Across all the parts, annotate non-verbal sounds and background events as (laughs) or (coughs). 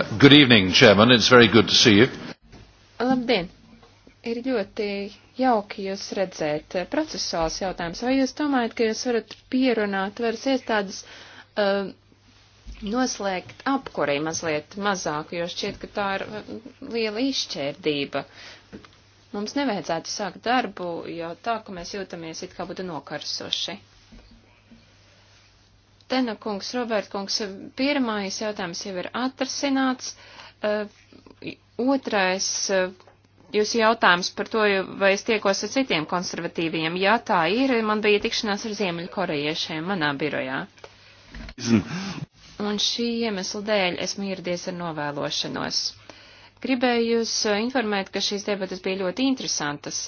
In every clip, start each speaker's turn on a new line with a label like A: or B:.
A: Uh, good evening, Chairman. It's very good to see you. Labdien! Ir ļoti jauki jūs redzēt. Procesuāls jautājums. Vai jūs domājat, ka jūs varat pierunāt varas iestādes uh, noslēgt apkurī mazliet mazāk, jo šķiet, ka tā ir uh, liela izšķērdība. Mums nevajadzētu sākt darbu, jo tā, ka mēs jūtamies it kā būtu nokarsoši. Tena kungs, Robert kungs, pirmais jautājums jau ir atrasināts. Uh, otrais uh, jūsu jautājums par to, vai es tiekos ar citiem konservatīviem. Jā, tā ir. Man bija tikšanās ar Ziemeļkorejiešiem manā birojā. Un šī iemesla dēļ esmu ieradies ar novēlošanos. Gribēju jūs uh, informēt, ka šīs debatas bija ļoti interesantas.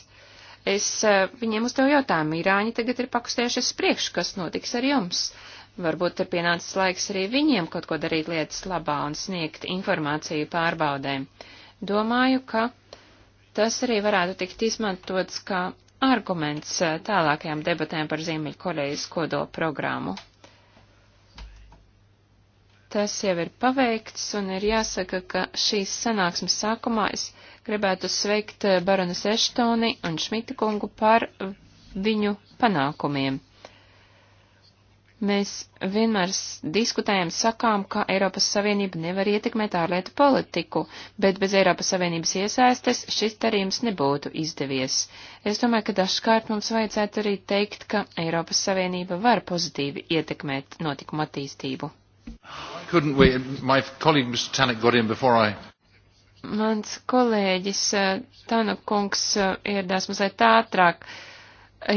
A: Es viņiem uzdevu jautājumu, Irāņi tagad ir pakustējušies priekš, kas notiks ar jums? Uh, Varbūt ir pienācis laiks arī viņiem kaut ko darīt lietas labā un sniegt informāciju pārbaudēm. Domāju, ka tas arī varētu tikt izmantots kā arguments eh, tālākajām debatēm par Ziemeļkorejas kodola programmu. Tas jau ir paveikts, un ir jāsaka, ka šīs sanāksmes sākumā es gribētu sveikt eh, Baronas Eštoni un Šmita kungu par viņu panākumiem. Mēs vienmēr diskutējam, sakām, ka Eiropas Savienība nevar ietekmēt ārlietu politiku, bet bez Eiropas Savienības iesaistes šis darījums nebūtu izdevies. Es domāju, ka dažkārt mums vajadzētu arī teikt, ka Eiropas Savienība var pozitīvi ietekmēt notikumu attīstību. Mans kolēģis eh, Tanu kungs eh, ieradās mazliet ātrāk.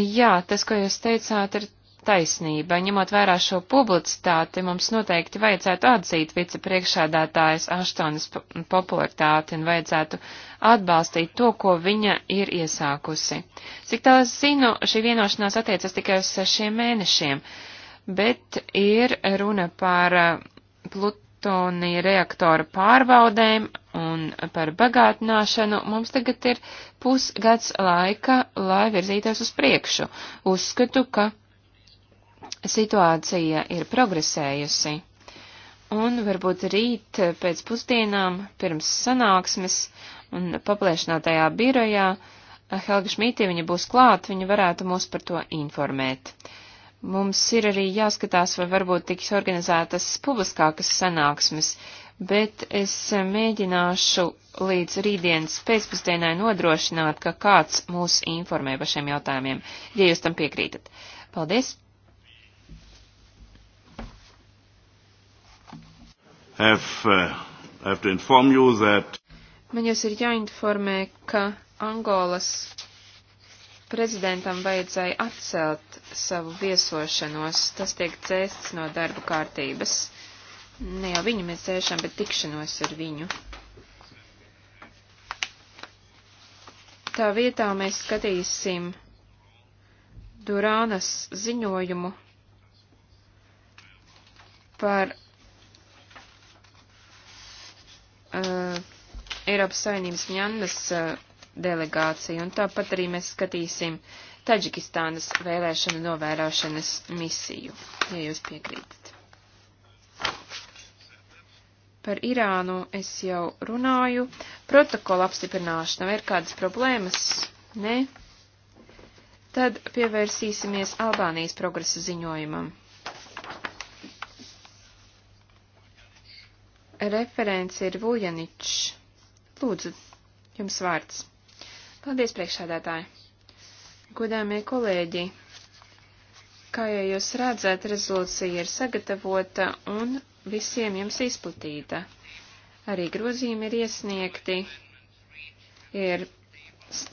A: Jā, tas, ko jūs teicāt, ir taisnība. Ņemot vērā šo publicitāti, mums noteikti vajadzētu atzīt vicepriekšādātājas Aštonas popularitāti un vajadzētu atbalstīt to, ko viņa ir iesākusi. Cik tālāk zinu, šī vienošanās attiecas tikai uz sešiem mēnešiem, bet ir runa par eh, plutonija reaktora pārbaudēm un par bagātināšanu. Mums tagad ir pusgads laika, lai virzītos uz priekšu. Uzskatu, ka situācija ir progresējusi. Un varbūt rīt pēc pusdienām pirms sanāksmes un paplēšanātajā birojā Helga Šmītī viņa būs klāt, viņa varētu mūs par to informēt. Mums ir arī jāskatās, vai varbūt tiks organizētas publiskākas sanāksmes, bet es mēģināšu līdz rītdienas pēcpusdienai nodrošināt, ka kāds mūs informē par šiem jautājumiem, ja jūs tam piekrītat. Paldies! have, uh, have to inform you that Man jūs ir jāinformē, ka Angolas prezidentam vajadzēja atcelt savu viesošanos. Tas tiek cēsts no darba kārtības. Ne jau viņu mēs cēšam, bet tikšanos ar viņu. Tā vietā mēs skatīsim Durānas ziņojumu par uh, Eiropas Savienības Mjandas uh, delegāciju, un tāpat arī mēs skatīsim Taģikistānas vēlēšanu novērošanas misiju, ja jūs piekrītat. Par Irānu es jau runāju. Protokola apstiprināšana vai ir kādas problēmas? Nē. Tad pievērsīsimies Albānijas progresa ziņojumam. referents ir Vujaničs. Lūdzu, jums vārds. Paldies, priekšsēdētāji. Godāmie kolēģi, kā jau jūs redzat, rezolūcija ir sagatavota un visiem jums izplatīta. Arī grozījumi ir iesniegti, ir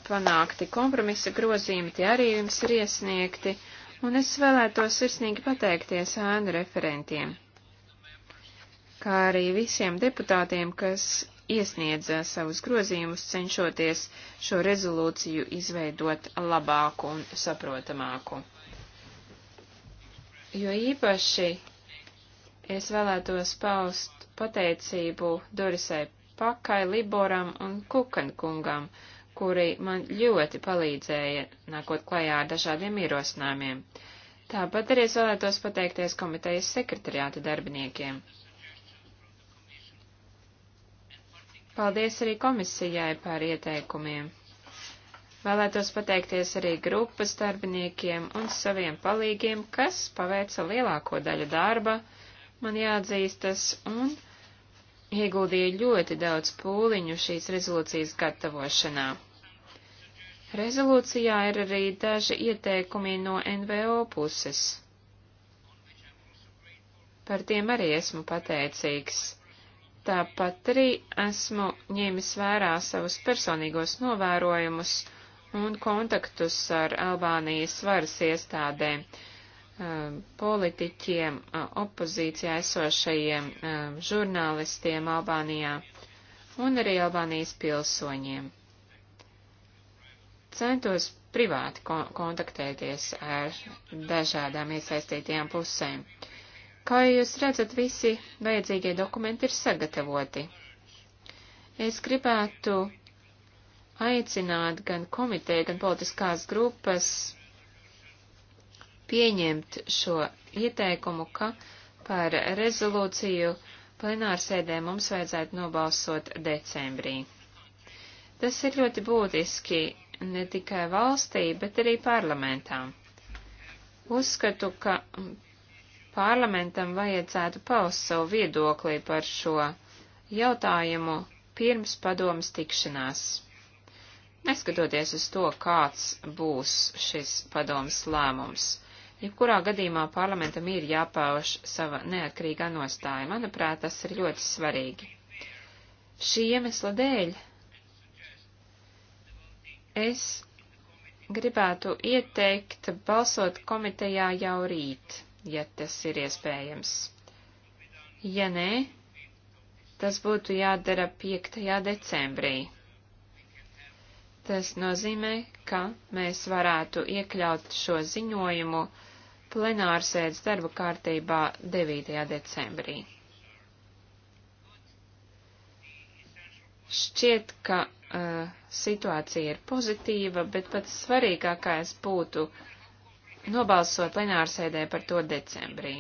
A: panākti kompromisa grozījumi, tie arī jums ir iesniegti, un es vēlētos sirsnīgi pateikties ēnu referentiem kā arī visiem deputātiem, kas iesniedza savus grozījumus, cenšoties šo rezolūciju izveidot labāku un saprotamāku. Jo īpaši es vēlētos paust pateicību Dorisai Pakai, Liboram un Kukankungam, kuri man ļoti palīdzēja nākot klajā ar dažādiem ierosinājumiem. Tāpat arī es vēlētos pateikties komitejas sekretariāta darbiniekiem. Paldies arī komisijai par ieteikumiem. Vēlētos pateikties arī grupas darbiniekiem un saviem palīgiem, kas paveica lielāko daļu darba, man jāatzīstas, un ieguldīja ļoti daudz pūliņu šīs rezolūcijas gatavošanā. Rezolūcijā ir arī daži ieteikumi no NVO puses. Par tiem arī esmu pateicīgs. Tāpat arī esmu ņēmis vērā savus personīgos novērojumus un kontaktus ar Albānijas varas iestādēm, politiķiem, opozīcijā esošajiem žurnālistiem Albānijā un arī Albānijas pilsoņiem. Centos privāti kontaktēties ar dažādām iesaistītajām pusēm. Uh, Kā jūs redzat, visi vajadzīgie dokumenti ir sagatavoti. Es gribētu aicināt gan komiteju, gan politiskās grupas pieņemt šo ieteikumu, ka par rezolūciju plenārsēdē mums vajadzētu nobalsot decembrī. Tas ir ļoti būtiski ne tikai valstī, bet arī parlamentām. Uzskatu, ka parlamentam vajadzētu paust savu viedoklī par šo jautājumu pirms padomas tikšanās. Neskatoties uz to, kāds būs šis padomas lēmums, jebkurā gadījumā parlamentam ir jāpauž sava neatkarīgā nostāja. Manuprāt, tas ir ļoti svarīgi. Šī iemesla dēļ es gribētu ieteikt balsot komitejā jau rīt ja tas ir iespējams. Ja nē, tas būtu jādara 5. decembrī. Tas nozīmē, ka mēs varētu iekļaut šo ziņojumu plenārsēdes darba kārtībā 9. decembrī. Šķiet, ka uh, situācija ir pozitīva, bet pats svarīgākais būtu uh, nobalsot plenārsēdē par to decembrī.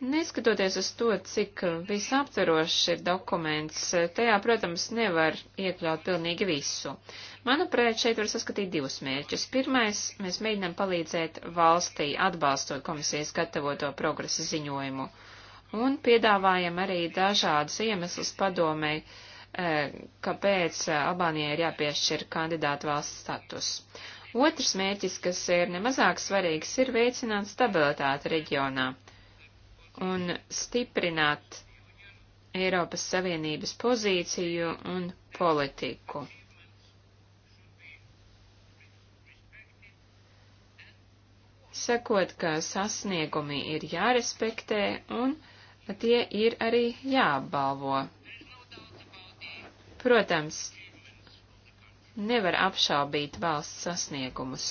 A: Neskatoties uz to, cik visaptverošs ir dokuments, tajā, protams, nevar iekļaut pilnīgi visu. Manuprāt, šeit var saskatīt divus mērķus. Pirmais, mēs mēģinām palīdzēt valstī atbalstot komisijas gatavoto progresa ziņojumu un piedāvājam arī dažādas iemeslus padomēji, eh, kāpēc Albānijai ir jāpiešķir kandidātu valsts status. Otrs mērķis, kas ir nemazāk svarīgs, ir veicināt stabilitāti reģionā un stiprināt Eiropas Savienības pozīciju un politiku. Sakot, ka sasniegumi ir jārespektē un tie ir arī jāapbalvo. Protams, nevar apšaubīt valsts sasniegumus.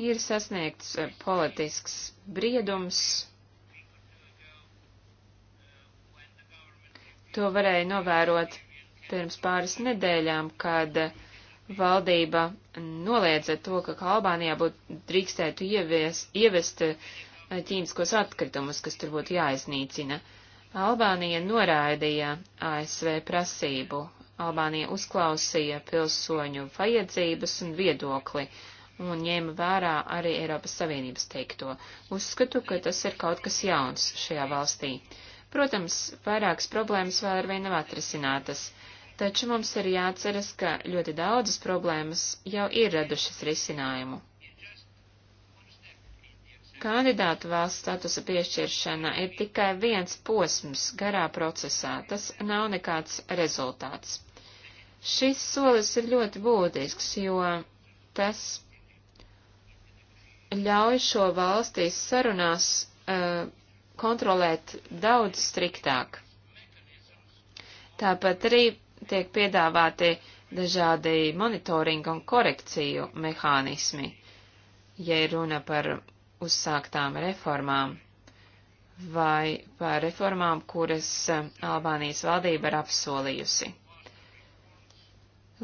A: Ir sasniegts eh, politisks briedums. To varēja novērot pirms pāris nedēļām, kad valdība noliedza to, ka Albānijā būtu drīkstētu ievies, ievest eh, ķīmiskos atkritumus, kas tur būtu jāiznīcina. Albānija noraidīja ASV prasību Albānija uzklausīja pilsoņu vajadzības un viedokli un ņēma vērā arī Eiropas Savienības teikto. Uzskatu, ka tas ir kaut kas jauns šajā valstī. Protams, vairākas problēmas vēl ar vien nav atrisinātas, taču mums ir jāatceras, ka ļoti daudzas problēmas jau ir radušas risinājumu. Kandidātu valsts statusa piešķiršana ir tikai viens posms garā procesā, tas nav nekāds rezultāts. Šis solis ir ļoti būtisks, jo tas ļauj šo valstīs sarunās uh, kontrolēt daudz striktāk. Tāpat arī tiek piedāvāti dažādi monitoringa un korekciju mehānismi, ja ir runa par uzsāktām reformām vai par reformām, kuras eh, Albānijas valdība ir apsolījusi.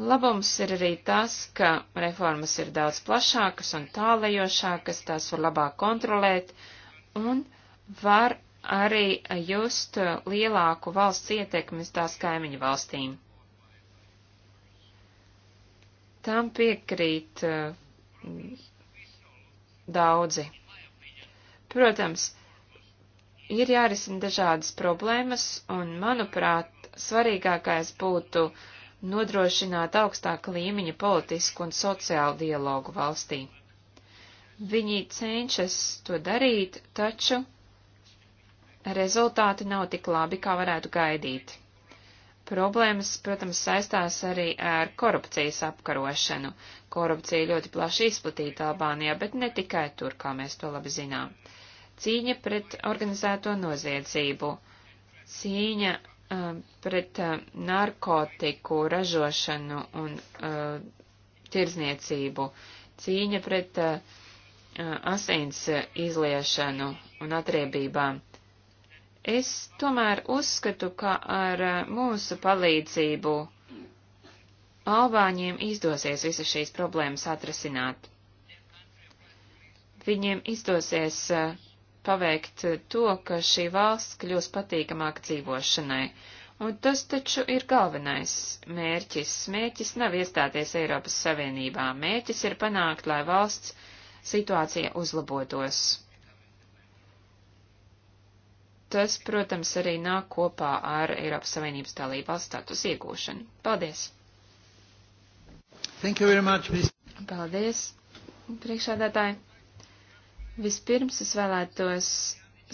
A: Labums ir arī tas, ka reformas ir daudz plašākas un tālajošākas, tās var labāk kontrolēt un var arī just lielāku valsts ietekmi uz tās kaimiņu valstīm. Tam piekrīt mm, daudzi. Protams, ir jārisina dažādas problēmas, un, manuprāt, svarīgākais būtu uh, nodrošināt augstāka līmeņa politisku un sociālu dialogu valstī. Viņi cenšas to darīt, taču rezultāti nav tik labi, kā varētu gaidīt. Problēmas, protams, saistās arī ar korupcijas apkarošanu. Korupcija ļoti plaši izplatīta Albānijā, bet ne tikai tur, kā mēs to labi zinām. Cīņa pret organizēto noziedzību, cīņa Uh, pret uh, narkotiku ražošanu un uh, tirzniecību, cīņa pret asins izliešanu un atriebībām. Es tomēr uzskatu, ka ar mūsu palīdzību Albāņiem izdosies visas šīs problēmas atrasināt. Viņiem izdosies uh, paveikt to, ka šī valsts kļūs patīkamāk dzīvošanai. Un tas taču ir galvenais mērķis. Mērķis nav iestāties Eiropas Savienībā. Mērķis ir panākt, lai valsts situācija uzlabotos. Tas, protams, arī nāk kopā ar Eiropas Savienības dalībvalsts status iegūšanu. Paldies! Thank you very much, Ms. Paldies, priekšādātāji! Vispirms es vēlētos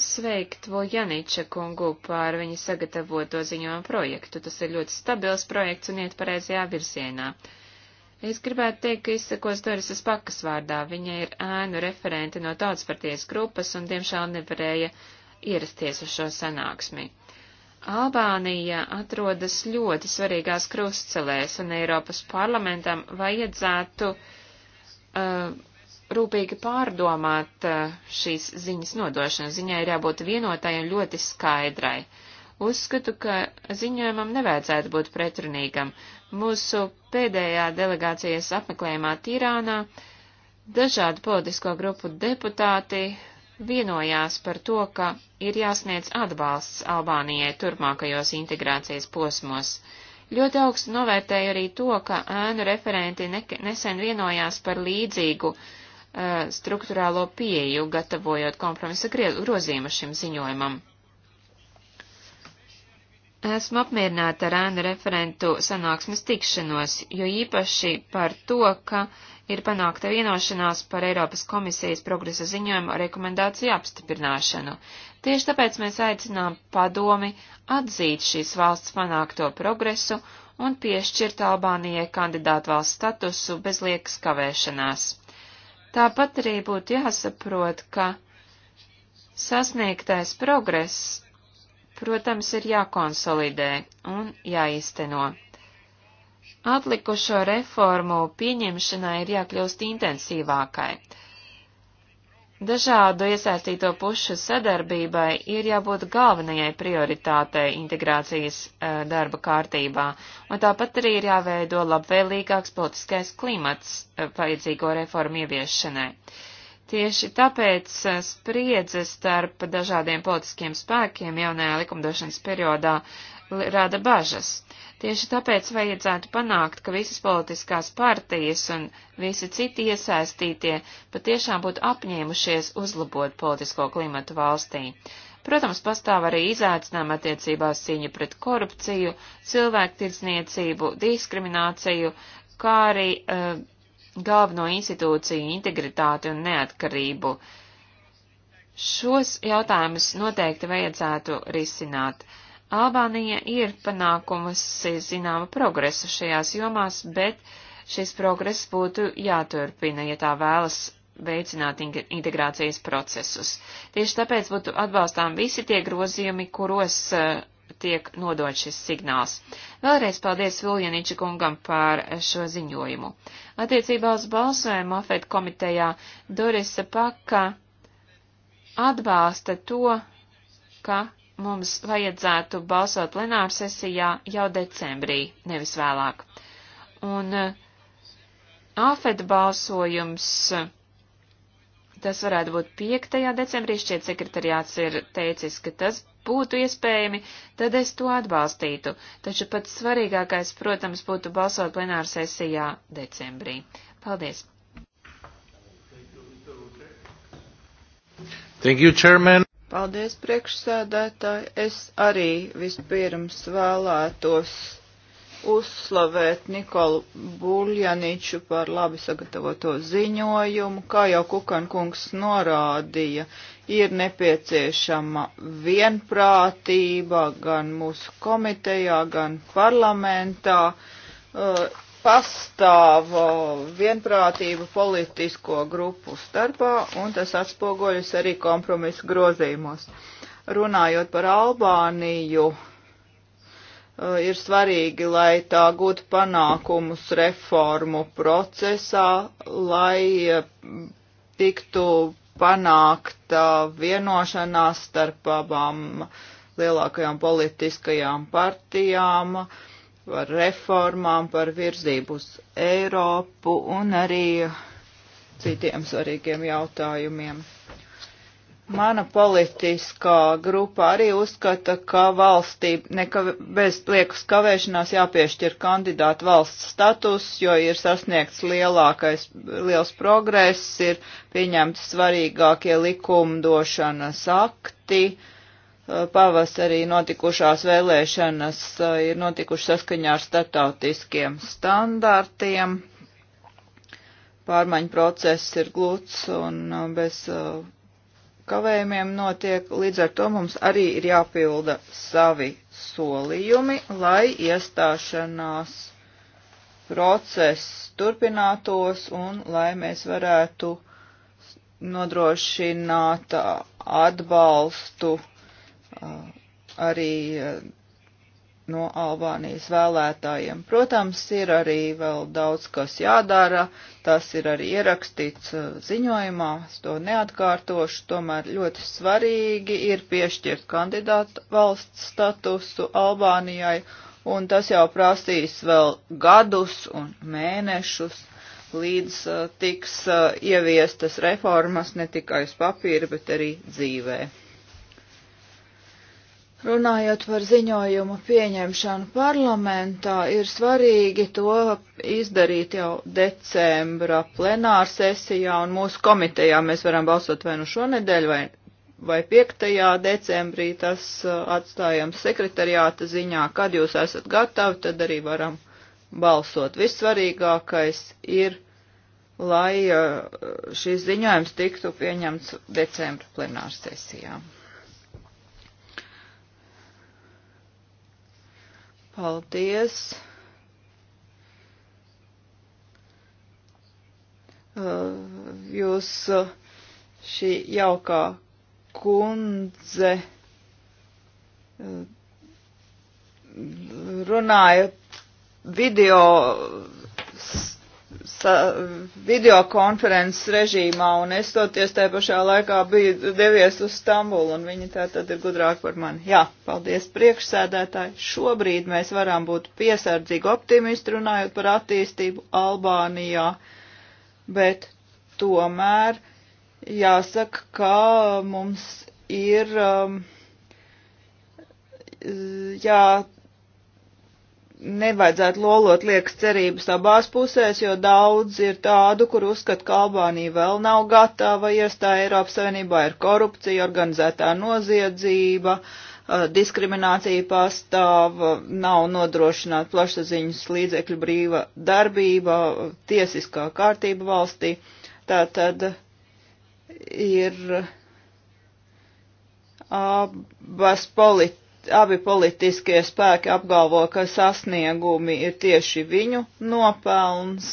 A: sveikt Voljaniča kungu par viņa sagatavoto ziņojumu projektu. Tas ir ļoti stabils projekts un iet pareizajā virzienā. Es gribētu teikt, ka izsakos Dorisas Pakas vārdā. Viņa ir ēnu referente no tautspartijas grupas un, diemžēl, nevarēja ierasties uz šo sanāksmi. Albānija atrodas ļoti svarīgās krustcelēs, un Eiropas parlamentam vajadzētu uh, rūpīgi pārdomāt eh, šīs ziņas nodošanu. Ziņai ir jābūt vienotai un ļoti skaidrai. Uzskatu, ka ziņojumam nevajadzētu būt pretrunīgam. Mūsu pēdējā delegācijas apmeklējumā Tirānā dažādu politisko grupu deputāti vienojās par to, ka ir jāsniedz atbalsts Albānijai turpmākajos integrācijas posmos. Ļoti augstu novērtēju arī to, ka ēnu referenti ne nesen vienojās par līdzīgu uh, Eh, struktūrālo pieeju, gatavojot kompromisa grozījumu šim ziņojumam. Esmu apmierināta ar ēnu referentu sanāksmes tikšanos, jo īpaši par to, ka ir panākta vienošanās par Eiropas komisijas progresa ziņojumu rekomendāciju apstiprināšanu. Tieši tāpēc mēs aicinām padomi atzīt šīs valsts panākto progresu un piešķirt Albānijai kandidātu valsts statusu bez liekas kavēšanās. Tāpat arī būtu jāsaprot, ka sasniegtais progress, protams, ir jākonsolidē un jāīsteno. Atlikušo reformu pieņemšanai ir jākļūst intensīvākai. Dažādu iesaistīto pušu sadarbībai ir jābūt galvenajai prioritātei integrācijas e, darba kārtībā, un tāpat arī ir jāveido labvēlīgāks politiskais klimats e, vajadzīgo reformu ieviešanai. Tieši tāpēc e, spriedze starp dažādiem politiskiem spēkiem jaunajā likumdošanas periodā rada bažas. Tieši tāpēc vajadzētu panākt, ka visas politiskās partijas un visi citi iesaistītie patiešām būtu apņēmušies uzlabot politisko klimatu valstī. Protams, pastāv arī izaicinājumi attiecībās cīņa pret korupciju, cilvēktirdzniecību, diskrimināciju, kā arī uh, galveno institūciju integritāti un neatkarību. Šos jautājumus noteikti vajadzētu risināt. Uh, Albānija ir panākumusi zināma progresa šajās jomās, bet šis progress būtu jāturpina, ja tā vēlas veicināt integrācijas procesus. Tieši tāpēc būtu atbalstām visi tie grozījumi, kuros uh, tiek nodot šis signāls. Vēlreiz paldies Viljaniča kungam par šo ziņojumu. Attiecībā uz balsojumu Afet komitejā Dorisa Paka atbalsta to, ka mums vajadzētu balsot plenāru sesijā jau decembrī, nevis vēlāk. Un eh, AFED balsojums, eh, tas varētu būt 5. decembrī, šķiet sekretariāts ir teicis, ka tas būtu iespējami, tad es to atbalstītu. Taču pats svarīgākais, protams, būtu balsot plenāru sesijā decembrī. Paldies!
B: Thank you, Chairman.
A: Paldies, priekšsēdētāji. Es
B: arī vispirms vēlētos uzslavēt Nikolu Buļjaniču par labi sagatavoto ziņojumu. Kā jau Kukankungs norādīja, ir nepieciešama vienprātība gan mūsu komitejā, gan parlamentā. Uh, pastāv vienprātība politisko grupu starpā, un tas atspoguļas arī kompromisu grozījumos. Runājot par Albāniju, ir svarīgi, lai tā gūtu panākumus reformu procesā, lai e, tiktu panākta vienošanās starp abām lielākajām politiskajām partijām, uh, par reformām, par virzību uz Eiropu un arī citiem svarīgiem jautājumiem. Mana politiskā grupa arī uzskata, ka valstī nekav, bez liekas kavēšanās jāpiešķir kandidātu valsts status, jo ir sasniegts lielākais, liels progress, ir pieņemti svarīgākie likumdošanas akti, uh, Eh, pavasarī notikušās vēlēšanas eh, ir notikušas saskaņā ar startautiskiem standartiem. Pārmaiņu process ir glūts un eh, bez kavējumiem notiek. Līdz ar to mums arī ir jāpilda savi solījumi, lai iestāšanās process turpinātos un lai mēs varētu nodrošināt atbalstu uh, arī no Albānijas vēlētājiem. Protams, ir arī vēl daudz, kas jādara, tas ir arī ierakstīts ziņojumā, es to neatkārtošu, tomēr ļoti svarīgi ir piešķirt kandidātu valsts statusu Albānijai, un tas jau prasīs vēl gadus un mēnešus, līdz tiks ieviestas reformas ne tikai uz papīra, bet arī dzīvē. Runājot par ziņojumu pieņemšanu parlamentā, ir svarīgi to izdarīt jau decembra plenāra sesijā, un mūsu komitejā mēs varam balsot vai nu šonedēļ, vai, vai 5. decembrī. Tas uh, atstājam sekretariāta ziņā, kad jūs esat gatavi, tad arī varam balsot. Vissvarīgākais ir, lai uh, šis ziņojums tiktu pieņemts decembra plenāra sesijā. Paldies! Uh, jūs uh, šī jaukā kundze uh, runājat video videokonferences režīmā, un es toties tajā pašā laikā biju devies uz Stambulu, un viņi tā tad ir gudrāk par mani. Jā, paldies priekšsēdētāji. Šobrīd mēs varam būt piesardzīgi optimisti runājot par attīstību Albānijā, bet tomēr jāsaka, ka mums ir um, jā nevajadzētu lolot liekas cerības abās pusēs, jo daudz ir tādu, kur uzskat, ka Albānija vēl nav gatava iestāja Eiropas Savienībā, ir korupcija, organizētā noziedzība, diskriminācija pastāv, nav nodrošināta plašsaziņas līdzekļu brīva darbība, tiesiskā kārtība valstī. Tā tad ir abas politikas abi politiskie spēki apgalvo, ka sasniegumi ir tieši viņu nopelns,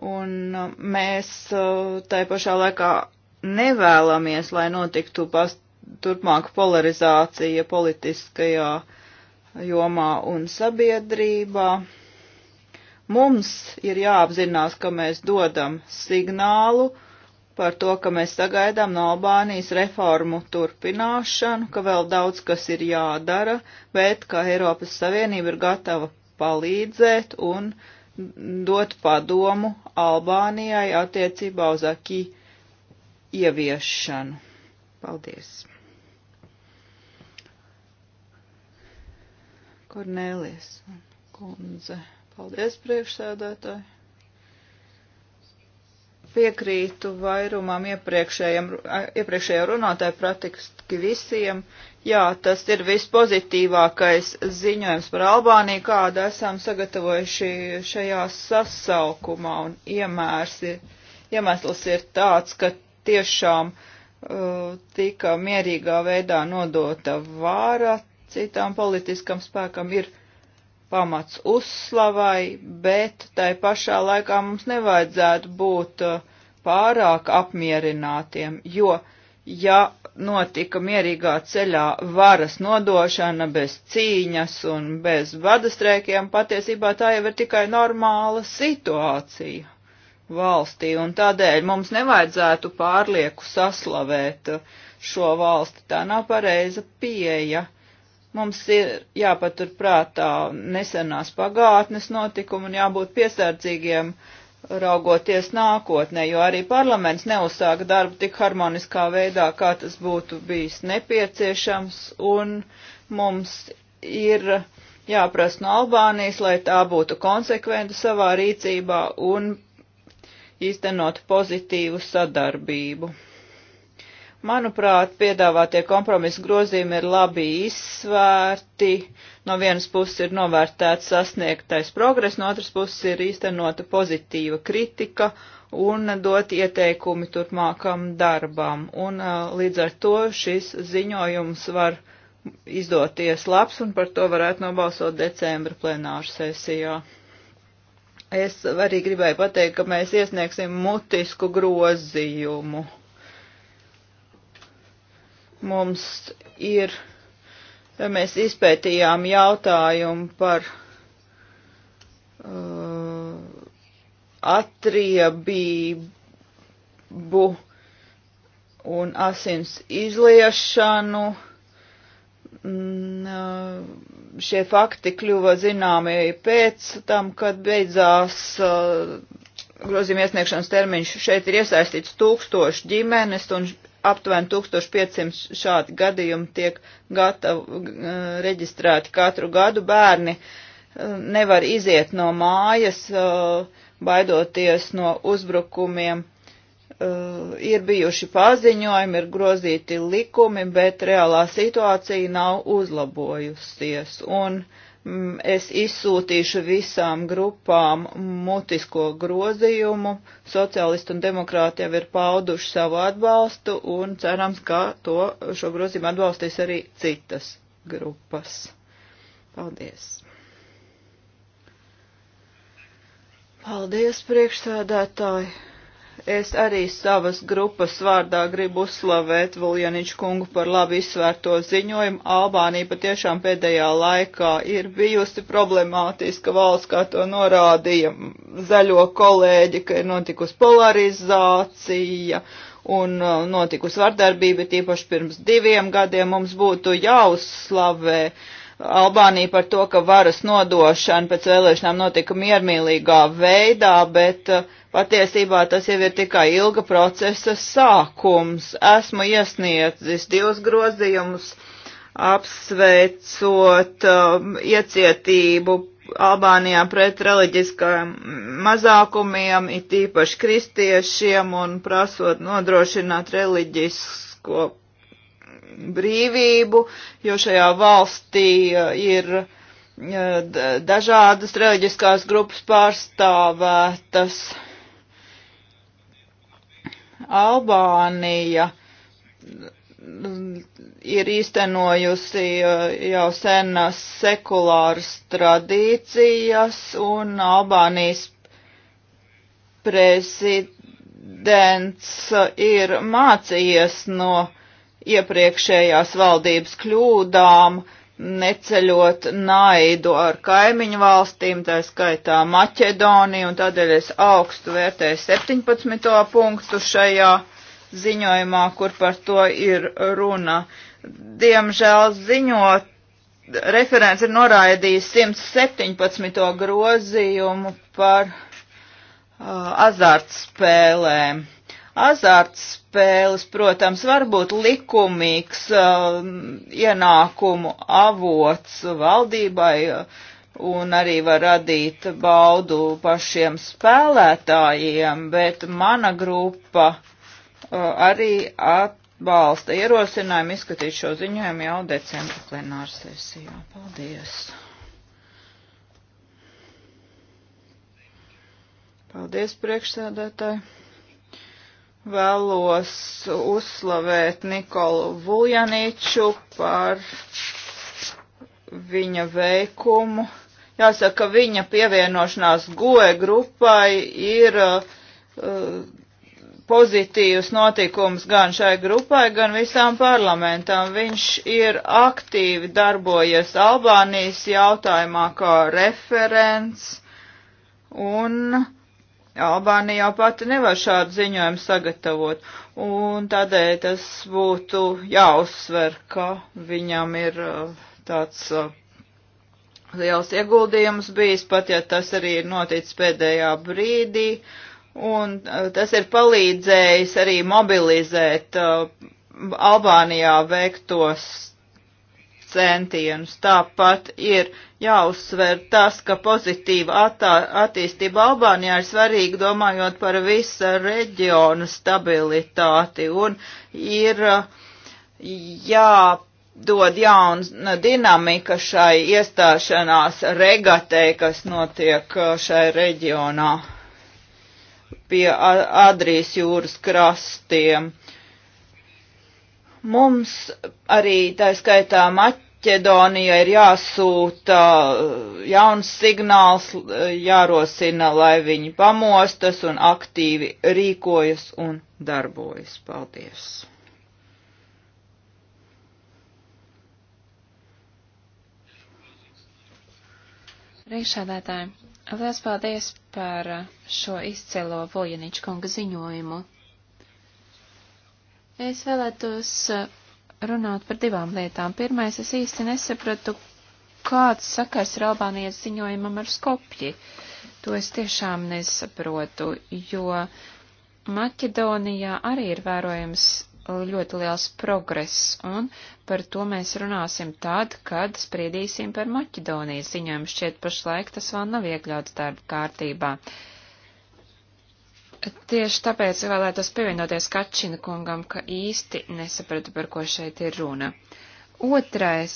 B: un uh, mēs uh, tai pašā laikā nevēlamies, lai notiktu past, turpmāk polarizācija politiskajā jomā un sabiedrībā. Mums ir jāapzinās, ka mēs dodam signālu, uh, par to, ka mēs sagaidām no Albānijas reformu turpināšanu, ka vēl daudz kas ir jādara, bet ka Eiropas Savienība ir gatava palīdzēt un dot padomu Albānijai attiecībā uz akī ieviešanu. Paldies! Kornēlies kundze. Paldies, priekšsēdētāji! piekrītu vairumam iepriekšējo runātāju praktiski visiem. Jā, tas ir vispozitīvākais ziņojums par Albāniju, kādu esam sagatavojuši šajā sasaukumā, un iemērs ir, iemesls ir tāds, ka tiešām uh, tika mierīgā veidā nodota vāra citam politiskam spēkam ir pamats uzslavai, bet tai pašā laikā mums nevajadzētu būt uh, pārāk apmierinātiem, jo, ja notika mierīgā ceļā varas nodošana bez cīņas un bez vadastrēkiem, patiesībā tā jau ir tikai normāla situācija valstī, un tādēļ mums nevajadzētu pārlieku saslavēt uh, šo valsti. Tā nav pareiza pieeja Mums ir jāpatur prātā nesenās pagātnes notikumi un jābūt piesardzīgiem raugoties nākotnē, jo arī parlaments neuzsāka darbu tik harmoniskā veidā, kā tas būtu bijis nepieciešams, un mums ir jāprasa no Albānijas, lai tā būtu konsekventa savā rīcībā un īstenot pozitīvu sadarbību. Manuprāt, piedāvātie kompromisa grozījumi ir labi izsvērti. No vienas puses ir novērtēts sasniegtais progress, no otras puses ir īstenota pozitīva kritika un dot ieteikumi turpmākam darbam. Un uh, līdz ar to šis ziņojums var izdoties labs un par to varētu nobalsot decembra plenāru sesijā. Es arī gribēju pateikt, ka mēs iesniegsim mutisku grozījumu Mums ir, mēs izpētījām jautājumu par uh, atriebību un asins izliešanu. Mm, uh, šie fakti kļuva zināmi pēc tam, kad beidzās uh, grozījuma iesniegšanas termiņš. Šeit ir iesaistīts tūkstoši ģimenes, un aptuveni 1500 šādi gadījumi tiek gatavi, e, reģistrēti katru gadu. Bērni e, nevar iziet no mājas, e, baidoties no uzbrukumiem. Ir bijuši paziņojumi, ir grozīti likumi, bet reālā situācija nav uzlabojusies. Un, uh, Mm, es izsūtīšu visām grupām mutisko grozījumu. Sociālisti un demokrāti jau ir pauduši savu atbalstu un cerams, ka to šo grozījumu atbalstīs arī citas grupas. Paldies! Paldies, priekšsēdētāji! Es arī savas grupas vārdā gribu uzslavēt Vuljaniču kungu par labi izsvērto ziņojumu. Albānija patiešām pēdējā laikā ir bijusi problemātiska valsts, kā to norādīja zaļo kolēģi, ka ir notikusi polarizācija un uh, notikusi vardarbība, tīpaši pirms diviem gadiem mums būtu jāuzslavē. Albānija par to, ka varas nodošana pēc vēlēšanām notika miermīlīgā veidā, bet uh, Patiesībā tas jau ir tikai ilga procesa sākums. Esmu iesniedzis divus grozījumus apsveicot um, iecietību Albānijā pret reliģiskajiem mazākumiem, it īpaši kristiešiem, un prasot nodrošināt reliģisko brīvību, jo šajā valstī uh, ir uh, dažādas reliģiskās grupas pārstāvētas. Albānija ir īstenojusi eh, jau senas sekulāras tradīcijas un Albānijas prezidents ir mācījies no iepriekšējās valdības kļūdām, uh, neceļot naidu ar kaimiņu valstīm, tā skaitā Maķedoniju, un tādēļ es augstu vērtēju 17. punktu šajā ziņojumā, kur par to ir runa. Diemžēl ziņot, referents ir noraidījis 117. grozījumu par uh, azartspēlēm. Uh, Azartspēles, protams, var būt likumīgs uh, ienākumu avots valdībai uh, un arī var radīt baudu pašiem spēlētājiem, bet mana grupa uh, arī atbalsta ierosinājumu izskatīt šo ziņojumu jau decembra plenārsesijā. Paldies! Paldies, priekšsēdētāji! vēlos uzslavēt Nikolu Vuljaniču par viņa veikumu. Jāsaka, viņa pievienošanās goe grupai ir uh, pozitīvs notikums gan šai grupai, gan visām parlamentām. Viņš ir aktīvi darbojies Albānijas jautājumā kā referents un uh, Albānija jau pati nevar šādu ziņojumu sagatavot, un tādēļ tas būtu jāuzsver, ka viņam ir uh, tāds uh, liels ieguldījums bijis, pat ja tas arī ir noticis pēdējā brīdī, un uh, tas ir palīdzējis arī mobilizēt Albānijā veiktos centienus. Tāpat ir jāuzsver tas, ka pozitīva attā, attīstība Albānijā ir svarīga, domājot par visa reģiona stabilitāti, un ir uh, jādod jauna dinamika šai iestāšanās regatei, kas notiek uh, šai reģionā pie Adrijas jūras krastiem. Mums arī tā skaitā maķi Maķedonija ir jāsūta uh, jauns signāls, uh, jārosina, lai viņi pamostas un aktīvi rīkojas un darbojas. Paldies!
A: Priekšādātāji, liels paldies par šo izcilo Vojaniča kunga ziņojumu. Es vēlētos uh, runāt par divām lietām. Pirmais, es īsti nesapratu, kāds sakars ir Albānijas ziņojumam ar Skopji. To es tiešām nesaprotu, jo Maķedonijā arī ir vērojams ļoti liels progress, un par to mēs runāsim tad, kad spriedīsim par Maķedonijas ziņojumu. Šķiet, pašlaik tas vēl nav iekļauts darba kārtībā. Uh, Tieši tāpēc vēlētos pievienoties Kačina kungam, ka īsti nesapratu, par ko šeit ir runa. Otrais.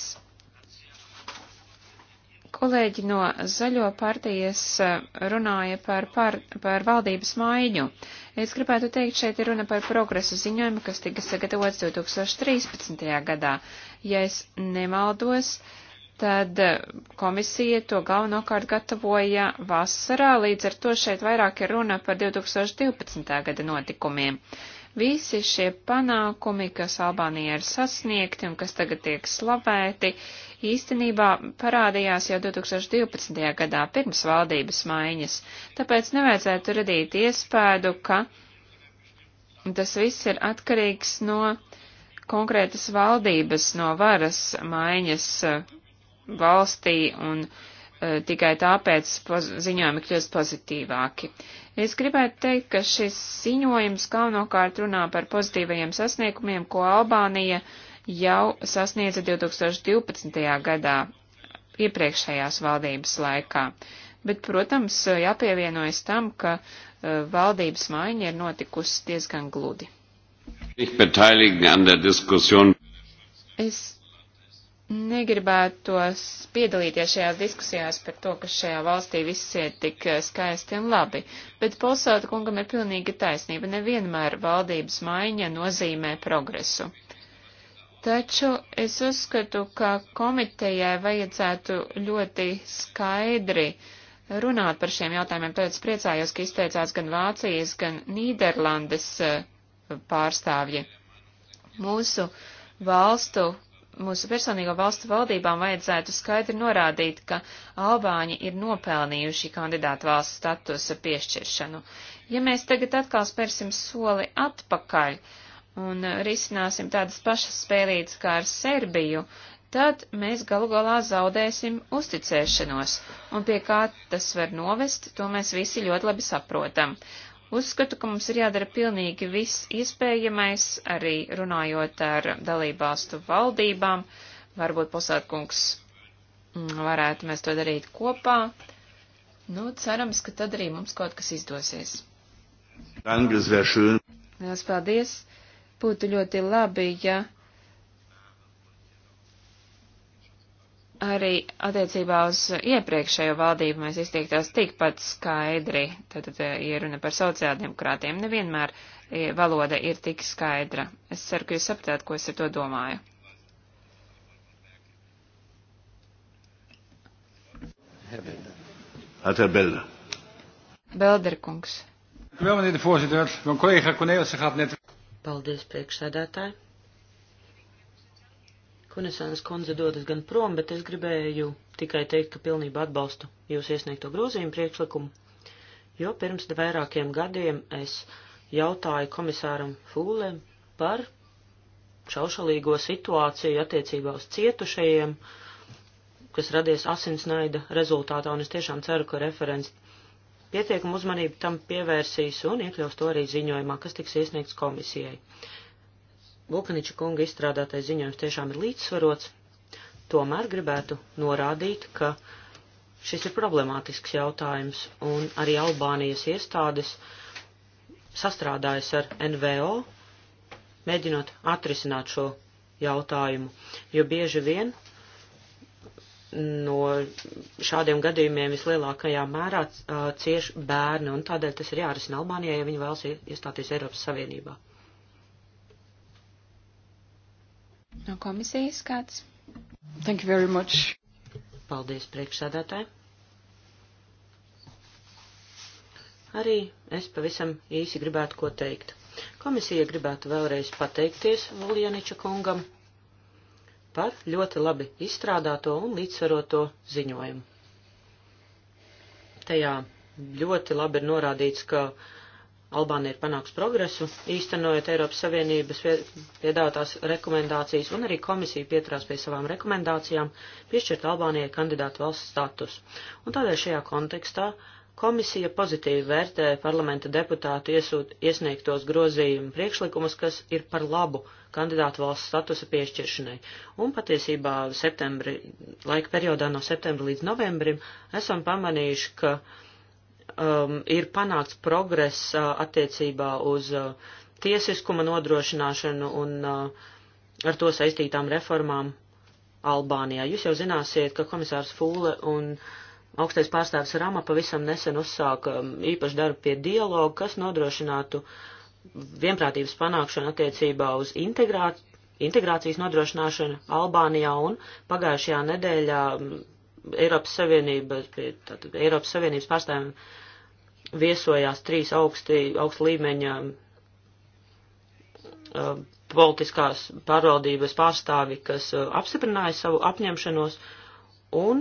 A: Kolēģi no Zaļo partijas eh, runāja par, par, par valdības maiņu. Es gribētu teikt, šeit ir runa par progresu ziņojumu, kas tika sagatavots 2013. gadā. Ja es nemaldos, uh, tad eh, komisija to galvenokārt gatavoja vasarā, līdz ar to šeit vairāk ir runa par 2012. gada notikumiem. Visi šie panākumi, kas Albānijā ir sasniegti un kas tagad tiek slavēti, īstenībā parādījās jau 2012. gadā pirms valdības maiņas, tāpēc nevajadzētu radīt iespēdu, ka tas viss ir atkarīgs no konkrētas valdības, no varas maiņas valstī un uh, tikai tāpēc ziņojumi kļūst pozitīvāki. Es gribētu teikt, ka šis ziņojums galvenokārt runā par pozitīvajiem sasniegumiem, ko Albānija jau sasniedza 2012. gadā, iepriekšējās valdības laikā. Bet, protams, jāpievienojas tam, ka uh, valdības maiņa ir notikusi diezgan gludi. Es negribētos piedalīties šajās diskusijās par to, ka šajā valstī viss iet tik eh, skaisti un labi, bet Polsauta kungam ir pilnīga taisnība, nevienmēr valdības maiņa nozīmē progresu. Taču es uzskatu, ka komitejai vajadzētu ļoti skaidri runāt par šiem jautājumiem, tāpēc priecājos, ka izteicās gan Vācijas, gan Nīderlandes eh, pārstāvji. Mūsu valstu mūsu personīgo valstu valdībām vajadzētu skaidri norādīt, ka Albāņi ir nopelnījuši kandidātu valsts statusa piešķiršanu. Ja mēs tagad atkal spērsim soli atpakaļ un risināsim tādas pašas spēlītas kā ar Serbiju, tad mēs galu galā zaudēsim uzticēšanos, un pie kā tas var novest, to mēs visi ļoti labi saprotam. Uzskatu, ka mums ir jādara pilnīgi viss iespējamais, arī runājot ar dalībvalstu valdībām. Varbūt posētkungs mm, varētu mēs to darīt kopā. Nu, cerams, ka tad arī mums kaut kas izdosies. Lielas paldies! Būtu ļoti labi, ja Arī attiecībā uz iepriekšējo valdību mēs izteiktās tikpat skaidri, tad ieruna eh, par sociāldemokrātiem nevienmēr eh, valoda ir tik skaidra. Es ceru, ka jūs saprotat, ko es ar to domāju. Ater Belder. Belderkungs.
C: Wel, meneer de voorzitter, mijn collega Cornelissen gaat net. Paldies, priekšsēdētāji. Kunisēnas kundze dodas gan prom, bet es gribēju tikai teikt, ka pilnībā atbalstu jūs iesniegto grozījumu priekšlikumu, jo pirms vairākiem gadiem es jautāju komisāram Fūlēm par šaušalīgo situāciju attiecībā uz cietušajiem, kas radies asinsnaida rezultātā, un es tiešām ceru, ka referents pietiekam uzmanību tam pievērsīs un iekļaus to arī ziņojumā, kas tiks iesniegts komisijai. Vulkaniča kunga izstrādātais ziņojums tiešām ir līdzsvarots, tomēr gribētu norādīt, ka šis ir problemātisks jautājums, un arī Albānijas iestādes sastrādājas ar NVO, mēģinot atrisināt šo jautājumu, jo bieži vien no šādiem gadījumiem vislielākajā mērā cieš bērni, un tādēļ tas ir jārisina Albānijai, ja viņi vēlas iestāties Eiropas Savienībā.
A: No komisijas kāds?
C: Thank you very much. Paldies priekšsādātāji. Arī es pavisam īsi gribētu ko teikt. Komisija gribētu vēlreiz pateikties Vuljaniča kungam par ļoti labi izstrādāto un līdzsvaroto ziņojumu. Tajā ļoti labi ir norādīts, ka Albāna ir panāks progresu, īstenojot Eiropas Savienības piedāvātās rekomendācijas, un arī komisija pieturās pie savām rekomendācijām piešķirt Albānijai kandidātu valsts status. Un tādēļ šajā kontekstā komisija pozitīvi vērtē parlamenta deputātu iesūt, iesniegtos grozījumu priekšlikumus, kas ir par labu kandidātu valsts statusa piešķiršanai. Un patiesībā septembri, laika periodā no septembra līdz novembrim esam pamanījuši, ka um, ir panākts progress uh, attiecībā uz uh, tiesiskuma nodrošināšanu un uh, ar to saistītām reformām Albānijā. Jūs jau zināsiet, ka komisārs Fūle un augstais pārstāvis Rama pavisam nesen uzsāka um, īpašu darbu pie dialogu, kas nodrošinātu vienprātības panākšanu attiecībā uz integrā, integrācijas nodrošināšanu Albānijā un pagājušajā nedēļā um, Eiropas Savienības, tātad Eiropas Savienības pārstāvjiem viesojās trīs augsti, augsta līmeņa uh, politiskās pārvaldības pārstāvi, kas uh, apstiprināja savu apņemšanos, un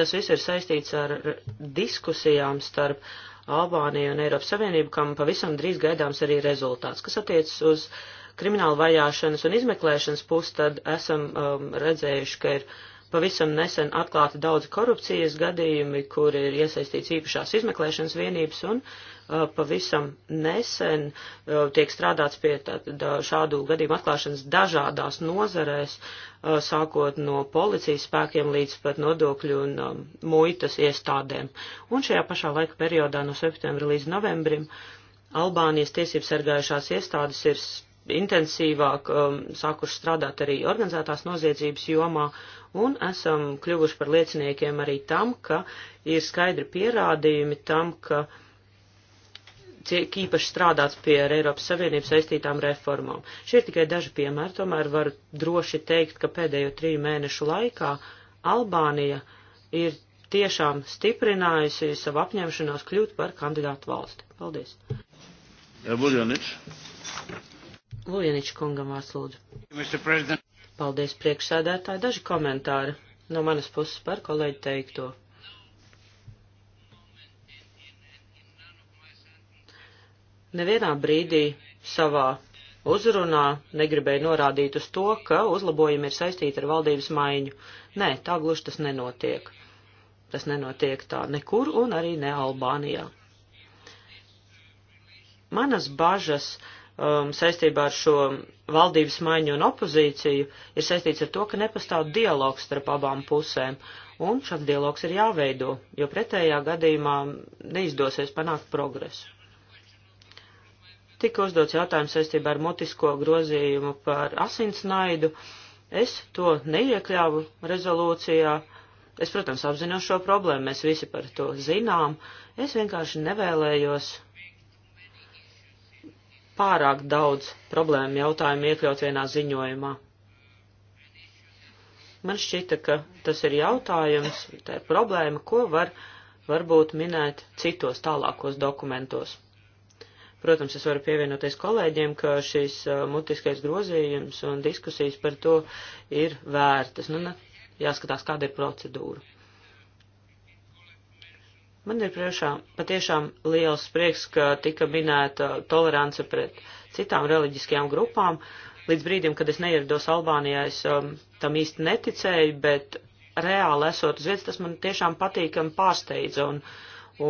C: tas viss ir saistīts ar diskusijām starp Albāniju un Eiropas Savienību, kam pavisam drīz gaidāms arī rezultāts, kas attiecas uz kriminālu vajāšanas un izmeklēšanas pusi, tad esam um, redzējuši, ka ir uh, Pavisam nesen atklāti daudz korupcijas gadījumi, kur ir iesaistīts īpašās izmeklēšanas vienības un uh, pavisam nesen uh, tiek strādāts pie tātad, šādu gadījumu atklāšanas dažādās nozarēs, uh, sākot no policijas spēkiem līdz pat nodokļu un um, muitas iestādēm. Un šajā pašā laika periodā no septembra līdz novembrim Albānijas tiesības sargājušās iestādes ir intensīvāk um, sākuši strādāt arī organizētās noziedzības jomā un esam kļuvuši par lieciniekiem arī tam, ka ir skaidri pierādījumi tam, ka tiek īpaši strādāts pie ar Eiropas Savienības saistītām reformām. Šie ir tikai daži piemēri, tomēr varu droši teikt, ka pēdējo triju mēnešu laikā Albānija ir tiešām stiprinājusi savu apņemšanos kļūt par kandidātu valsti. Paldies! Herr Buljanic. Lujaniča kungam vārds lūdzu. Paldies priekšsēdētāji. Daži komentāri no manas puses par kolēģi teikto. Nevienā brīdī savā uzrunā negribēju norādīt uz to, ka uzlabojumi ir saistīti ar valdības maiņu. Nē, tā gluži tas nenotiek. Tas nenotiek tā nekur un arī ne Albānijā. Manas bažas uh, um, saistībā ar šo valdības maiņu un opozīciju ir saistīts ar to, ka nepastāv dialogs starp abām pusēm, un šāds dialogs ir jāveido, jo pretējā gadījumā neizdosies panākt progresu. Tika uzdots jautājums saistībā ar mutisko grozījumu par asins naidu. Es to neiekļāvu rezolūcijā. Es, protams, apzinos šo problēmu, mēs visi par to zinām. Es vienkārši nevēlējos pārāk daudz problēmu jautājumu iekļaut vienā ziņojumā. Man šķita, ka tas ir jautājums, tā ir problēma, ko var varbūt minēt citos tālākos dokumentos. Protams, es varu pievienoties kolēģiem, ka šis uh, mutiskais grozījums un diskusijas par to ir vērtas. Nu, ne, nu, jāskatās, kāda ir procedūra. Man ir priekšā patiešām liels prieks, ka tika minēta tolerance pret citām reliģiskajām grupām. Līdz brīdim, kad es neierados Albānijā, es um, tam īsti neticēju, bet reāli esot uz vietas, tas man tiešām patīkami pārsteidza. Un,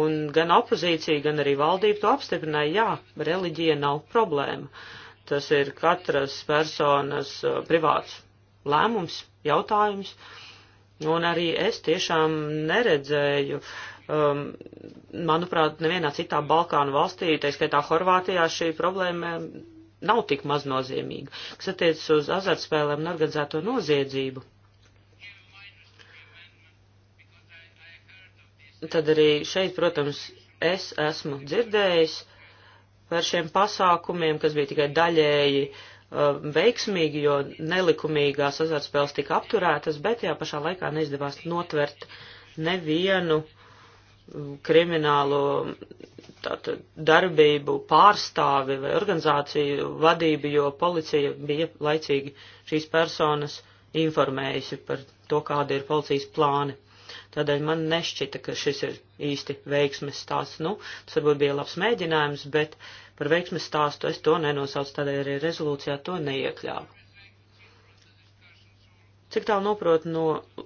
C: un gan opozīcija, gan arī valdība to apstiprināja, jā, reliģija nav problēma. Tas ir katras personas uh, privāts lēmums, jautājums. Un arī es tiešām neredzēju uh, um, manuprāt, nevienā citā Balkānu valstī, tā skaitā Horvātijā, šī problēma um, nav tik maznozīmīga. Kas attiecas uz azartspēlēm un organizēto noziedzību, tad arī šeit, protams, es esmu dzirdējis par šiem pasākumiem, kas bija tikai daļēji uh, veiksmīgi, jo nelikumīgās azartspēles tika apturētas, bet tajā pašā laikā neizdevās notvert nevienu uh, kriminālo tātad, darbību pārstāvi vai organizāciju vadību, jo policija bija laicīgi šīs personas informējusi par to, kāda ir policijas plāni. Tādēļ man nešķita, ka šis ir īsti veiksmes stāsts. Nu, tas varbūt bija labs mēģinājums, bet par veiksmes stāstu es to nenosaucu, tādēļ arī rezolūcijā to neiekļāvu. Cik tālu noprot no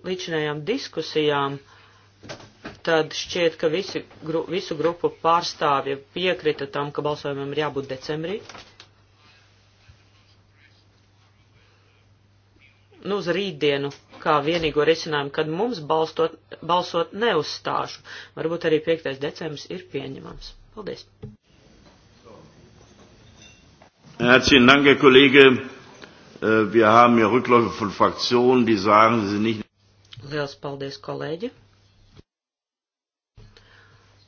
C: līdzinējām diskusijām, uh, tad šķiet, ka visi, gru, visu grupu pārstāvja piekrita tam, ka balsojumam ir jābūt decembrī. Nu, uz rītdienu, kā vienīgo risinājumu, kad mums balstot, balsot neuzstāšu. Varbūt arī 5. decembris ir pieņemams. Paldies.
A: Herzlichen Dank, Herr Kollege. Äh, wir haben hier Rückläufe von Fraktionen, die sagen, sie sind nicht.
C: Liels paldies, kolēģi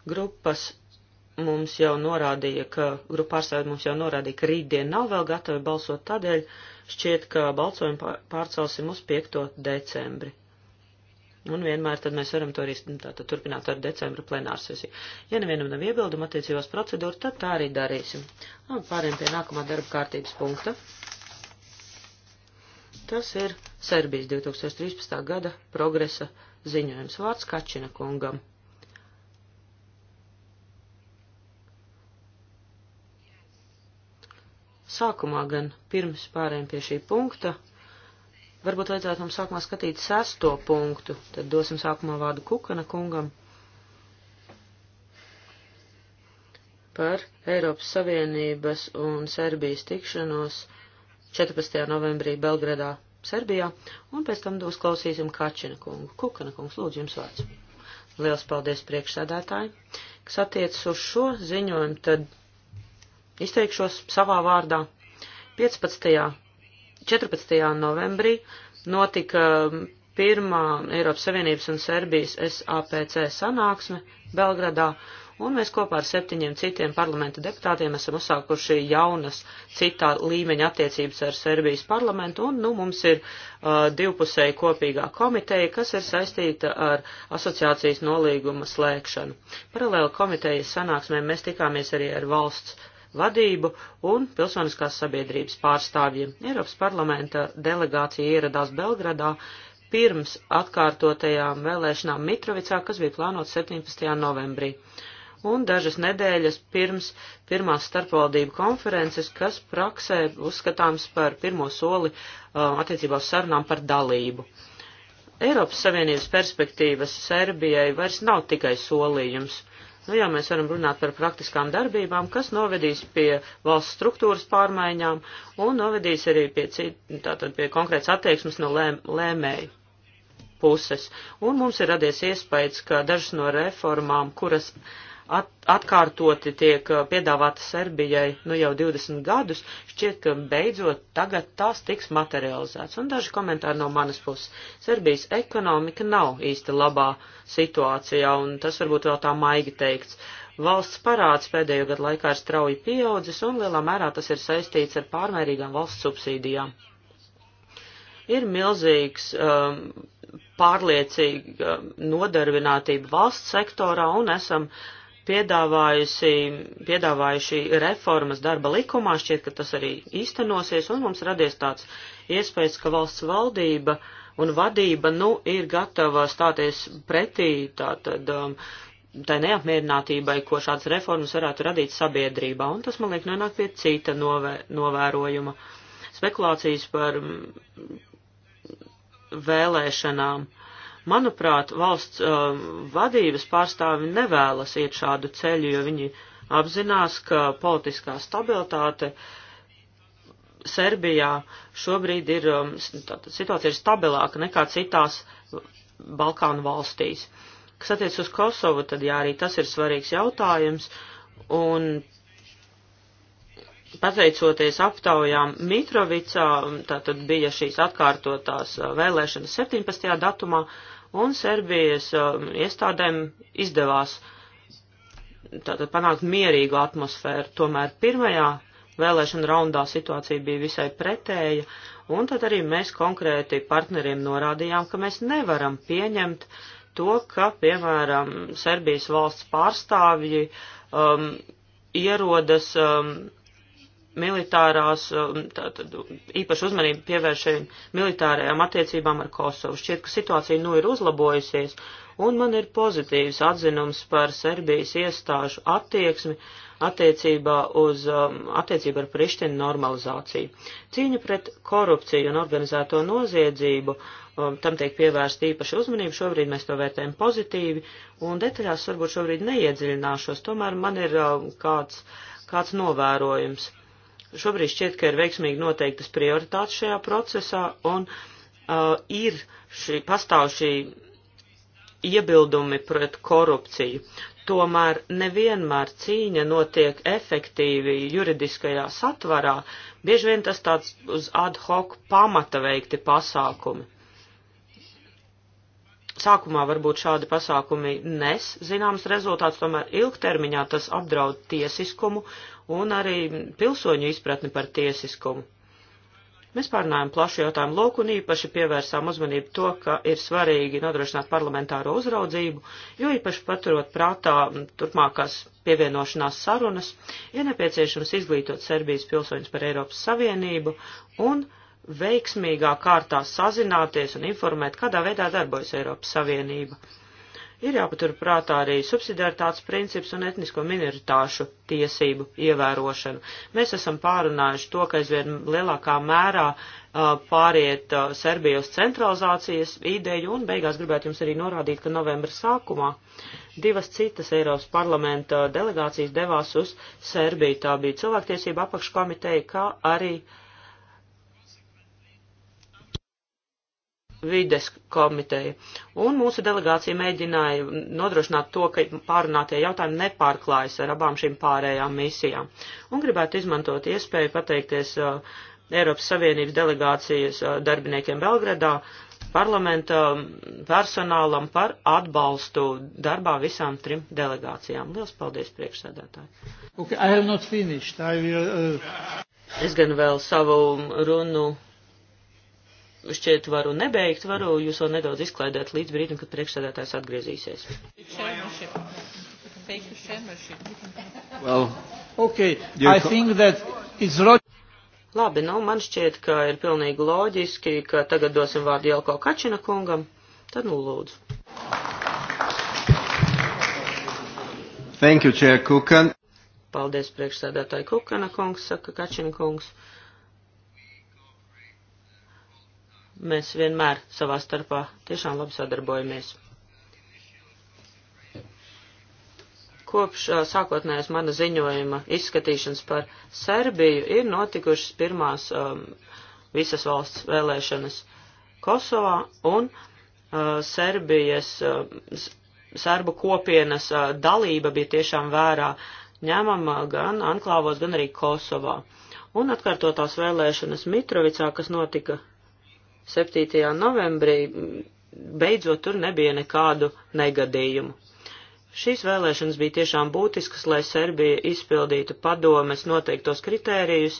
C: grupas mums jau norādīja, ka grupa pārstāvja mums jau norādīja, ka rītdien nav vēl gatavi balsot, tādēļ šķiet, ka balsojumu pārcelsim uz 5. decembri. Un vienmēr tad mēs varam to arī nu, tātad, turpināt ar decembra plenārsesiju. Ja nevienam nav iebildumu attiecībās procedūru, tad tā arī darīsim. Un pāriem pie nākamā darba kārtības punkta. Tas ir Serbijas 2013. gada progresa ziņojums vārds Kačina kungam. Sākumā gan pirms pārējiem pie šī punkta, varbūt vajadzētu mums sākumā skatīt sesto punktu, tad dosim sākumā vārdu Kukana kungam par Eiropas Savienības un Serbijas tikšanos 14. novembrī Belgradā, Serbijā, un pēc tam uzklausīsim Kačina kungu. Kukana kungs, lūdzu, jums vārds. Liels paldies priekšsēdētāji. Kas attiecas uz šo ziņojumu, tad izteikšos savā vārdā. 15. 14. novembrī notika um, pirmā Eiropas Savienības un Serbijas SAPC sanāksme Belgradā, un mēs kopā ar septiņiem citiem parlamenta deputātiem esam uzsākuši jaunas citā līmeņa attiecības ar Serbijas parlamentu, un nu mums ir uh, divpusēji kopīgā komiteja, kas ir saistīta ar asociācijas nolīguma slēgšanu. Paralēli komitejas sanāksmēm mēs tikāmies arī ar valsts vadību un pilsoniskās sabiedrības pārstāvjiem. Eiropas parlamenta delegācija ieradās Belgradā pirms atkārtotajām vēlēšanām Mitrovicā, kas bija plānotas 17. novembrī, un dažas nedēļas pirms pirmās starpvaldību konferences, kas praksē uzskatāms par pirmo soli uh, attiecībā uz sarunām par dalību. Eiropas Savienības perspektīvas Serbijai vairs nav tikai solījums. Uh, Nu, jā, mēs varam runāt par praktiskām darbībām, kas novedīs pie valsts struktūras pārmaiņām un novedīs arī pie, tātad, pie konkrēts attieksmes no lēm, lēmēju puses. Un mums ir radies iespējas, ka dažas no reformām, kuras at, atkārtoti tiek piedāvāta Serbijai nu jau 20 gadus, šķiet, ka beidzot tagad tās tiks materializēts. Un daži komentāri no manas puses. Serbijas ekonomika nav īsti labā situācijā, un tas varbūt vēl tā maigi teikts. Valsts parāds pēdējo gadu laikā ir strauji pieaudzis, un lielā mērā tas ir saistīts ar pārmērīgām valsts subsīdijām. Ir milzīgs um, pārliecīga nodarbinātība valsts sektorā un esam uh, piedāvājuši reformas darba likumā, šķiet, ka tas arī īstenosies, un mums radies tāds iespējas, ka valsts valdība un vadība, nu, ir gatava stāties pretī tātad um, tai neapmierinātībai, ko šāds reformas varētu radīt sabiedrībā, un tas, man liek, nonāk pie cita novē, novērojuma. Spekulācijas par mm, vēlēšanām. Uh, Manuprāt, valsts uh, vadības pārstāvi nevēlas iet šādu ceļu, jo viņi apzinās, ka politiskā stabilitāte Serbijā šobrīd ir, um, situācija ir stabilāka nekā citās Balkānu valstīs. Kas attiec uz Kosovu, tad jā, arī tas ir svarīgs jautājums, un pateicoties aptaujām Mitrovicā, tātad bija šīs atkārtotās uh, vēlēšanas 17. datumā, uh, un Serbijas um, iestādēm izdevās tātad panākt mierīgu atmosfēru. Tomēr pirmajā vēlēšana raundā situācija bija visai pretēja, un tad arī mēs konkrēti partneriem norādījām, ka mēs nevaram pieņemt to, ka, piemēram, Serbijas valsts pārstāvji um, ierodas um, militārās, um, tātad īpaši uzmanību pievērš šīm militārajām attiecībām ar Kosovu. Šķiet, ka situācija nu ir uzlabojusies, un man ir pozitīvs atzinums par Serbijas iestāžu attieksmi attiecībā uz um, attiecību ar Prištinu normalizāciju. Cīņa pret korupciju un organizēto noziedzību, um, tam tiek pievērsta īpaša uzmanība, šobrīd mēs to vērtējam pozitīvi, un detaļās varbūt šobrīd neiedziļināšos, tomēr man ir um, kāds, kāds novērojums. Šobrīd šķiet, ka ir veiksmīgi noteiktas prioritātes šajā procesā un uh, ir šī pastāv šī iebildumi pret korupciju. Tomēr nevienmēr cīņa notiek efektīvi juridiskajā satvarā, bieži vien tas tāds uz ad hoc pamata veikti pasākumi. Sākumā varbūt šādi pasākumi nes zināms rezultāts, tomēr ilgtermiņā tas apdraud tiesiskumu un arī pilsoņu izpratni par tiesiskumu. Mēs pārnājām plašu jautājumu loku un īpaši pievērsām uzmanību to, ka ir svarīgi nodrošināt parlamentāro uzraudzību, jo īpaši paturot prātā turpmākās pievienošanās sarunas, ir nepieciešams izglītot Serbijas pilsoņus par Eiropas Savienību un veiksmīgā kārtā sazināties un informēt, kādā veidā darbojas Eiropas Savienība ir jāpatur prātā arī subsidiaritātes princips un etnisko minoritāšu tiesību ievērošanu. Mēs esam pārunājuši to, ka aizvien lielākā mērā pāriet Serbijas centralizācijas ideju, un beigās gribētu jums arī norādīt, ka novembra sākumā divas citas Eiropas parlamenta delegācijas devās uz Serbiju. Tā bija cilvēktiesība apakškomiteja, kā arī uh, vides komiteja. Un mūsu delegācija mēģināja nodrošināt to, ka pārunātie jautājumi nepārklājas ar abām šīm pārējām misijām. Un gribētu izmantot iespēju pateikties uh, Eiropas Savienības delegācijas uh, darbiniekiem Belgradā, parlamenta um, personālam par atbalstu darbā visām trim delegācijām. Lielas paldies, priekšsēdētāji. Okay, I have not finished. I will, uh... Es gan vēl savu runu šķiet varu nebeigt, varu jūs vēl nedaudz izklaidēt līdz brīdim, kad priekšsēdētājs atgriezīsies. Well, okay. I think that it's Labi, nu man šķiet, ka ir pilnīgi loģiski, ka tagad dosim vārdu Jelko Kačina kungam. Tad nu lūdzu.
B: Thank you, Chair Kukan.
C: Paldies, priekšsēdētāji Kukana kungs, saka Kačina kungs. Uh, Mēs vienmēr savā starpā tiešām labi sadarbojamies. Kopš uh, sākotnējās mana ziņojuma izskatīšanas par Serbiju ir notikušas pirmās um, visas valsts vēlēšanas Kosovā un uh, Serbijas, uh, Serbu kopienas uh, dalība bija tiešām vērā ņemama gan Anklāvos, gan arī Kosovā. Un atkārtotās vēlēšanas Mitrovicā, kas notika 7. novembrī beidzot tur nebija nekādu negadījumu. Šīs vēlēšanas bija tiešām būtiskas, lai Serbija izpildītu padomes noteiktos kritērijus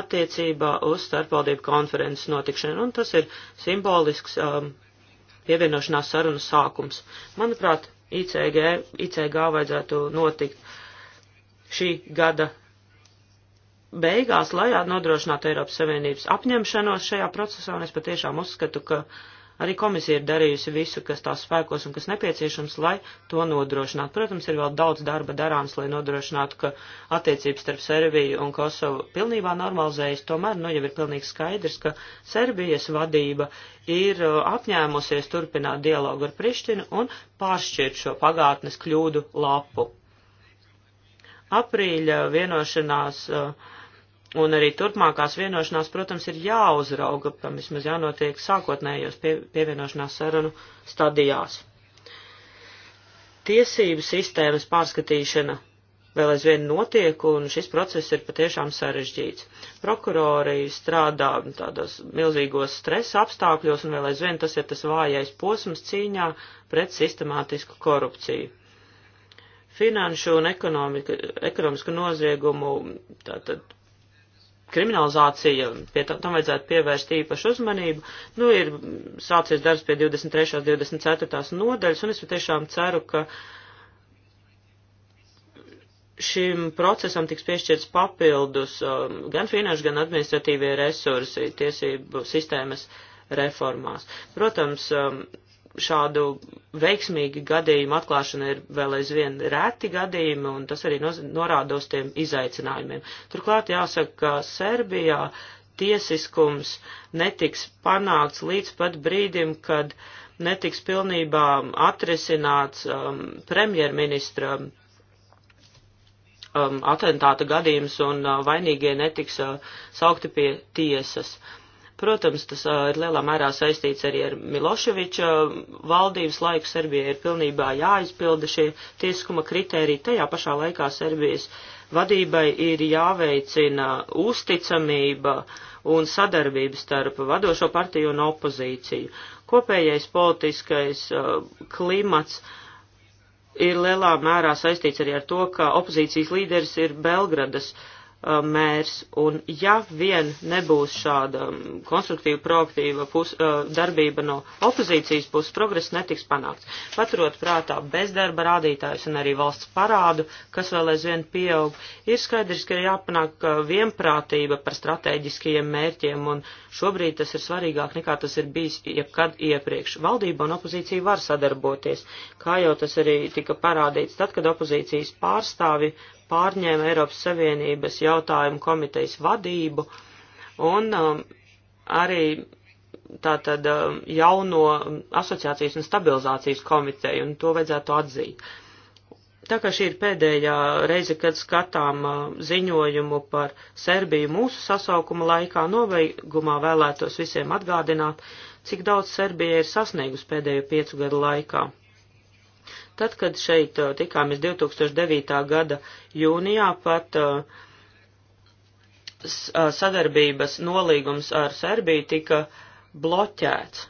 C: attiecībā uz starpvaldību konferences notikšanu, un tas ir simbolisks um, pievienošanās sarunu sākums. Manuprāt, ICG, ICG vajadzētu notikt šī gada beigās, lai nodrošinātu Eiropas Savienības apņemšanos šajā procesā, un es patiešām uzskatu, ka arī komisija ir darījusi visu, kas tās spēkos un kas nepieciešams, lai to nodrošinātu. Protams, ir vēl daudz darba darāms, lai nodrošinātu, ka attiecības starp Serbiju un Kosovu pilnībā normalizējas. Tomēr, nu, jau ir pilnīgi skaidrs, ka Serbijas vadība ir uh, apņēmusies turpināt dialogu ar Prištinu un pāršķirt šo pagātnes kļūdu lapu. Aprīļa vienošanās uh, Un arī turpmākās vienošanās, protams, ir jāuzrauga, tam vismaz jānotiek sākotnējos pie, pievienošanās sarunu stadijās. Tiesību sistēmas pārskatīšana vēl aizvien notiek, un šis process ir patiešām sarežģīts. Prokurori strādā tādos milzīgos stresa apstākļos, un vēl aizvien tas ir tas vājais posms cīņā pret sistemātisku korupciju finanšu un ekonomiku, ekonomisku noziegumu tātad, kriminalizācija, pie tam, tam vajadzētu pievērst īpašu uzmanību. Nu, ir sācies darbs pie 23. un 24. nodaļas, un es patiešām ceru, ka šim procesam tiks piešķirts papildus um, gan finanšu, gan administratīvie resursi tiesību sistēmas reformās. Protams, um, šādu veiksmīgu gadījumu atklāšana ir vēl aizvien reti gadījumi, un tas arī norāda uz tiem izaicinājumiem. Turklāt jāsaka, ka Serbijā tiesiskums netiks panākts līdz pat brīdim, kad netiks pilnībā atrisināts um, premjerministra um, atentāta gadījums un uh, vainīgie netiks uh, saukti pie tiesas. Uh, Protams, tas ir lielā mērā saistīts arī ar Miloševiča valdības laiku. Serbijai ir pilnībā jāizpilda šie tiesiskuma kritēriji. Tajā pašā laikā Serbijas vadībai ir jāveicina uzticamība un sadarbība starp vadošo partiju un opozīciju. Kopējais politiskais uh, klimats ir lielā mērā saistīts arī ar to, ka opozīcijas līderis ir Belgradas uh, Um, mērs, un ja vien nebūs šāda um, konstruktīva, proaktīva pus, uh, darbība no opozīcijas puses, progress netiks panākts. Paturot prātā bezdarba rādītājus un arī valsts parādu, kas vēl aizvien pieaug, ir skaidrs, ka ir jāpanāk uh, vienprātība par strateģiskajiem mērķiem, un šobrīd tas ir svarīgāk nekā tas ir bijis jebkad iepriekš. Valdība un opozīcija var sadarboties, kā jau tas arī tika parādīts tad, kad opozīcijas pārstāvi pārņēma Eiropas Savienības jautājumu komitejas vadību un um, arī tātad um, jauno asociācijas un stabilizācijas komiteju, un to vajadzētu atzīt. Tā kā šī ir pēdējā reize, kad skatām uh, ziņojumu par Serbiju mūsu sasaukuma laikā, noveigumā vēlētos visiem atgādināt, cik daudz Serbija ir sasniegusi pēdējo piecu gadu laikā. Tad, kad šeit uh, tikāmies 2009. gada jūnijā, pat uh, uh, sadarbības nolīgums ar Serbiju tika bloķēts.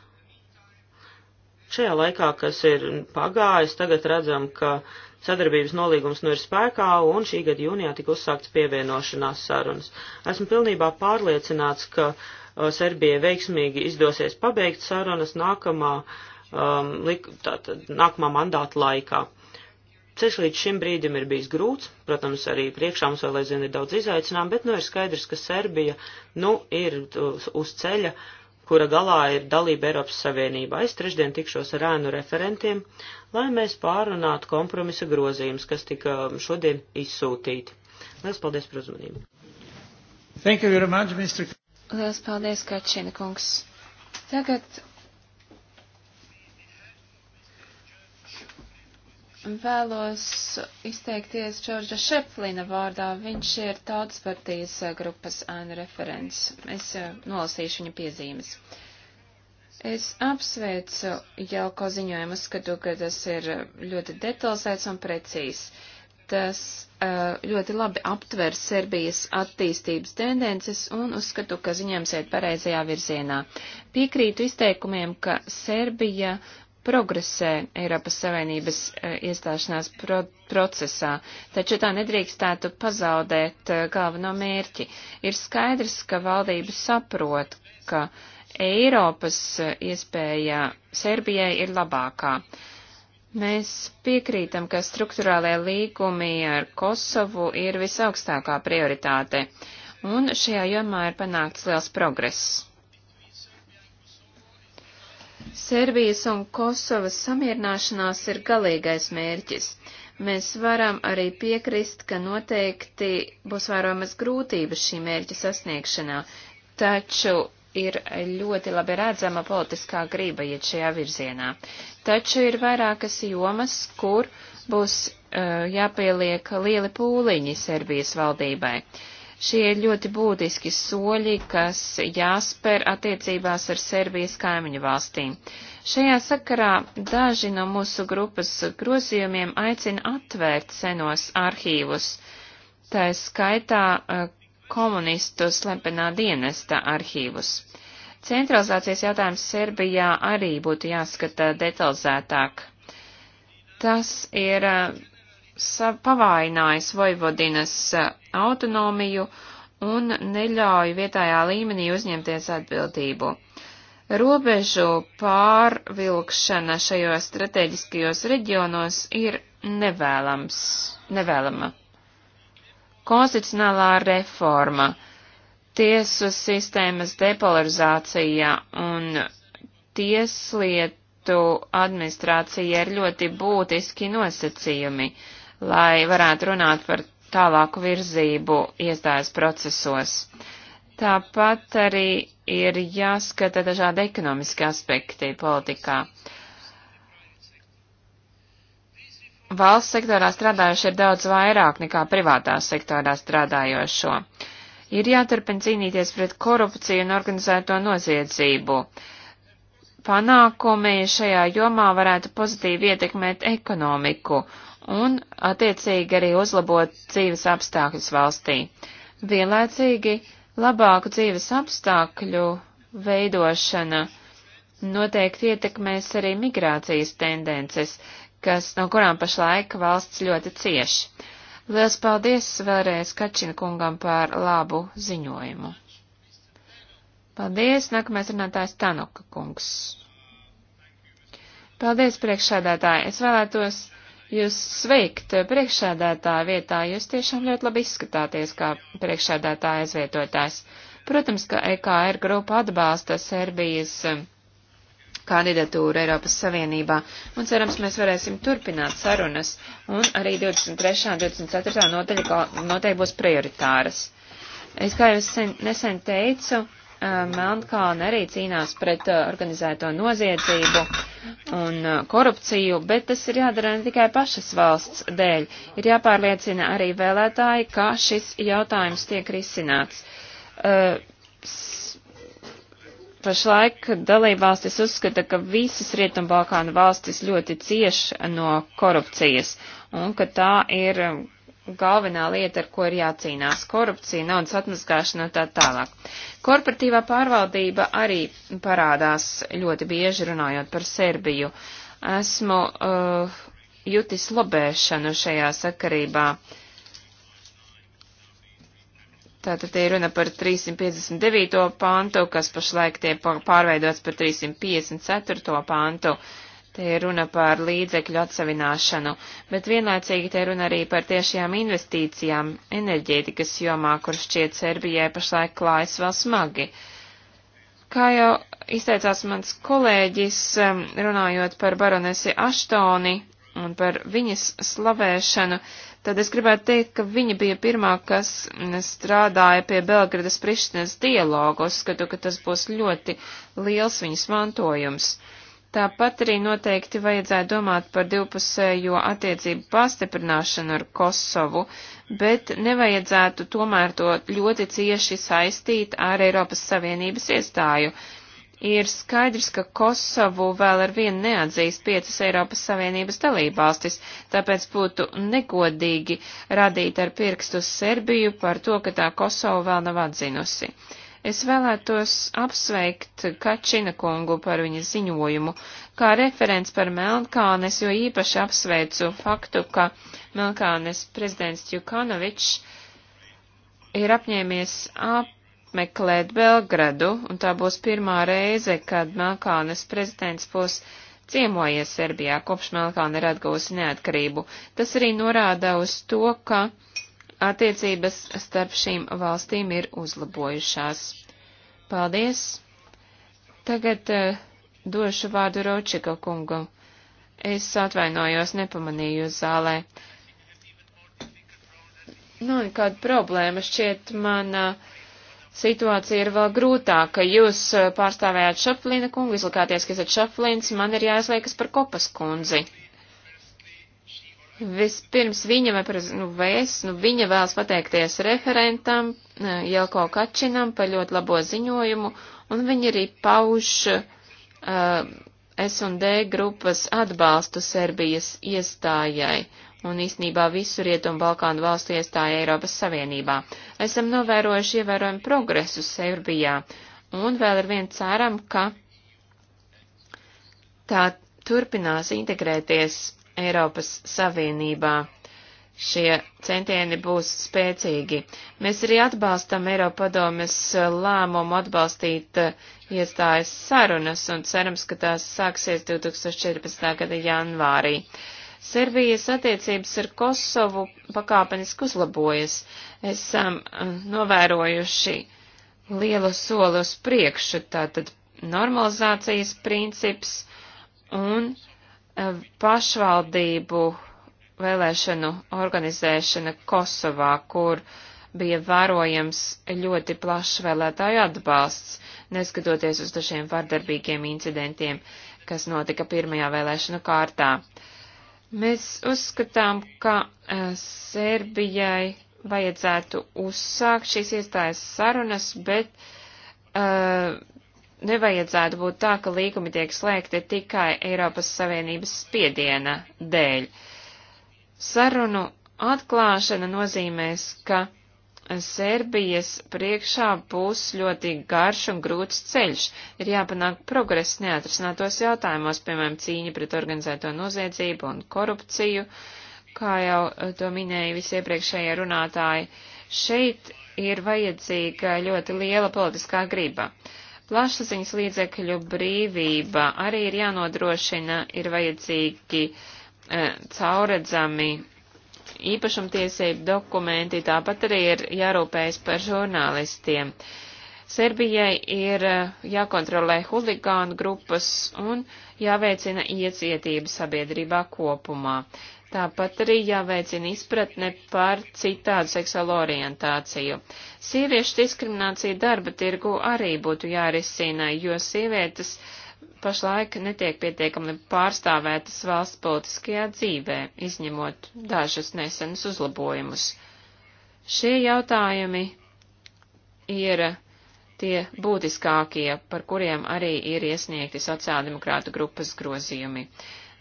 C: Šajā laikā, kas ir pagājis, tagad redzam, ka sadarbības nolīgums nu ir spēkā un šī gada jūnijā tika uzsākts pievienošanās sarunas. Esmu pilnībā pārliecināts, ka Serbijai veiksmīgi izdosies pabeigt sarunas nākamā uh, um, lik, tātad, nākamā mandāta laikā. Ceļš līdz šim brīdim ir bijis grūts, protams, arī priekšā mums vēl aizvien ir daudz izaicinājumu, bet nu ir skaidrs, ka Serbija nu ir uz ceļa, kura galā ir dalība Eiropas Savienībā. Es trešdien tikšos ar ēnu referentiem, lai mēs pārunātu kompromisa grozījumus, kas tika um, šodien izsūtīti. Lielas paldies par uzmanību. Thank you very much, Mr.
A: Lielas paldies, Kačina kungs. Tagad Vēlos izteikties Džordža Šeplina vārdā. Viņš ir tautas partijas eh, grupas ēna referents. Es eh, nolasīšu viņa piezīmes. Es apsveicu Jelko ziņojumu, uzskatu, ka tas ir ļoti detalizēts un precīzs. Tas eh, ļoti labi aptver Serbijas attīstības tendences un uzskatu, ka ziņojums iet pareizajā virzienā. Piekrītu izteikumiem, ka Serbija uh, progresē Eiropas Savienības uh, iestāšanās pro procesā, taču tā nedrīkstētu pazaudēt uh, galveno mērķi. Ir skaidrs, ka valdība saprot, ka Eiropas uh, iespēja Serbijai ir labākā. Mēs piekrītam, ka struktūrālajie līgumi ar Kosovu ir visaugstākā prioritāte, un šajā jomā ir panākts liels progress. Serbijas un Kosovas samierināšanās ir galīgais mērķis. Mēs varam arī piekrist, ka noteikti būs vērojamas grūtības šī mērķa sasniegšanā, taču ir ļoti labi redzama politiskā grība iet šajā virzienā. Taču ir vairākas jomas, kur būs uh, jāpieliek lieli pūliņi Serbijas valdībai. Uh, Šie ir ļoti būtiski soļi, kas jāspēr attiecībās ar Serbijas kaimiņu valstīm. Šajā sakarā daži no mūsu grupas grozījumiem aicina atvērt senos arhīvus, tā skaitā e, komunistu slepenā dienesta arhīvus. Centralizācijas jautājums Serbijā arī būtu jāskata detalizētāk. Tas ir e, pavājinājis Vojvodinas eh, autonomiju un neļauj vietējā līmenī uzņemties atbildību. Robežu pārvilkšana šajos strateģiskajos reģionos ir nevēlams, nevēlama. Konstitucionālā reforma, tiesu sistēmas depolarizācija un tieslietu administrācija ir ļoti būtiski nosacījumi. Uh, lai varētu runāt par tālāku virzību iestājas procesos. Tāpat arī ir jāskata dažādi ekonomiski aspekti politikā. Valsts sektorā strādājuši ir daudz vairāk nekā privātā sektorā strādājošo. Ir jāturpina cīnīties pret korupciju un organizēto noziedzību. Panākumi šajā jomā varētu pozitīvi ietekmēt ekonomiku un attiecīgi arī uzlabot dzīves apstākļus valstī. Vienlaicīgi labāku dzīves apstākļu veidošana noteikti ietekmēs arī migrācijas tendences, kas, no kurām pašlaik valsts ļoti cieši. Liels paldies vēlreiz Kačina kungam par labu ziņojumu. Paldies, nākamais runātājs Tanoka kungs. Paldies, priekšsādātāji. Es vēlētos jūs sveikt priekšsēdētāja vietā, jūs tiešām ļoti labi izskatāties kā priekšsēdētāja aizvietotājs. Protams, ka EKR grupa atbalsta Serbijas um, kandidatūru Eiropas Savienībā, un cerams, mēs varēsim turpināt sarunas, un arī 23. un 24. noteikti būs prioritāras. Es, kā jau sen, nesen teicu, Eh, Melnkalna arī cīnās pret eh, organizēto noziedzību un eh, korupciju, bet tas ir jādara ne tikai pašas valsts dēļ. Ir jāpārliecina arī vēlētāji, ka šis jautājums tiek risināts. Pašlaik dalībvalstis uzskata, ka visas Rietumbalkānu valstis ļoti cieš no korupcijas un ka tā ir galvenā lieta, ar ko ir jācīnās - korupcija, naudas atmaskāšana un tā tālāk. Korporatīvā pārvaldība arī parādās ļoti bieži runājot par Serbiju. Esmu uh, jutis lobēšanu šajā sakarībā. Tātad ir runa par 359. pantu, kas pašlaik tiek pārveidots par 354. pantu. Uh, Te ir runa par līdzekļu atsevināšanu, bet vienlaicīgi te runa arī par tiešajām investīcijām enerģētikas jomā, kur šķiet Serbijai pašlaik klājas vēl smagi. Kā jau izteicās mans kolēģis, runājot par baronesi Aštoni un par viņas slavēšanu, tad es gribētu teikt, ka viņa bija pirmā, kas strādāja pie Belgradas Prištinas dialogu. Uzskatu, ka tas būs ļoti liels viņas mantojums. Uh, Tāpat arī noteikti vajadzēja domāt par divpusējo attiecību pastiprināšanu ar Kosovu, bet nevajadzētu tomēr to ļoti cieši saistīt ar Eiropas Savienības iestāju. Ir skaidrs, ka Kosovu vēl ar vienu neatzīst piecas Eiropas Savienības dalībvalstis, tāpēc būtu negodīgi radīt ar pirkstu Serbiju par to, ka tā Kosovu vēl nav atzinusi. Es vēlētos apsveikt Kačina kungu par viņa ziņojumu. Kā referents par Melnkānes, jo īpaši apsveicu faktu, ka Melnkānes prezidents Jukanovičs ir apņēmies apmeklēt Belgradu, un tā būs pirmā reize, kad Melnkānes prezidents būs ciemojies Serbijā, kopš Melkāna ir atguvusi neatkarību. Tas arī norāda uz to, ka attiecības starp šīm valstīm ir uzlabojušās. Paldies! Tagad uh, došu vārdu Ročika kungam. Es atvainojos, nepamanīju zālē. Nav nu, nekāda problēma, šķiet mana eh, situācija ir vēl grūtāka. Jūs eh, pārstāvējāt Šaflīna kungu, izlikāties, ka esat Šaflīns, man ir jāizliekas par kopas kundzi. Vispirms viņa vai, nu, vai es, nu, viņa vēlas pateikties referentam eh, Jelko Kačinam par ļoti labo ziņojumu, un viņa arī pauž uh, eh, S&D grupas atbalstu Serbijas iestājai un īsnībā visu Rietumu Balkānu valstu iestāja Eiropas Savienībā. Esam novērojuši ievērojumu progresu Serbijā, un vēl ar vien ceram, ka tā turpinās integrēties Eiropas Savienībā. Šie centieni būs spēcīgi. Mēs arī atbalstam Eiropadomes eh, lēmumu atbalstīt eh, iestājas sarunas un cerams, ka tās sāksies 2014. gada janvārī. Serbijas attiecības ar Kosovu pakāpeniski uzlabojas. Esam eh, novērojuši lielu soli uz priekšu, tātad normalizācijas princips un uh, Eh, pašvaldību vēlēšanu organizēšana Kosovā, kur bija vērojams ļoti plašs vēlētāju atbalsts, neskatoties uz dažiem vardarbīgiem incidentiem, kas notika pirmajā vēlēšanu kārtā. Mēs uzskatām, ka eh, Serbijai vajadzētu uzsākt šīs iestājas sarunas, bet uh, nevajadzētu būt tā, ka līgumi tiek slēgti tikai Eiropas Savienības spiediena dēļ. Sarunu atklāšana nozīmēs, ka Serbijas priekšā būs ļoti garš un grūts ceļš. Ir jāpanāk progress neatrisinātos jautājumos, piemēram, cīņa pret organizēto noziedzību un korupciju, kā jau to minēja visi iepriekšējie runātāji. Šeit ir vajadzīga ļoti liela politiskā griba. Uh, Plašsaziņas līdzekļu brīvība arī ir jānodrošina, ir vajadzīgi e, cauredzami īpašumtiesību dokumenti, tāpat arī ir jārūpējas par žurnālistiem. Serbijai ir e, jākontrolē huligānu grupas un jāveicina iecietība sabiedrībā kopumā. Tāpat arī jāveicina izpratne par citādu seksuālo orientāciju. Sieviešu diskriminācija darba tirgu arī būtu jārisina, jo sievietes pašlaik netiek pietiekami pārstāvētas valsts politiskajā dzīvē, izņemot dažus nesenus uzlabojumus. Šie jautājumi ir tie būtiskākie, par kuriem arī ir iesniegti sociāldemokrātu grupas grozījumi.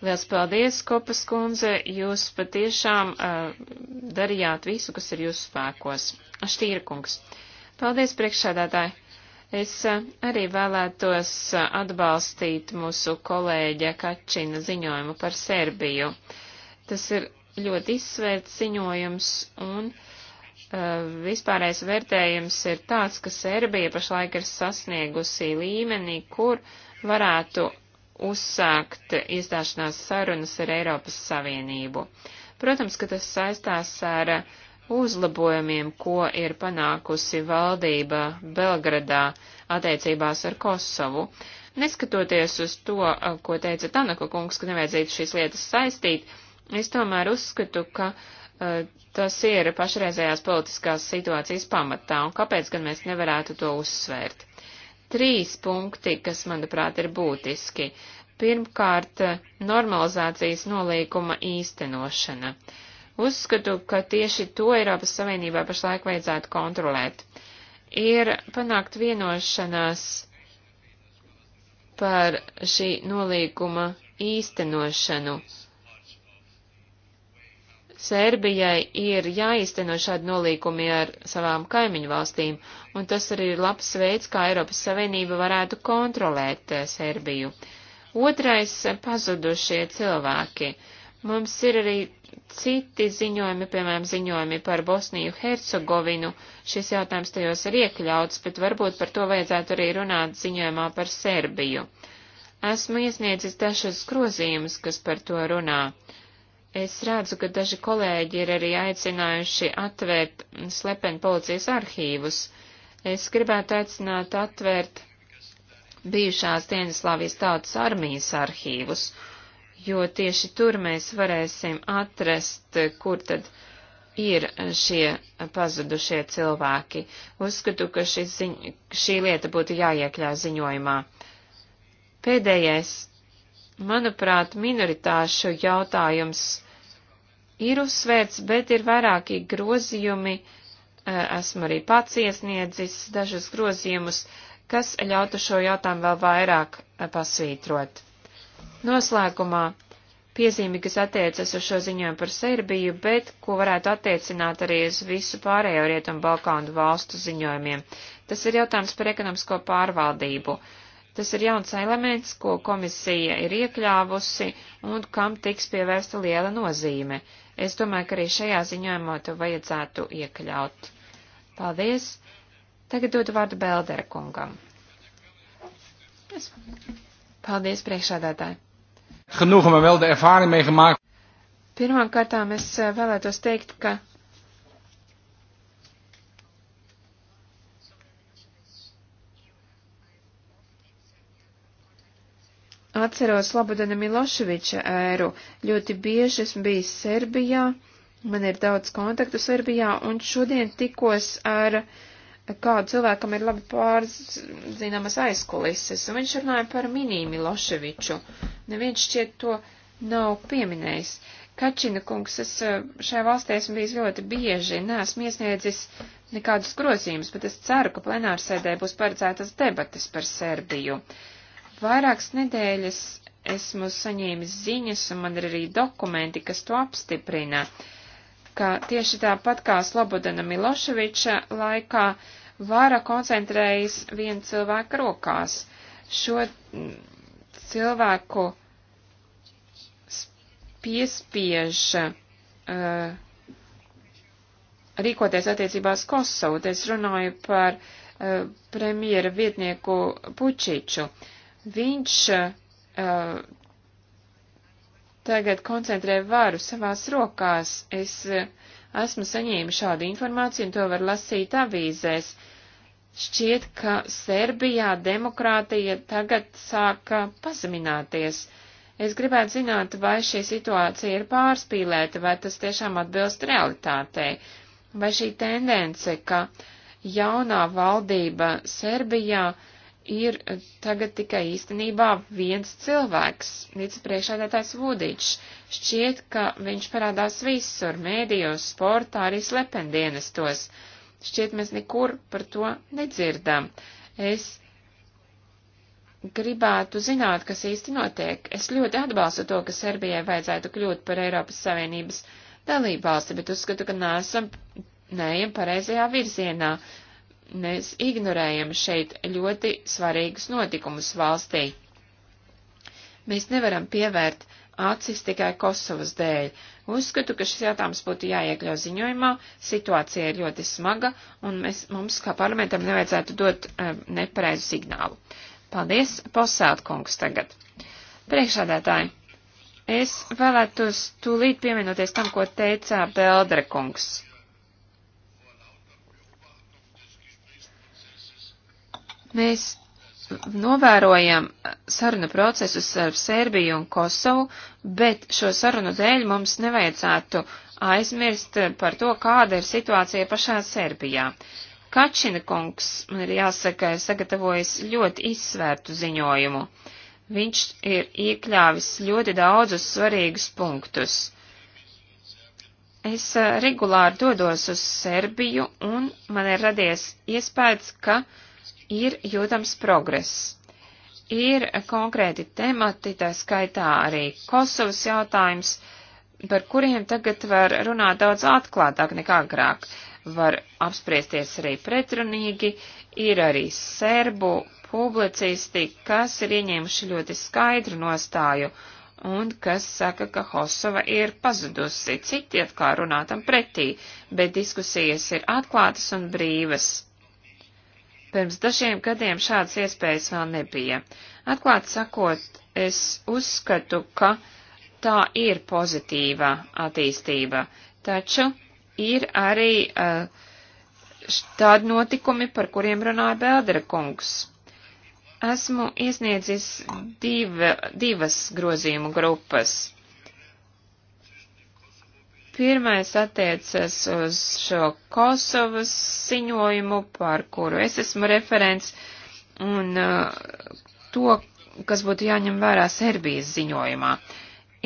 A: Liels paldies, Kopas kundze, jūs patiešām uh, darījāt visu, kas ir jūsu spēkos. Štīra kungs. Paldies, priekšsēdētāji. Es uh, arī vēlētos uh, atbalstīt mūsu kolēģa Kačina ziņojumu par Serbiju. Tas ir ļoti izsvērts ziņojums un uh, vispārējais vērtējums ir tāds, ka Serbija pašlaik ir sasniegusi līmenī, kur varētu uzsākt iestāšanās sarunas ar Eiropas Savienību. Protams, ka tas saistās ar uzlabojumiem, ko ir panākusi valdība Belgradā attiecībās ar Kosovu. Neskatoties uz to, ko teica Tanaka kungs, ka nevajadzētu šīs lietas saistīt, es tomēr uzskatu, ka uh, tas ir pašreizējās politiskās situācijas pamatā, un kāpēc gan mēs nevarētu to uzsvērt? trīs punkti, kas, manuprāt, ir būtiski. Pirmkārt, normalizācijas nolīguma īstenošana. Uzskatu, ka tieši to Eiropas Savienībā pašlaik vajadzētu kontrolēt. Ir panākt vienošanās par šī nolīguma īstenošanu Sērbijai ir jāizteno šādi nolīkumi ar savām kaimiņu valstīm, un tas arī ir labs veids, kā Eiropas Savienība varētu kontrolēt eh, Sērbiju. Otrais eh, - pazudušie cilvēki. Mums ir arī citi ziņojumi, piemēram, ziņojumi par Bosniju Hercegovinu. Šis jautājums tajos ir iekļauts, bet varbūt par to vajadzētu arī runāt ziņojumā par Serbiju. Esmu iesniedzis dažas grozījumus, kas par to runā. Uh, Es redzu, ka daži kolēģi ir arī aicinājuši atvērt slepeni policijas arhīvus. Es gribētu aicināt atvērt bijušās Dienaslāvijas tautas armijas arhīvus, jo tieši tur mēs varēsim atrast, kur tad ir šie pazudušie cilvēki. Uzskatu, ka ziņ, šī lieta būtu jāiekļā ziņojumā. Pēdējais Manuprāt, minoritāšu jautājums ir uzsvērts, bet ir vairāki grozījumi, eh, esmu arī pats iesniedzis dažus grozījumus, kas ļautu šo jautājumu vēl vairāk eh, pasvītrot. Noslēgumā piezīmi, kas attiecas uz šo ziņojumu par Serbiju, bet ko varētu attiecināt arī uz visu pārējo Rietumu Balkānu valstu ziņojumiem. Tas ir jautājums par ekonomisko pārvaldību. Uh, Tas ir jauns elements, ko komisija ir iekļāvusi un kam tiks pievērsta liela nozīme. Es domāju, ka arī šajā ziņojumā to vajadzētu iekļaut. Paldies! Tagad dodu vārdu Beldera kungam. Es... Paldies, priekšādātāji!
C: Genoeg, maar wel de ervaring meegemaakt.
A: Pirmkārtām es eh, vēlētos teikt, ka Atceros Labudana Miloševiča ēru. Ļoti bieži esmu bijis Serbijā, man ir daudz kontaktu Serbijā, un šodien tikos ar kādu cilvēkam ir labi pārzināmas aizkulises, un viņš runāja par minī Miloševiču. Neviens šķiet to nav pieminējis. Kačina kungs, es eh, šajā valstī esmu bijis ļoti bieži, neesmu iesniedzis nekādus grozījumus, bet es ceru, ka plenārsēdē būs paredzētas debates par Serbiju. Uh, Vairākas nedēļas esmu saņēmis ziņas, un man ir arī dokumenti, kas to apstiprina, ka tieši tāpat kā Slobodana Miloševiča laikā vara koncentrējas viena cilvēka rokās. Šo cilvēku piespiež uh, rīkoties attiecībās Kosovu. Es runāju par uh, premjera vietnieku Pučiču. Uh, Viņš uh, tagad koncentrē varu savās rokās. Es uh, esmu saņēmis šādu informāciju, un to var lasīt avīzēs. Šķiet, ka Serbijā demokrātija tagad sāka pazemināties. Es gribētu zināt, vai šī situācija ir pārspīlēta, vai tas tiešām atbilst realitātei, vai šī tendence, ka jaunā valdība Serbijā uh, ir tagad tikai īstenībā viens cilvēks, vicepriekšādātājs Vūdiņš. Šķiet, ka viņš parādās visur, mēdījos, sportā, arī slependienestos. Šķiet, mēs nekur par to nedzirdam. Es gribētu zināt, kas īsti notiek. Es ļoti atbalstu to, ka Serbijai vajadzētu kļūt par Eiropas Savienības dalībvalsti, bet uzskatu, ka nesam neejam pareizajā virzienā mēs ignorējam šeit ļoti svarīgus notikumus valstī. Mēs nevaram pievērt acis tikai Kosovas dēļ. Uzskatu, ka šis jautājums būtu jāiekļau ziņojumā, situācija ir ļoti smaga, un mēs, mums kā parlamentam nevajadzētu dot um, nepareizu signālu. Paldies, posēltkungs tagad. Priekšādētāji, es vēlētos tūlīt pieminoties tam, ko teica Beldrekungs. Mēs novērojam sarunu procesus ar Sērbiju un Kosovu, bet šo sarunu dēļ mums nevajadzētu aizmirst par to, kāda ir situācija pašā Sērbijā. Kačina kungs, man ir jāsaka, ir sagatavojis ļoti izsvērtu ziņojumu. Viņš ir iekļāvis ļoti daudzus svarīgus punktus. Es eh, regulāri dodos uz Serbiju, un man ir radies iespējas, ka uh, ir jūtams progress. Ir konkrēti temati, tā skaitā arī Kosovas jautājums, par kuriem tagad var runāt daudz atklātāk nekā agrāk. Var apspriesties arī pretrunīgi, ir arī serbu publicisti, kas ir ieņēmuši ļoti skaidru nostāju un kas saka, ka Kosova ir pazudusi. Citi atkal runātam pretī, bet diskusijas ir atklātas un brīvas. Pirms dažiem gadiem šādas iespējas vēl nebija. Atklāt sakot, es uzskatu, ka tā ir pozitīva attīstība, taču ir arī uh, tādi notikumi, par kuriem runāja Bēldera kungs. Esmu iesniedzis div, divas grozījumu grupas. Pirmais attiecas uz šo Kosovas ziņojumu, par kuru es esmu referents, un uh, to, kas būtu jāņem vērā Serbijas ziņojumā.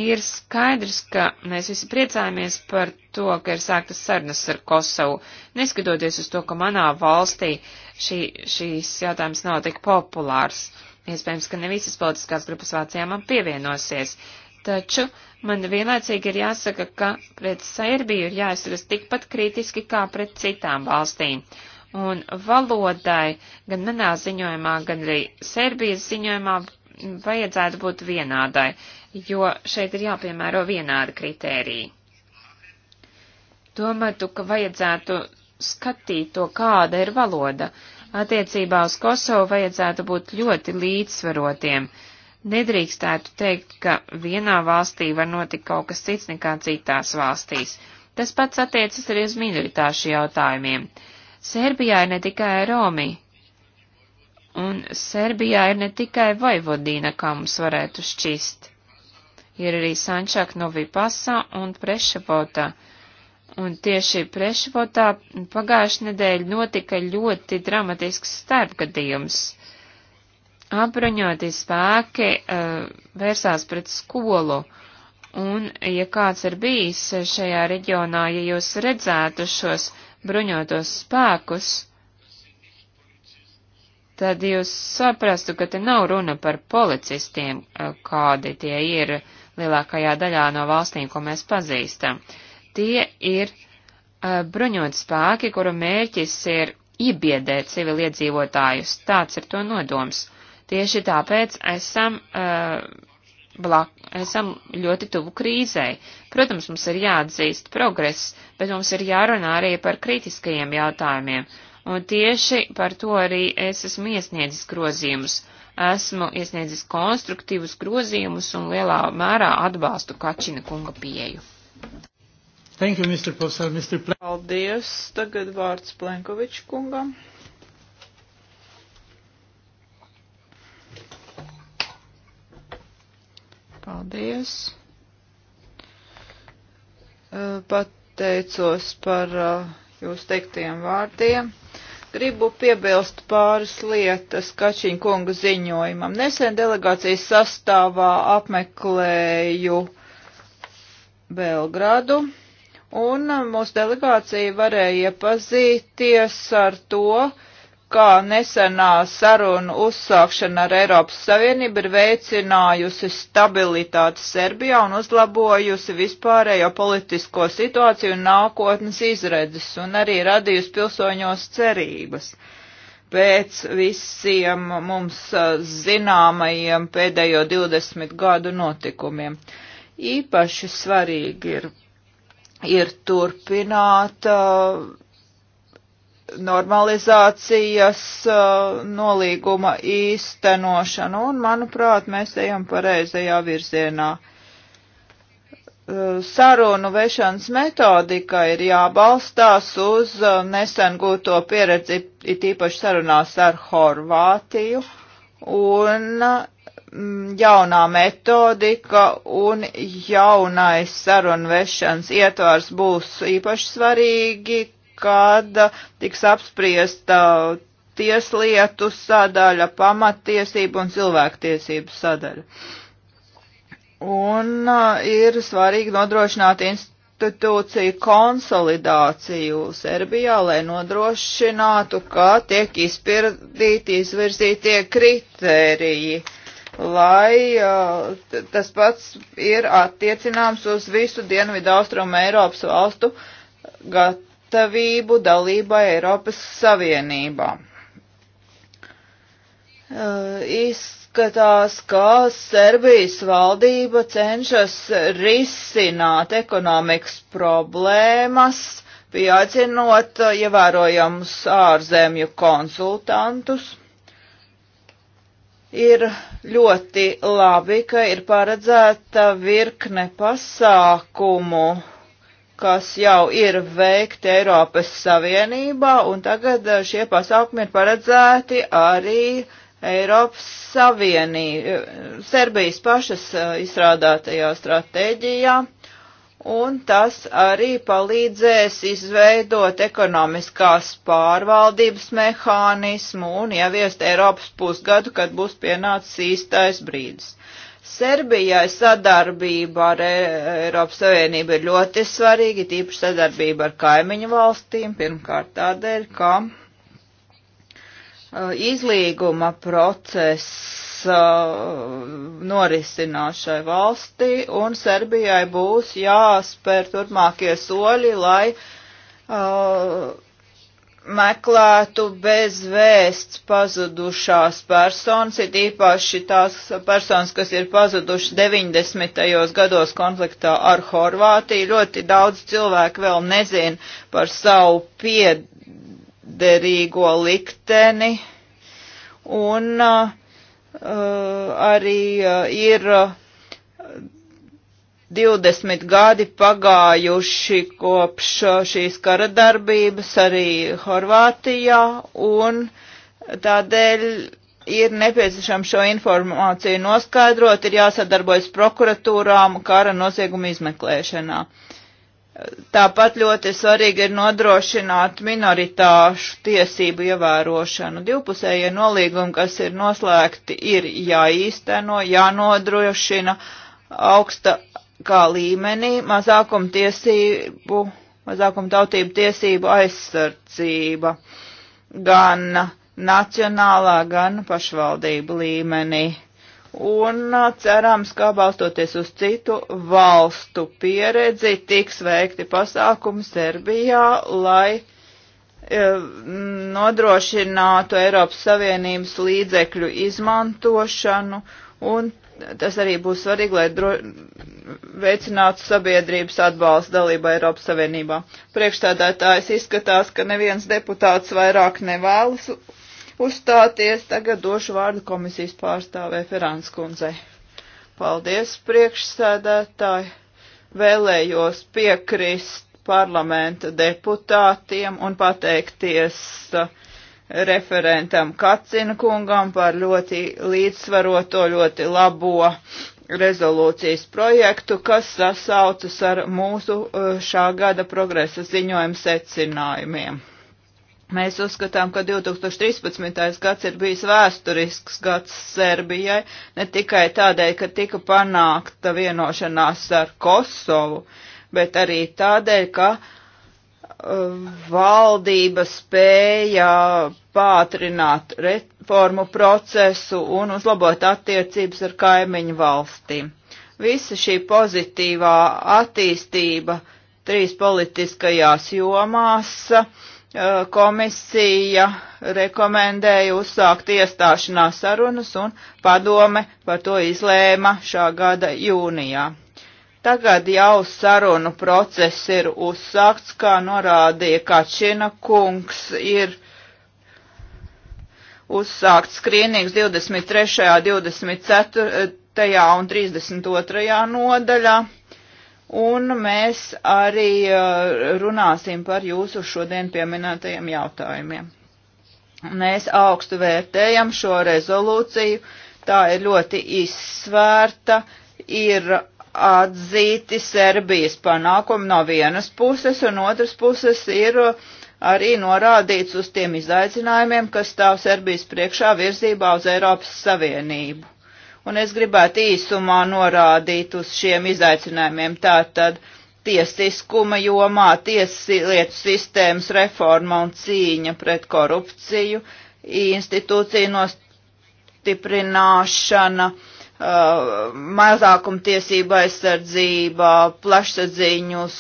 A: Ir skaidrs, ka mēs visi priecājamies par to, ka ir sāktas sarunas ar Kosovu, neskatoties uz to, ka manā valstī šī, šīs jautājums nav tik populārs. Iespējams, ka ne visas politiskās grupas Vācijā man pievienosies. Uh, Taču man vienlaicīgi ir jāsaka, ka pret Serbiju ir jāizturas tikpat kritiski kā pret citām valstīm. Un valodai gan manā ziņojumā, gan arī Serbijas ziņojumā vajadzētu būt vienādai, jo šeit ir jāpiemēro vienāda kritērija. Domātu, ka vajadzētu skatīt to, kāda ir valoda. Attiecībā uz Kosovu vajadzētu būt ļoti līdzsvarotiem. Uh, Nedrīkstētu teikt, ka vienā valstī var notikt kaut kas cits nekā citās valstīs. Tas pats attiecas arī uz minoritāšu jautājumiem. Serbijā ir ne tikai Romi, un Serbijā ir ne tikai Vojvodīna, kā mums varētu šķist. Ir arī Sančak Novi Pasa un Prešapota, un tieši Prešapotā pagājušajā nedēļā notika ļoti dramatisks starpgadījums apbruņotie spēki uh, vērsās pret skolu. Un, ja kāds ir bijis šajā reģionā, ja jūs redzētu šos bruņotos spēkus, tad jūs saprastu, ka te nav runa par policistiem, eh, kādi tie ir lielākajā daļā no valstīm, ko mēs pazīstam. Tie ir uh, eh, bruņot spēki, kuru mērķis ir iebiedēt civiliedzīvotājus. Tāds ir to nodoms. Tieši tāpēc esam, uh, blak, esam ļoti tuvu krīzei. Protams, mums ir jāatzīst progress, bet mums ir jārunā arī par kritiskajiem jautājumiem. Un tieši par to arī es esmu iesniedzis grozījumus. Esmu iesniedzis konstruktīvus grozījumus un lielā mērā atbalstu Kačina kunga pieeju. Thank you, Mr. Posel, Mr. Pl
B: Paldies. Tagad vārds Plenkoviča kungam. Paldies. Eh, pateicos par eh, jūs teiktiem vārdiem. Gribu piebilst pāris lietas Kačiņa kunga ziņojumam. Nesen delegācijas sastāvā apmeklēju Belgradu, un eh, mūsu delegācija varēja iepazīties ar to, kā nesenā saruna uzsākšana ar Eiropas Savienību ir veicinājusi stabilitāti Serbijā un uzlabojusi vispārējo politisko situāciju un nākotnes izredzes un arī radījusi pilsoņos cerības. Pēc visiem mums zināmajiem pēdējo 20 gadu notikumiem. Īpaši svarīgi ir, ir turpināt uh, normalizācijas uh, nolīguma īstenošanu, un, manuprāt, mēs ejam pareizajā virzienā. Uh, sarunu vešanas metodika ir jābalstās uz uh, nesen gūto pieredzi, it īpaši sarunās ar Horvātiju, un mm, jaunā metodika un jaunais sarunvešanas ietvars būs īpaši svarīgi, kad tiks apspriesta tieslietu sadaļa, pamattiesību un cilvēktiesību sadaļa. Un ir svarīgi nodrošināt institūciju konsolidāciju Serbijā, lai nodrošinātu, kā tiek izpildīti izvirzītie kritēriji lai uh, tas pats ir attiecināms uz visu Dienvidu Austrumu Eiropas valstu, gat, gatavību dalībai Eiropas Savienībā. Uh, izskatās, ka Serbijas valdība cenšas risināt ekonomikas problēmas, pieaicinot ievērojamus ārzemju konsultantus. Ir ļoti labi, ka ir paredzēta virkne pasākumu kas jau ir veikti Eiropas Savienībā, un tagad eh, šie pasākumi ir paredzēti arī Eiropas Savienī, eh, Serbijas pašas eh, izstrādātajā stratēģijā, un tas arī palīdzēs izveidot ekonomiskās pārvaldības mehānismu un ieviest Eiropas pusgadu, kad būs pienācis īstais brīdis. Serbijai sadarbība ar e, Eiropas Savienību ir ļoti svarīga, tīpaši sadarbība ar kaimiņu valstīm, pirmkārt tādēļ, ka e, izlīguma process e, norisinās šai valstī, un Serbijai būs jāspēr turpmākie soļi, lai uh, meklētu bez vēsts pazudušās personas, ir īpaši tās personas, kas ir pazudušas 90. gados konfliktā ar Horvātiju. Ļoti daudz cilvēku vēl nezin par savu piederīgo likteni, un uh, arī uh, ir. Uh, 20 gadi pagājuši kopš šīs kara darbības arī Horvātijā, un tādēļ ir nepieciešams šo informāciju noskaidrot, ir jāsadarbojas prokuratūrām kara nozieguma izmeklēšanā. Tāpat ļoti svarīgi ir nodrošināt minoritāšu tiesību ievērošanu. Divpusējie nolīgumi, kas ir noslēgti, ir jāīsteno, jānodrošina augsta kā līmenī mazākumtiesību, mazākumtautību tiesību aizsardzība gan nacionālā, gan pašvaldību līmenī. Un cerams, ka balstoties uz citu valstu pieredzi, tiks veikti pasākumi Serbijā, lai e, nodrošinātu Eiropas Savienības līdzekļu izmantošanu un tas arī būs svarīgi, lai dro, veicinātu sabiedrības atbalstu dalību Eiropas Savienībā. Priekšstādātājs izskatās, ka neviens deputāts vairāk nevēlas uzstāties. Tagad došu vārdu komisijas pārstāvē Ferāns kundzei. Paldies, priekšsēdētāji! Vēlējos piekrist parlamenta deputātiem un pateikties uh, referentam Kacina kungam par ļoti līdzsvaroto, ļoti labo rezolūcijas projektu, kas sasaucas ar mūsu eh, šā gada progresa ziņojumu secinājumiem. Mēs uzskatām, ka 2013. gads ir bijis vēsturisks gads Serbijai, ne tikai tādēļ, ka tika panākta vienošanās ar Kosovu, bet arī tādēļ, ka uh, valdība spēja pātrināt reformu procesu un uzlabot attiecības ar kaimiņu valstīm. Visa šī pozitīvā attīstība trīs politiskajās jomās eh, komisija rekomendēja uzsākt iestāšanās sarunas un padome par to izlēma šā gada jūnijā. Tagad jau sarunu process ir uzsākts, kā norādīja Kačina kungs, ir uzsākts skrīnings 23., 24. un 32. nodaļā. Un mēs arī uh, runāsim par jūsu šodien pieminētajiem jautājumiem. Mēs augstu vērtējam šo rezolūciju, tā ir ļoti izsvērta, ir atzīti Serbijas panākumi no vienas puses, un otras puses ir uh, arī norādīts uz tiem izaicinājumiem, kas stāv Serbijas priekšā virzībā uz Eiropas Savienību. Un es gribētu īsumā norādīt uz šiem izaicinājumiem tātad tiesiskuma jomā, tieslietu sistēmas reforma un cīņa pret korupciju, institūciju nostiprināšana, uh, uh, mazākumtiesība aizsardzība, plašsaziņus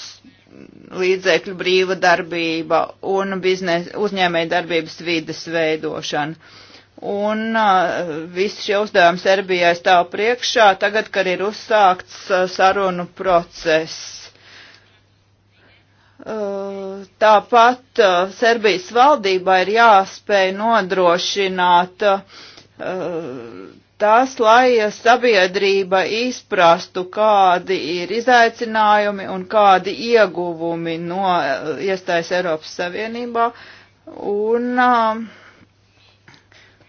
B: līdzekļu brīva darbība un biznes, uzņēmēja darbības vides veidošana. Un uh, viss šie uzdevumi Serbijai stāv priekšā tagad, kad ir uzsākts uh, sarunu process. Uh, tāpat uh, Serbijas valdībā ir jāspēj nodrošināt uh, tas, lai sabiedrība izprastu, kādi ir izaicinājumi un kādi ieguvumi no eh, iestājas Eiropas Savienībā. Un um,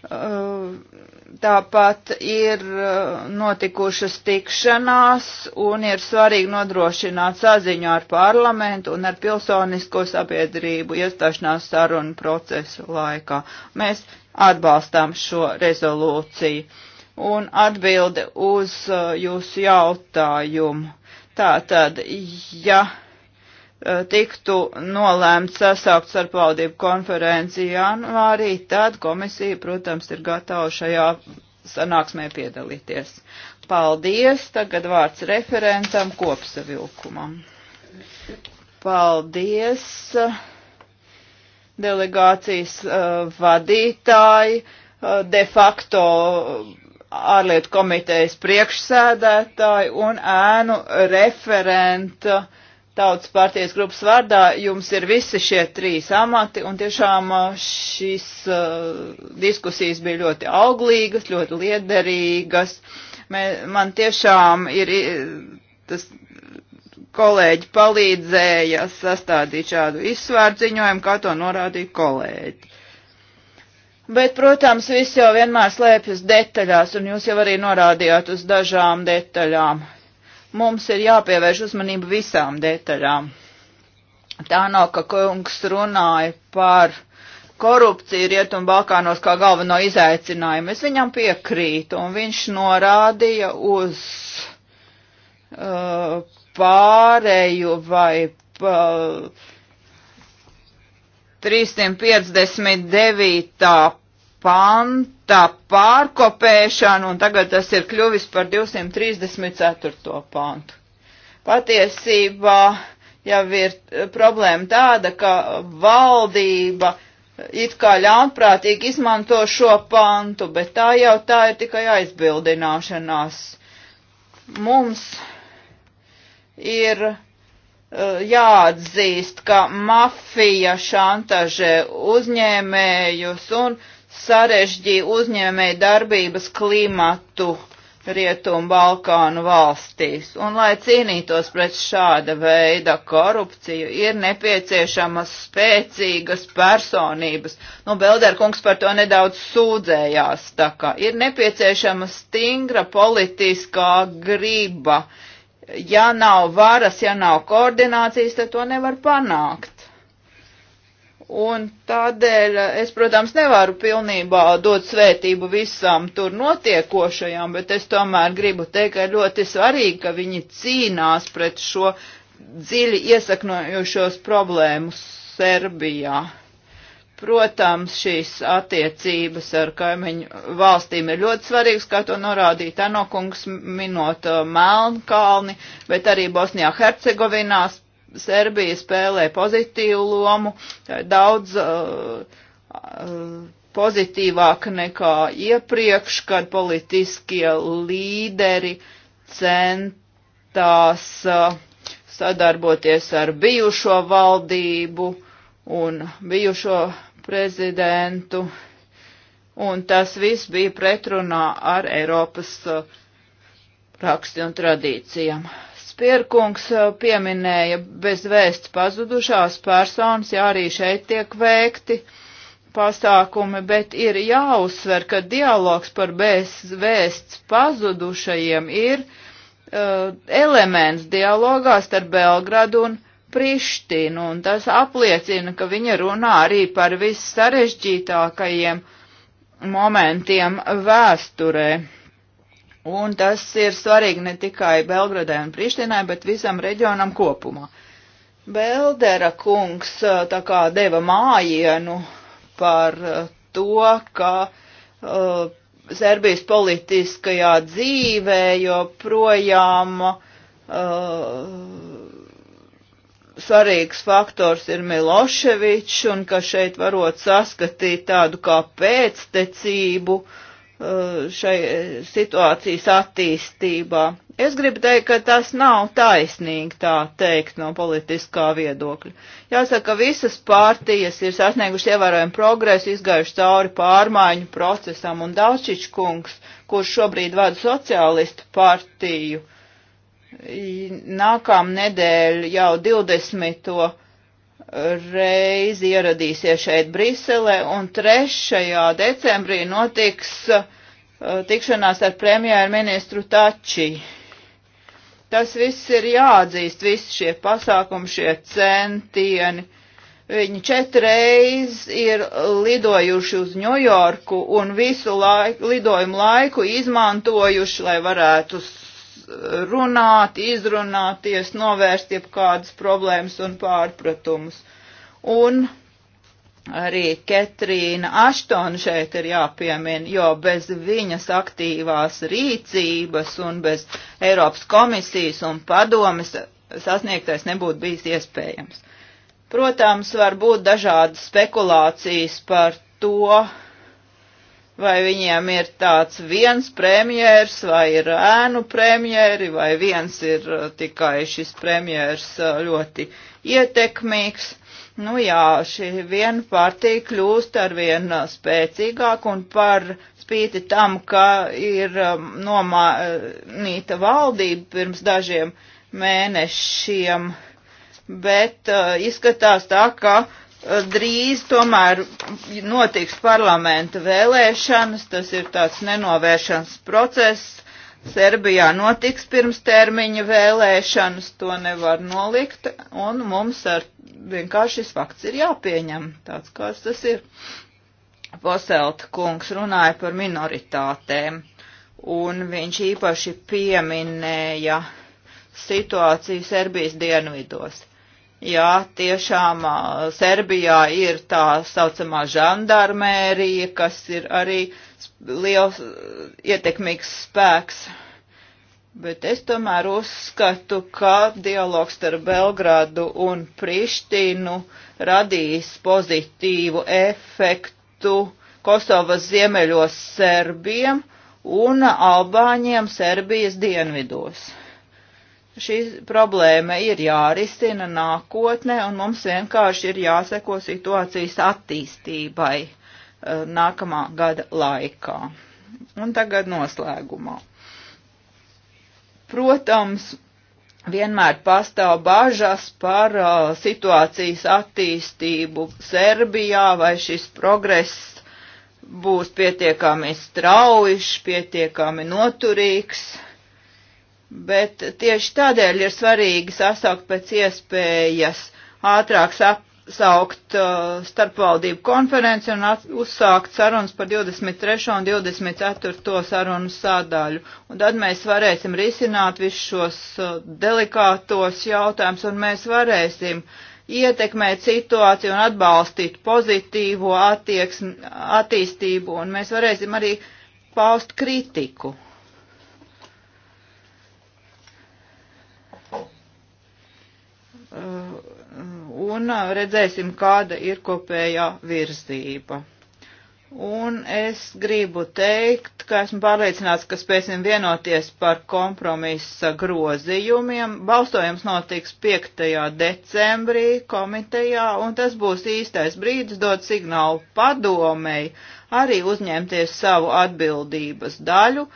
B: eh, tāpat ir eh, notikušas tikšanās un ir svarīgi nodrošināt saziņu ar parlamentu un ar pilsonisko sabiedrību iestāšanās sarunu procesu laikā. Mēs atbalstām šo rezolūciju un atbildi uz uh, jūsu jautājumu. Tātad, ja uh, tiktu nolēmts sasaukt ar paudību konferenci janvārī, tad komisija, protams, ir gatava šajā sanāksmē piedalīties. Paldies! Tagad vārds referentam kopsavilkumam. Paldies! Delegācijas uh, vadītāji uh, de facto uh, ārlietu komitejas priekšsēdētāju un ēnu referenta tautas partijas grupas vārdā. Jums ir visi šie trīs amati un tiešām uh, šīs uh, diskusijas bija ļoti auglīgas, ļoti liederīgas. Man tiešām ir tas kolēģi palīdzēja sastādīt šādu izsvērdziņojumu, kā to norādīja kolēģi. Bet, protams, viss jau vienmēr slēpjas detaļās, un jūs jau arī norādījāt uz dažām detaļām. Mums ir jāpievērš uzmanība visām detaļām. Tā nav, ka kungs runāja par korupciju Rietumbalkānos kā galveno izaicinājumu. Es viņam piekrītu, un viņš norādīja uz uh, pārēju vai. Uh, 359. panta pārkopēšanu, un tagad tas ir kļuvis par 234. pantu. Patiesībā jau ir eh, problēma tāda, ka valdība it kā ļaunprātīgi izmanto šo pantu, bet tā jau tā ir tikai aizbildināšanās. Mums ir Eh, jāatzīst, ka mafija šantažē uzņēmējus un sarežģīja uzņēmēju darbības klimatu Rietumu Balkānu valstīs. Un, lai cīnītos pret šāda veida korupciju, ir nepieciešamas spēcīgas personības. Nu, Belderkungs par to nedaudz sūdzējās, tā kā ir nepieciešama stingra politiskā griba. Uh, Ja nav varas, ja nav koordinācijas, tad to nevar panākt. Un tādēļ es, protams, nevaru pilnībā dot svētību visam tur notiekošajam, bet es tomēr gribu teikt, ka ļoti svarīgi, ka viņi cīnās pret šo dziļi iesaknojušos problēmu Serbijā. Protams, šīs attiecības ar kaimiņu valstīm ir ļoti svarīgas, kā to norādīja Tenokungs, minot uh, Melnkalni, bet arī Bosnijā Hercegovinā Serbija spēlē pozitīvu lomu, daudz uh, uh, pozitīvāk nekā iepriekš, kad politiskie līderi centās uh, sadarboties ar bijušo valdību un bijušo prezidentu, un tas viss bija pretrunā ar Eiropas uh, raksti un tradīcijām. Spierkungs uh, pieminēja bezvēsts pazudušās personas, jā, arī šeit tiek veikti pasākumi, bet ir jāuzsver, ka dialogs par bezvēsts pazudušajiem ir uh, elements dialogā starp Belgradu un Prištinu, un tas apliecina, ka viņa runā arī par vissarežģītākajiem momentiem vēsturē. Un tas ir svarīgi ne tikai Belgradai un Prištinai, bet visam reģionam kopumā. Beldera kungs eh, tā kā deva mājienu par eh, to, ka uh, Serbijas politiskajā dzīvē joprojām uh, svarīgs faktors ir Miloševičs un ka šeit varot saskatīt tādu kā pēctecību uh, šai eh, situācijas attīstībā. Es gribu teikt, ka tas nav taisnīgi tā teikt no politiskā viedokļa. Jāsaka, visas pārtījas ir sasnieguši ievērojumu progresu, izgājuši cauri pārmaiņu procesam un Daučičkungs, kurš šobrīd vada sociālistu partiju, uh, Nākam nedēļ jau 20. reizi ieradīsies šeit Brisele un 3. decembrī notiks uh, tikšanās ar premjerministru Tačī. Tas viss ir jāatzīst, visi šie pasākumi, šie centieni. Viņi četreiz ir lidojuši uz Ņujorku un visu laiku, lidojumu laiku izmantojuši, lai varētu runāt, izrunāties, novērst jebkādas problēmas un pārpratumus. Un arī Ketrīna Aštona šeit ir jāpiemina, jo bez viņas aktīvās rīcības un bez Eiropas komisijas un padomes sasniegtais nebūtu bijis iespējams. Protams, var būt dažādas spekulācijas par to, vai viņiem ir tāds viens premjērs, vai ir ēnu premjēri, vai viens ir uh, tikai šis premjērs uh, ļoti ietekmīgs. Nu jā, šī vienpartija kļūst arvien uh, spēcīgāk un par spīti tam, ka ir um, nomānīta valdība pirms dažiem mēnešiem, bet uh, izskatās tā, ka drīz tomēr notiks parlamenta vēlēšanas, tas ir tāds nenovēršanas process. Serbijā notiks pirms termiņa vēlēšanas, to nevar nolikt, un mums ar vienkārši šis fakts ir jāpieņem, tāds kāds tas ir. Poselta kungs runāja par minoritātēm, un viņš īpaši pieminēja situāciju Serbijas dienvidos. Uh, Jā, tiešām Serbijā ir tā saucamā žandarmērija, kas ir arī liels ietekmīgs spēks. Bet es tomēr uzskatu, ka dialogs ar Belgrādu un Prištinu radīs pozitīvu efektu Kosovas ziemeļos Serbiem un Albāņiem Serbijas dienvidos. Šī problēma ir jārisina nākotnē, un mums vienkārši ir jāseko situācijas attīstībai eh, nākamā gada laikā. Un tagad noslēgumā. Protams, vienmēr pastāv bažas par uh, situācijas attīstību Serbijā, vai šis progress būs pietiekami straujš, pietiekami noturīgs. Bet tieši tādēļ ir svarīgi sasaukt pēc iespējas ātrāk sasaukt uh, starpvaldību konferenci un uzsākt sarunas par 23. un 24. sarunu sādaļu. Un tad mēs varēsim risināt visus šos uh, delikātos jautājumus un mēs varēsim ietekmēt situāciju un atbalstīt pozitīvo attieksmi, attīstību un mēs varēsim arī paust kritiku un redzēsim, kāda ir kopējā virzība. Un es gribu teikt, ka esmu pārliecināts, ka spēsim vienoties par kompromisa grozījumiem. Balstojums notiks 5. decembrī komitejā, un tas būs īstais brīdis dot signālu padomei arī uzņemties savu atbildības daļu,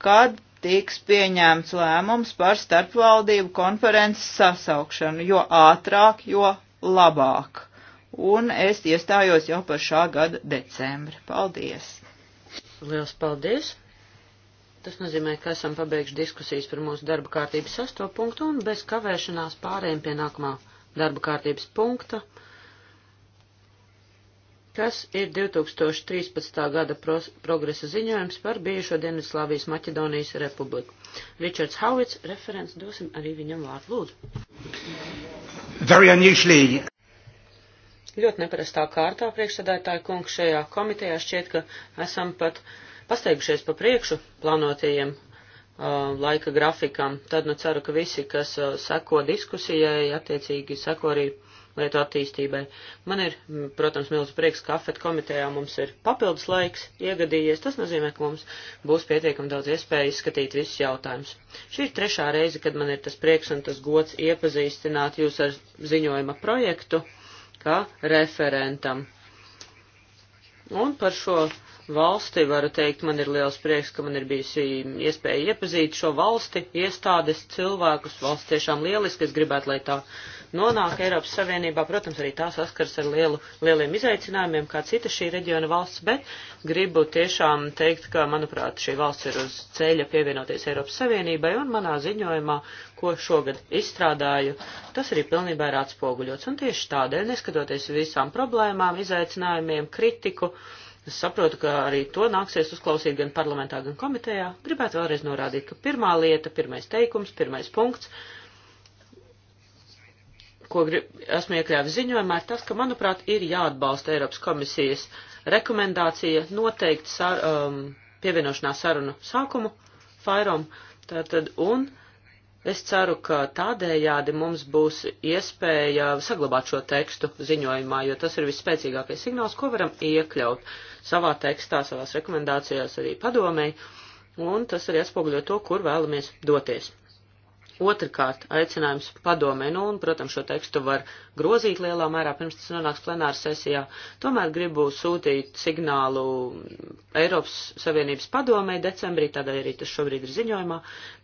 B: kad tiks pieņēmts lēmums par starpvaldību konferences sasaukšanu, jo ātrāk, jo labāk. Un es iestājos jau par šā
C: gada decembri. Paldies! Liels paldies! Tas nozīmē, ka esam pabeigši diskusijas par mūsu darba kārtības sasto punktu un bez kavēšanās pārējiem pie nākamā darba kārtības punkta kas ir 2013. gada progresa ziņojums par bijušo Dienvidslāvijas Maķedonijas republiku. Ričards Hauvits, referents, dosim arī viņam vārdu lūdzu.
A: Very unusually.
C: Ļoti neparastā kārtā priekšsēdētāja kungs šajā komitejā šķiet, ka esam pat pasteigušies pa priekšu plānotajiem uh, laika grafikam. Tad nu ceru, ka visi, kas uh, seko diskusijai, attiecīgi seko arī lietu attīstībai. Man ir, protams, milzu prieks, ka afet komitejā mums ir papildus laiks iegadījies. Tas nozīmē, ka mums būs pietiekami daudz iespēju izskatīt visus jautājumus. Šī ir trešā reize, kad man ir tas prieks un tas gods iepazīstināt jūs ar ziņojuma projektu kā referentam. Un par šo valsti varu teikt, man ir liels prieks, ka man ir bijusi iespēja iepazīt šo valsti, iestādes, cilvēkus. Valsts tiešām lieliski, es gribētu, lai tā nonāk Eiropas Savienībā. Protams, arī tā saskars ar lielu, lieliem izaicinājumiem, kā citas šī reģiona valsts, bet gribu tiešām teikt, ka, manuprāt, šī valsts ir uz ceļa pievienoties Eiropas Savienībai, un manā ziņojumā, ko šogad izstrādāju, tas arī pilnībā ir atspoguļots. Un tieši tādēļ, neskatoties visām problēmām, izaicinājumiem, kritiku, Es saprotu, ka arī to nāksies uzklausīt gan parlamentā, gan komitejā. Gribētu vēlreiz norādīt, ka pirmā lieta, pirmais teikums, pirmais punkts ko grib, esmu iekļāvis ziņojumā, ir tas, ka, manuprāt, ir jāatbalsta Eiropas komisijas rekomendācija noteikt sar, um, pievienošanās sarunu sākumu Fairom. Tātad, un es ceru, ka tādējādi mums būs iespēja saglabāt šo tekstu ziņojumā, jo tas ir visspēcīgākais signāls, ko varam iekļaut savā tekstā, savās rekomendācijās arī padomēji, un tas arī atspoguļo to, kur vēlamies doties. Otrakārt, aicinājums padomē, nu, un, protams, šo tekstu var grozīt lielā mērā, pirms tas nonāks plenāra sesijā. Tomēr gribu sūtīt signālu Eiropas Savienības padomē decembrī, tādēļ arī tas šobrīd ir ziņojumā.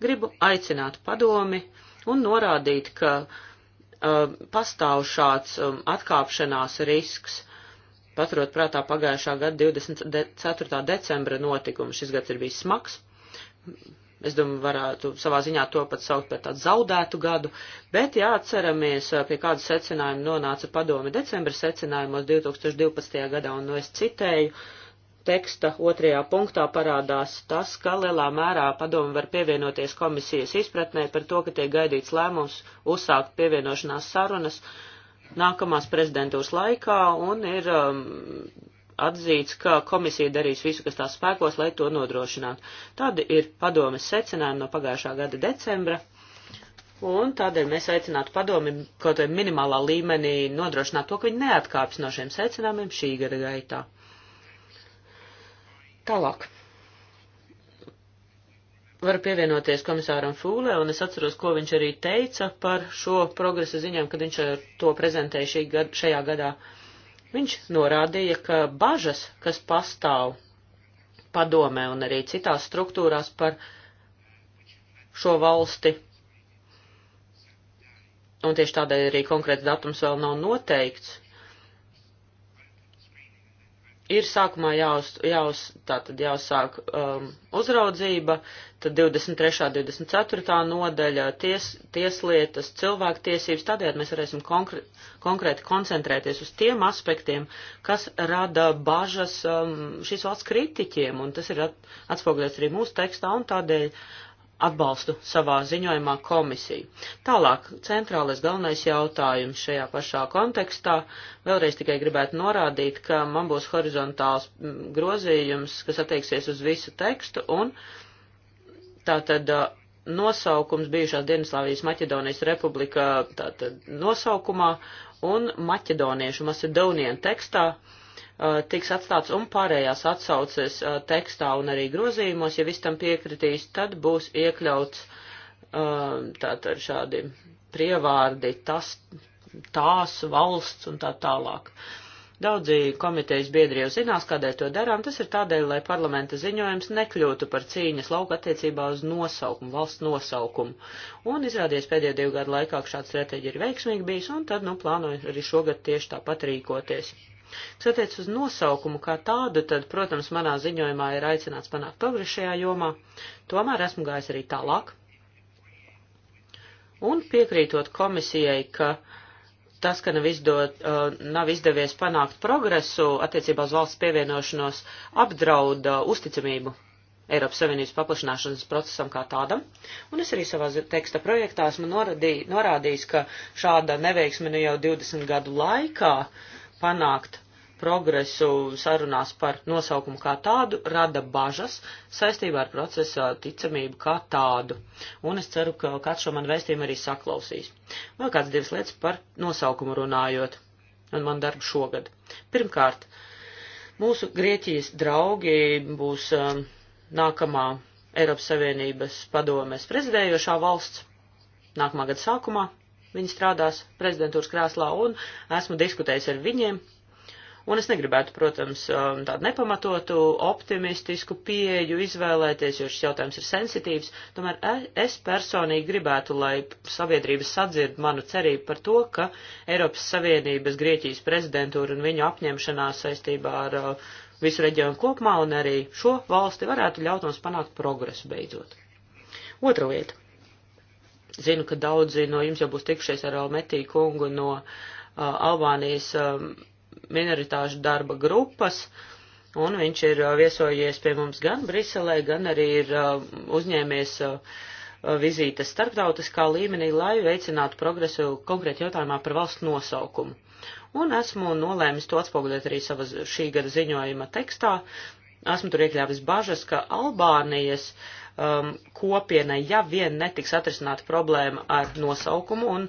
C: Gribu aicināt padomi un norādīt, ka uh, pastāv šāds um, atkāpšanās risks. Paturot prātā pagājušā gada 24. decembra notikumu, šis gads ir bijis smags, Es domāju, varētu savā ziņā to pat saukt par tādu zaudētu gadu, bet jāatceramies, pie kāda secinājuma nonāca padome decembra secinājumos 2012. gadā, un no nu es citēju, teksta otrajā punktā parādās tas, ka lielā mērā padome var pievienoties komisijas izpratnē par to, ka tiek gaidīts lēmums uzsākt pievienošanās sarunas nākamās prezidentūras laikā, un ir um, atzīts, ka komisija darīs visu, kas tās spēkos, lai to nodrošinātu. Tāda ir padomes secinājuma no pagājušā gada decembra. Un tādēļ mēs aicinātu padomi kaut vai minimālā līmenī nodrošināt to, ka viņi neatkāps no šiem secinājumiem šī gada gaitā. Tālāk. Varu pievienoties komisāram Fūlē, un es atceros, ko viņš arī teica par šo progresa ziņām, kad viņš to prezentēja šī gada, šajā gadā. Uh, Viņš norādīja, ka bažas, kas pastāv padomē un arī citās struktūrās par šo valsti, un tieši tādēļ arī konkrēts datums vēl nav noteikts, ir sākumā jāuz, jāuz, tātad jāuzsāk um, uzraudzība, tad 23. 24. nodaļa ties, tieslietas, cilvēktiesības, tādējādi mēs varēsim konkrē, konkrēti koncentrēties uz tiem aspektiem, kas rada bažas um, šīs valsts kritiķiem, un tas ir at, atspogļots arī mūsu tekstā, un tādēļ atbalstu savā ziņojumā komisiju. Tālāk, centrālais galvenais jautājums šajā pašā kontekstā. Vēlreiz tikai gribētu norādīt, ka man būs horizontāls mm, grozījums, kas attieksies uz visu tekstu, un tātad uh, nosaukums bijušās Dienaslāvijas Maķedonijas republika tātad nosaukumā un maķedoniešu Macedoniešu tekstā Uh, tiks atstāts un pārējās atsauces uh, tekstā un arī grozījumos, ja viss tam piekritīs, tad būs iekļauts uh, tātad šādi prievārdi, tas, tās valsts un tā tālāk. Daudzi komitejas biedri jau zinās, kādēļ to darām, tas ir tādēļ, lai parlamenta ziņojums nekļūtu par cīņas lauku attiecībā uz nosaukumu, valsts nosaukumu. Un izrādies pēdējo divu gadu laikā, ka šāda stratēģija ir veiksmīga bijis, un tad, nu, plānoju arī šogad tieši tāpat rīkoties. Kas attiec uz nosaukumu kā tādu, tad, protams, manā ziņojumā ir aicināts panākt progresu šajā jomā, tomēr esmu gājis arī tālāk. Un piekrītot komisijai, ka tas, ka nav, izdot, uh, nav izdevies panākt progresu attiecībā uz valsts pievienošanos, apdrauda uh, uzticamību Eiropas Savienības paplašināšanas procesam kā tādam, un es arī savā teksta projektā esmu norādī, norādījis, ka šāda neveiksme nu jau 20 gadu laikā uh, panākt progresu sarunās par nosaukumu kā tādu rada bažas saistībā ar procesa ticamību kā tādu. Un es ceru, ka kāds šo man vēstījumu arī saklausīs. Vēl kāds divas lietas par nosaukumu runājot un man darbu šogad. Pirmkārt, mūsu Grieķijas draugi būs um, nākamā Eiropas Savienības padomes prezidējošā valsts nākamā gada sākumā. Viņi strādās prezidentūras krēslā un esmu diskutējis ar viņiem. Un es negribētu, protams, um, tādu nepamatotu optimistisku pieeju izvēlēties, jo šis jautājums ir sensitīvs. Tomēr e, es personīgi gribētu, lai sabiedrības sadzird manu cerību par to, ka Eiropas Savienības Grieķijas prezidentūra un viņu apņemšanās saistībā ar uh, visu reģionu kopumā un arī šo valsti varētu ļaut mums panākt progresu beidzot. Otra lieta. Zinu, ka daudzi no jums jau būs tikšies ar Almetī kungu no uh, Albānijas um, minoritāšu darba grupas, un viņš ir uh, viesojies pie mums gan Briselē, gan arī ir uh, uzņēmies uh, uh vizītes starptautiskā līmenī, lai veicinātu progresu konkrēti jautājumā par valsts nosaukumu. Un esmu nolēmis to atspoguļot arī savas šī gada ziņojuma tekstā, Esmu tur iekļāvis bažas, ka Albānijas um, kopienai, ja vien netiks atrisināta problēma ar nosaukumu un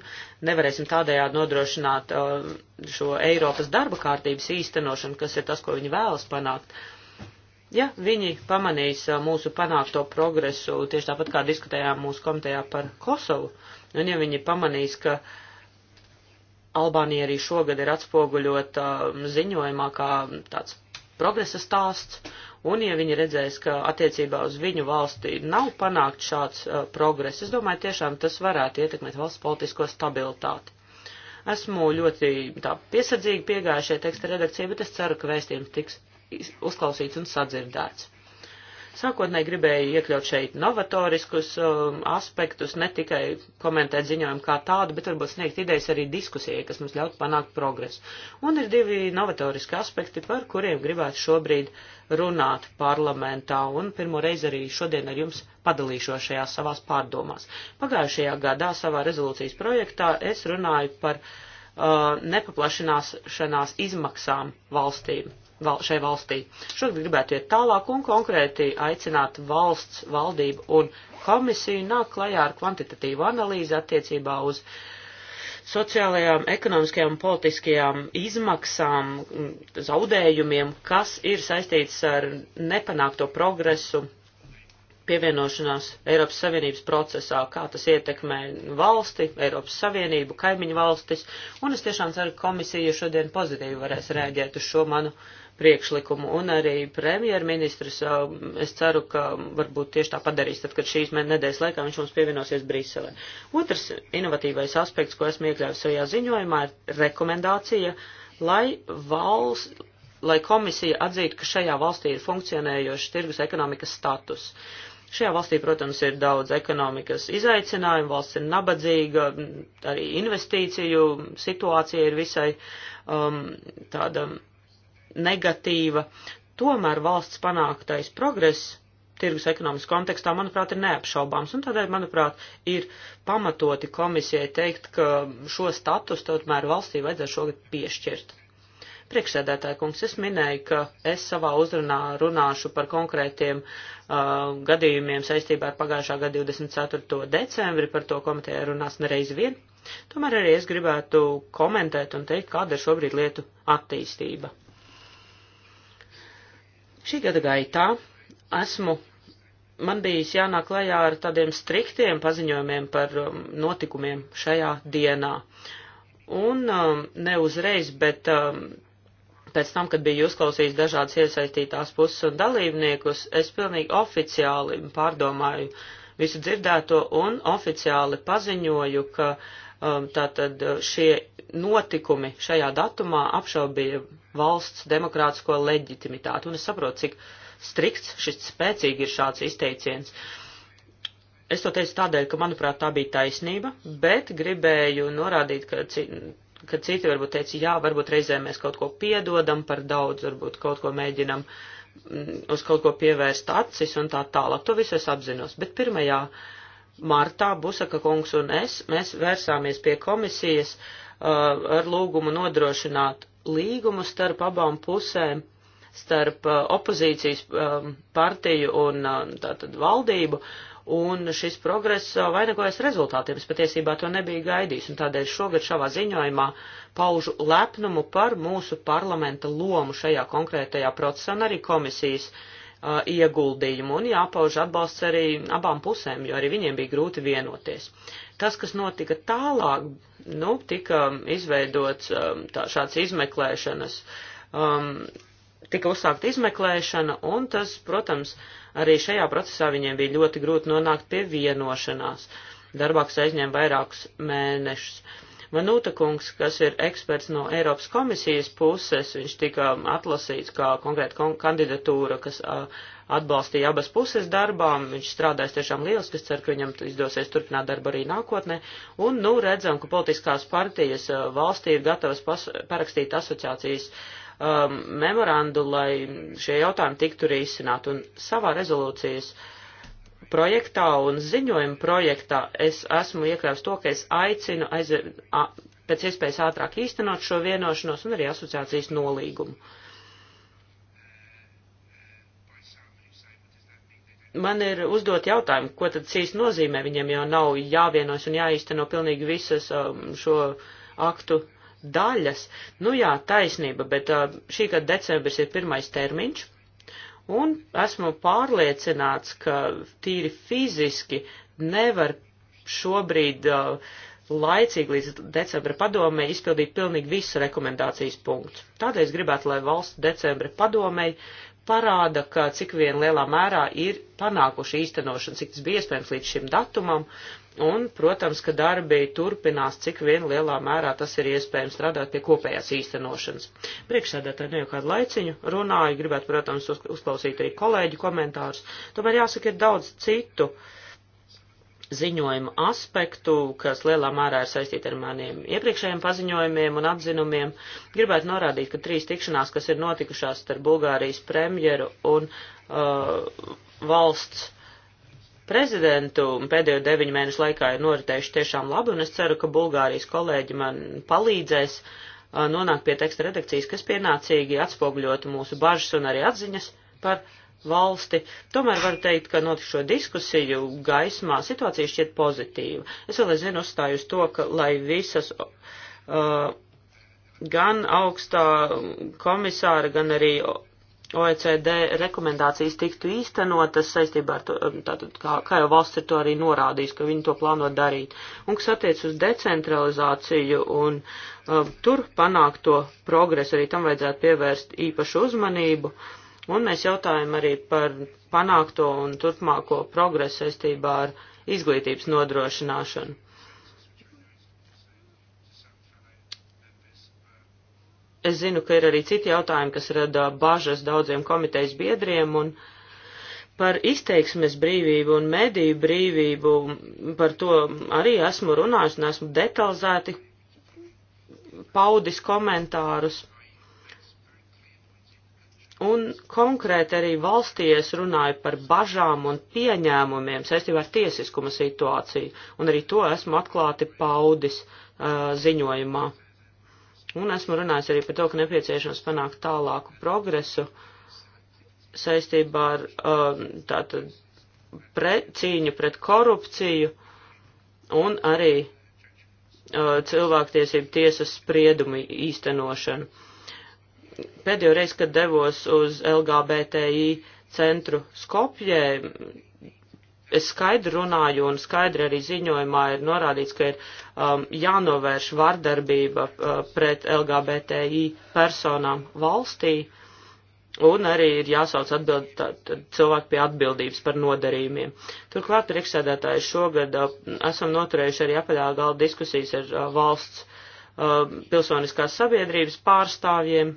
C: nevarēsim tādējādi nodrošināt um, šo Eiropas darba kārtības īstenošanu, kas ir tas, ko viņi vēlas panākt, ja viņi pamanīs uh, mūsu panākto progresu, tieši tāpat kā diskutējām mūsu komitejā par Kosovu, un ja viņi pamanīs, ka Albānija arī šogad ir atspoguļota uh, ziņojumā kā tāds progresa stāsts, un ja viņi redzēs, ka attiecībā uz viņu valsti nav panākt šāds uh, progress, es domāju, tiešām tas varētu ietekmēt valsts politisko stabilitāti. Esmu ļoti tā, piesardzīgi piegājušie teksta redakcija, bet es ceru, ka vēstījums tiks uzklausīts un sadzirdēts. Sākotnēji gribēju iekļaut šeit novatoriskus um, aspektus, ne tikai komentēt ziņojumu kā tādu, bet varbūt sniegt idejas arī diskusijai, kas mums ļaut panākt progresu. Un ir divi novatoriski aspekti, par kuriem gribētu šobrīd runāt parlamentā, un pirmo reizi arī šodien ar jums padalīšos šajās savās pārdomās. Pagājušajā gadā savā rezolūcijas projektā es runāju par uh, nepaplašināšanās izmaksām valstīm val, šai valstī. Šogad gribētu iet tālāk un konkrēti aicināt valsts, valdību un komisiju nāk klajā ar kvantitatīvu analīzi attiecībā uz sociālajām, ekonomiskajām, politiskajām izmaksām, zaudējumiem, kas ir saistīts ar nepanākto progresu pievienošanās Eiropas Savienības procesā, kā tas ietekmē valsti, Eiropas Savienību, kaimiņu valstis, un es tiešām ceru, ka komisija šodien pozitīvi varēs rēģēt uz šo manu uh, priekšlikumu, un arī premjerministrs, es ceru, ka varbūt tieši tā padarīs, tad, kad šīs nedēļas laikā viņš mums pievienosies Briselē. Otrs inovatīvais aspekts, ko esmu iekļāvis savā ziņojumā, ir rekomendācija, lai valsts, lai komisija atzītu, ka šajā valstī ir funkcionējošs tirgus ekonomikas status. Šajā valstī, protams, ir daudz ekonomikas izaicinājumu, valsts ir nabadzīga, arī investīciju situācija ir visai um, tāda negatīva. Tomēr valsts panāktais progress tirgus ekonomikas kontekstā, manuprāt, ir neapšaubāms, un tādēļ, manuprāt, ir pamatoti komisijai teikt, ka šo status tomēr valstī vajadzētu šogad piešķirt. Priekšsēdētāja kungs, es minēju, ka es savā uzrunā runāšu par konkrētiem uh, gadījumiem saistībā ar pagājušā gada 24. decembri, par to komitejā runās nereiz vien. Tomēr arī es gribētu komentēt un teikt, kāda ir šobrīd lietu attīstība. Šī gada gaitā esmu man bijis jānāk lajā ar tādiem striktiem paziņojumiem par um, notikumiem šajā dienā. Un um, ne uzreiz, bet um, pēc tam, kad biju uzklausījis dažādas iesaistītās puses un dalībniekus, es pilnīgi oficiāli pārdomāju visu dzirdēto un oficiāli paziņoju, ka um, tātad šie notikumi šajā datumā apšaubīja valsts demokrātisko leģitimitāti. Un es saprotu, cik strikts šis spēcīgi ir šāds izteiciens. Es to teicu tādēļ, ka, manuprāt, tā bija taisnība, bet gribēju norādīt, ka, ci, ka citi varbūt teica, jā, varbūt reizē mēs kaut ko piedodam par daudz, varbūt kaut ko mēģinam mm, uz kaut ko pievērst acis un tā tālāk. To visu es apzinos. Bet pirmajā martā Busaka kungs un es, mēs vērsāmies pie komisijas uh, ar lūgumu nodrošināt līgumu starp abām pusēm, starp uh, opozīcijas um, partiju un um, tātad valdību, un šis progress uh, vainagojas rezultātiem. Es patiesībā to nebiju gaidījis, un tādēļ šogad šavā ziņojumā paužu lepnumu par mūsu parlamenta lomu šajā konkrētajā procesā un arī komisijas uh, uh, ieguldījumu un jāpauž atbalsts arī abām pusēm, jo arī viņiem bija grūti vienoties. Tas, kas notika tālāk, nu, tika izveidots um, tā, šāds izmeklēšanas. Um, tika uzsākta izmeklēšana, un tas, protams, arī šajā procesā viņiem bija ļoti grūti nonākt pie vienošanās. Darbāks aizņēma vairākus mēnešus. Manuta kungs, kas ir eksperts no Eiropas komisijas puses, viņš tika atlasīts kā konkrēta kandidatūra, kas atbalstīja abas puses darbām. Viņš strādājas tiešām lieliski, es ceru, ka viņam izdosies turpināt darbu arī nākotnē. Un, nu, redzam, ka politiskās partijas valstī ir gatavas pas, parakstīt asociācijas um, memorandu, lai šie jautājumi tiktu risināti. Un savā rezolūcijas uh, projektā un ziņojuma projektā es esmu iekļāvis to, ka es aicinu aizvien, a, pēc iespējas ātrāk īstenot šo vienošanos un arī asociācijas nolīgumu. Man ir uzdot jautājumu, ko tad cīs nozīmē, viņiem jau nav jāvienos un jāīsteno pilnīgi visas um, šo aktu daļas. Nu jā, taisnība, bet uh, šī gada decembris ir pirmais termiņš, Un esmu pārliecināts, ka tīri fiziski nevar šobrīd uh, laicīgi līdz decembra padomē izpildīt pilnīgi visu rekomendācijas punktu. Tādēļ es gribētu, lai valsts decembra padomē parāda, ka cik vien lielā mērā ir panākuši īstenošana, cik tas bija iespējams līdz šim datumam, Un, protams, ka darbi turpinās, cik vien lielā mērā tas ir iespējams strādāt pie kopējās īstenošanas. Priekšsēdētāji ne nu jau kādu laiciņu runāju, gribētu, protams, uz, uzklausīt arī kolēģu komentārus. Tomēr jāsaka, ir daudz citu ziņojumu aspektu, kas lielā mērā ir saistīti ar maniem iepriekšējiem paziņojumiem un atzinumiem. Gribētu norādīt, ka trīs tikšanās, kas ir notikušās ar Bulgārijas premjeru un uh, valsts prezidentu pēdējo deviņu mēnešu laikā ir noritējuši tiešām labi, un es ceru, ka Bulgārijas kolēģi man palīdzēs uh, nonākt pie teksta redakcijas, kas pienācīgi atspoguļotu mūsu bažas un arī atziņas par valsti. Tomēr var teikt, ka notikšo diskusiju gaismā situācija šķiet pozitīva. Es vēl aizvien uzstāju uz to, ka lai visas. Uh, gan augstā komisāra, gan arī OECD rekomendācijas tiktu īstenotas saistībā ar to, um, tātad, kā, kā jau valsts ir to arī norādījis, ka viņi to plāno darīt. Un kas attiec uz decentralizāciju un uh, tur panākto progresu, arī tam vajadzētu pievērst īpašu uzmanību. Un mēs jautājam arī par panākto un turpmāko progresu saistībā ar izglītības nodrošināšanu. Es zinu, ka ir arī citi jautājumi, kas rada bažas daudziem komitejas biedriem un par izteiksmes brīvību un mediju brīvību. Par to arī esmu runājis un esmu detalizēti paudis komentārus. Un konkrēti arī valstī es runāju par bažām un pieņēmumiem saistībā ar tiesiskuma situāciju, un arī to esmu atklāti paudis uh, ziņojumā. Un esmu runājis arī par to, ka nepieciešams panākt tālāku progresu saistībā ar um, tātad pret, cīņu pret korupciju un arī uh, cilvēktiesību tiesas spriedumu īstenošanu. Pēdējo reizi, kad devos uz LGBTI centru Skopjē, es skaidri runāju un skaidri arī ziņojumā ir norādīts, ka ir um, jānovērš vardarbība uh, pret LGBTI personām valstī un arī ir jāsauc atbild, tā, tā, cilvēki pie atbildības par nodarījumiem. Turklāt priekšsēdētāji šogad uh, esam noturējuši arī apaļā galda diskusijas ar uh, valsts uh, pilsoniskās sabiedrības pārstāvjiem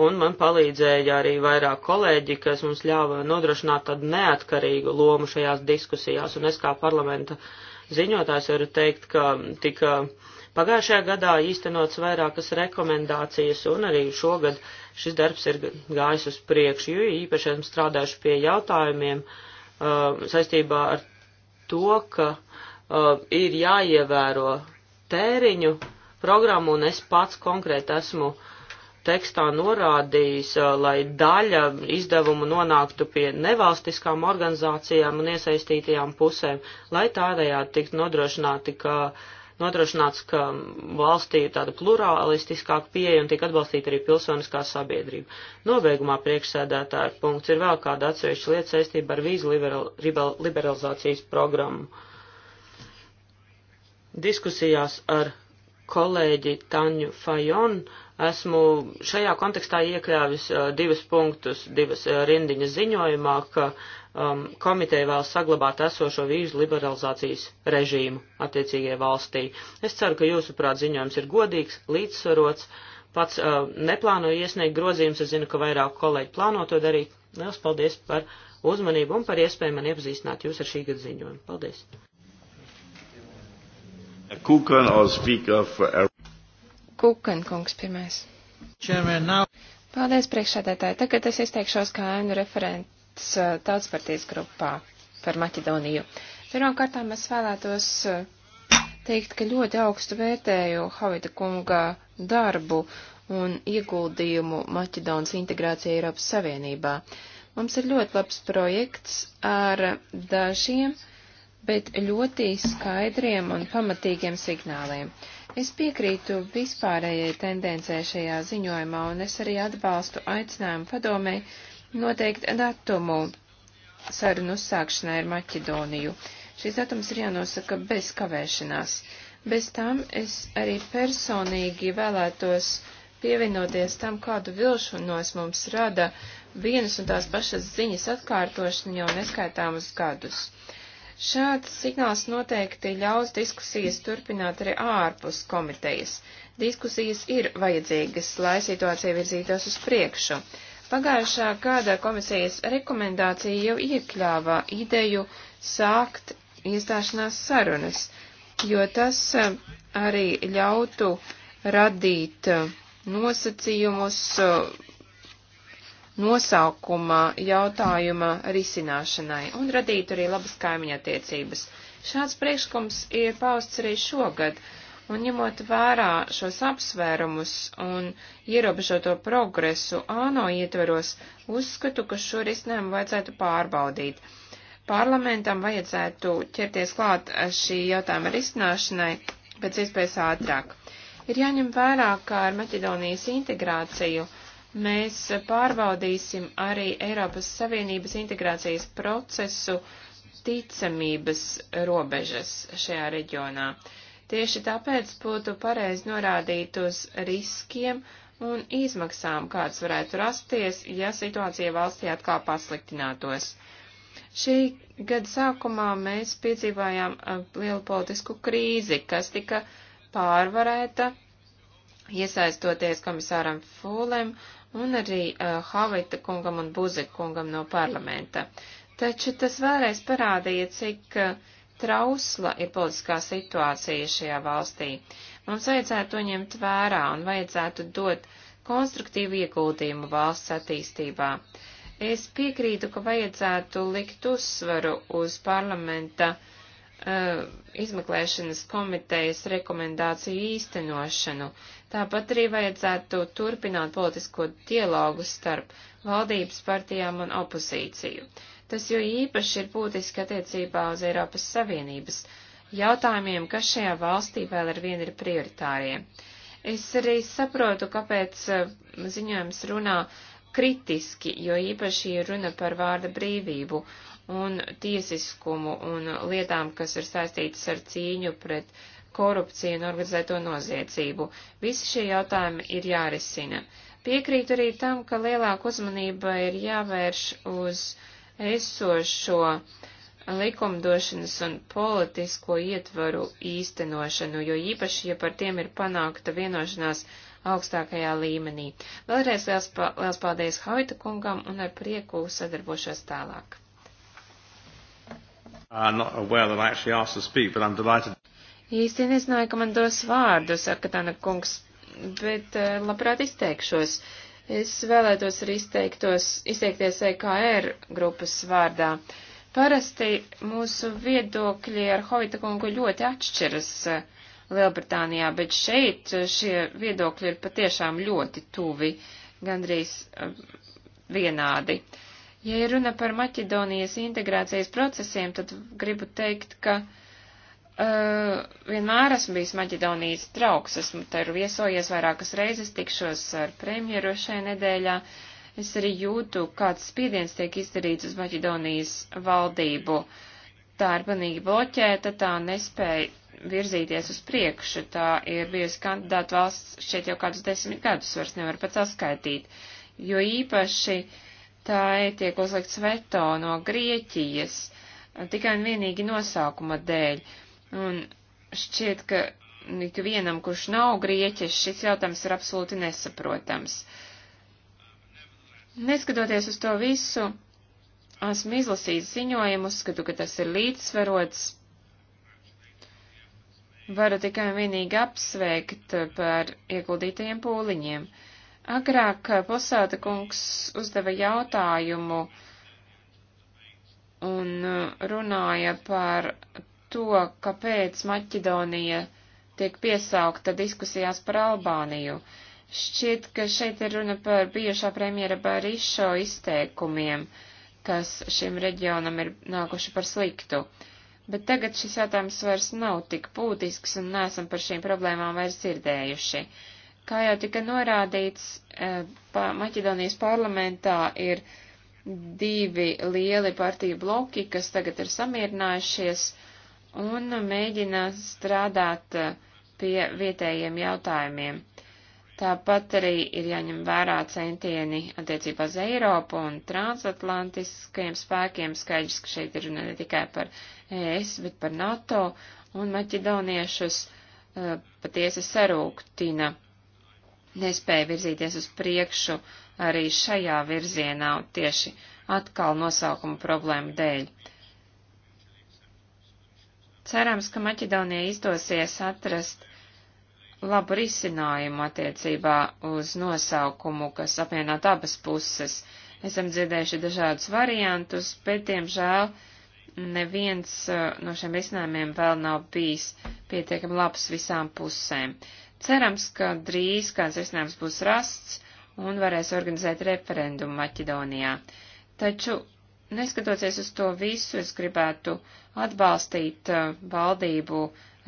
C: un man palīdzēja arī vairāk kolēģi, kas mums ļāva nodrošināt tādu neatkarīgu lomu šajās diskusijās, un es kā parlamenta ziņotājs varu teikt, ka tika pagājušajā gadā īstenots vairākas rekomendācijas, un arī šogad šis darbs ir gājis uz priekšu, jo īpaši esmu strādājuši pie jautājumiem uh, saistībā ar to, ka uh, ir jāievēro tēriņu programmu, un es pats konkrēti esmu uh, tekstā norādījis, lai daļa izdevumu nonāktu pie nevalstiskām organizācijām un iesaistītajām pusēm, lai tādējādi tiktu nodrošināti, ka nodrošināts, ka valstī ir tāda pluralistiskāka pieeja un tiek atbalstīta arī pilsoniskā sabiedrība. Nobeigumā priekšsēdētāja punkts ir vēl kāda atsevišķa lieta saistība ar vīzu liberal, liberalizācijas programmu. Diskusijās ar kolēģi Taņu Fajonu Esmu šajā kontekstā iekļāvis uh, divus punktus, divas uh, rindiņas ziņojumā, ka um, komiteja vēl saglabāt esošo vīzu liberalizācijas režīmu attiecīgajai valstī. Es ceru, ka jūsuprāt ziņojums ir godīgs, līdzsvarots. Pats uh, neplānoju iesniegt grozījumus, es zinu, ka vairāk kolēģi plāno to darīt. Liels paldies par uzmanību un par iespēju man iepazīstināt jūs ar šī gada ziņojumu. Paldies!
A: Kukan, our speaker for Kukankungs pirmais. Paldies, priekšsēdētāji. Tagad es izteikšos kā ēnu referents tautspartijas grupā par Maķedoniju. Pirmkārtām es vēlētos teikt, ka ļoti augstu vērtēju Havita kunga darbu un ieguldījumu Maķedonas integrācijā Eiropas Savienībā. Mums ir ļoti labs projekts ar dažiem, bet ļoti skaidriem un pamatīgiem signāliem. Uh, Es piekrītu vispārējai tendencē šajā ziņojumā, un es arī atbalstu aicinājumu padomē noteikt datumu sarunu uzsākšanai ar Maķedoniju. Šis datums ir jānosaka bez kavēšanās. Bez tam es arī personīgi vēlētos pievienoties tam, kādu vilšanos mums rada vienas un tās pašas ziņas atkārtošana jau neskaitāmus gadus. Uh, Šāds signāls noteikti ļaus diskusijas turpināt arī ārpus komitejas. Diskusijas ir vajadzīgas, lai situācija virzītos uz priekšu. Pagājušā gada komisijas rekomendācija jau iekļāvā ideju sākt iestāšanās sarunas, jo tas eh, arī ļautu radīt eh, nosacījumus eh, nosaukuma jautājuma risināšanai un radītu arī labas kaimiņa attiecības. Šāds priekšlikums ir pausts arī šogad, un ņemot vērā šos apsvērumus un ierobežoto progresu ANO ietveros, uzskatu, ka šo risinājumu vajadzētu pārbaudīt. Parlamentam vajadzētu ķerties klāt šī jautājuma risināšanai pēc iespējas ātrāk. Ir jāņem vērā, ka ar Maķedonijas integrāciju Mēs pārbaudīsim arī Eiropas Savienības integrācijas procesu ticamības robežas šajā reģionā. Tieši tāpēc būtu pareizi norādīt uz riskiem un izmaksām, kāds varētu rasties, ja situācija valstī atkal pasliktinātos. Šī gada sākumā mēs piedzīvājām lielu politisku krīzi, kas tika pārvarēta, iesaistoties komisāram Fūlem un arī uh, Havita kungam un Buzek kungam no parlamenta. Taču tas vēlreiz parādīja, cik uh, trausla ir politiskā situācija šajā valstī. Mums vajadzētu to ņemt vērā un vajadzētu dot konstruktīvu ieguldījumu valsts attīstībā. Es piekrītu, ka vajadzētu likt uzsvaru uz parlamenta uh, izmeklēšanas komitejas rekomendāciju īstenošanu, uh, Tāpat arī vajadzētu turpināt politisko dialogu starp valdības partijām un opozīciju. Tas jo īpaši ir būtiski attiecībā uz Eiropas Savienības jautājumiem, kas šajā valstī vēl ar vienu ir prioritārie. Es arī saprotu, kāpēc eh, ziņojums runā kritiski, jo īpaši runa par vārda brīvību un tiesiskumu un lietām, kas ir saistītas ar cīņu pret uh, korupciju un organizēto noziedzību. Visi šie jautājumi ir jārisina. Piekrītu arī tam, ka lielāka uzmanība ir jāvērš uz esošo likumdošanas un politisko ietvaru īstenošanu, jo īpaši, ja par tiem ir panākta vienošanās augstākajā līmenī. Vēlreiz liels, pa, liels paldies Haita kungam un ar prieku sadarbošos tālāk.
C: Uh, well, speak,
A: Īsti nezināju, ka man dos vārdu, saka Tana kungs, bet eh, labprāt izteikšos. Es vēlētos arī izteiktos, izteikties EKR grupas vārdā. Parasti mūsu viedokļi ar Hovita kungu ļoti atšķiras eh, Lielbritānijā, bet šeit eh, šie viedokļi ir patiešām ļoti tuvi, gandrīz vienādi. Ja ir runa par Maķedonijas integrācijas procesiem, tad gribu teikt, ka uh, Uh, vienmēr esmu bijis Maģedonijas draugs, esmu tur viesojies vairākas reizes, tikšos ar premjeru šajā nedēļā. Es arī jūtu, kāds spiediens tiek izdarīts uz Maģedonijas valdību. Tā ir banīgi bloķēta, tā nespēja virzīties uz priekšu, tā ir bijusi kandidāta valsts šeit jau kādus desmit gadus, vairs nevar pat saskaitīt, jo īpaši tā tiek uzlikts veto no Grieķijas tikai un vienīgi nosaukuma dēļ. Uh, Un šķiet, ka ikvienam, kurš nav grieķis, šis jautājums ir absolūti nesaprotams. Neskatoties uz to visu, esmu izlasījis ziņojumu, uzskatu, ka tas ir līdzsvarots. Varu tikai un vienīgi apsveikt par ieguldītajiem pūliņiem. Agrāk posāta kungs uzdeva jautājumu un runāja par to, kāpēc Maķedonija tiek piesaukta diskusijās par Albāniju. Šķiet, ka šeit ir runa par bijušā premjera Barišo izteikumiem, kas šim reģionam ir nākuši par sliktu. Bet tagad šis jautājums vairs nav tik būtisks un nesam par šīm problēmām vairs dzirdējuši. Kā jau tika norādīts, e, Maķedonijas parlamentā ir divi lieli partiju bloki, kas tagad ir samierinājušies un mēģina strādāt eh, pie vietējiem jautājumiem. Tāpat arī ir jāņem vērā centieni attiecībā uz Eiropu un transatlantiskajiem spēkiem. Skaidrs, ka šeit ir runa ne tikai par ES, bet par NATO un maķidoniešus uh, eh, patiesi sarūktina. Nespēja virzīties uz priekšu arī šajā virzienā tieši atkal nosaukuma problēmu dēļ. Cerams, ka Maķedonija izdosies atrast labu risinājumu attiecībā uz nosaukumu, kas apvienot abas puses. Esam dzirdējuši dažādus variantus, bet, diemžēl, neviens uh, no šiem risinājumiem vēl nav bijis pietiekami labs visām pusēm. Cerams, ka drīz kāds risinājums būs rasts un varēs organizēt referendumu Maķedonijā. Taču Neskatoties uz to visu, es gribētu atbalstīt uh, valdību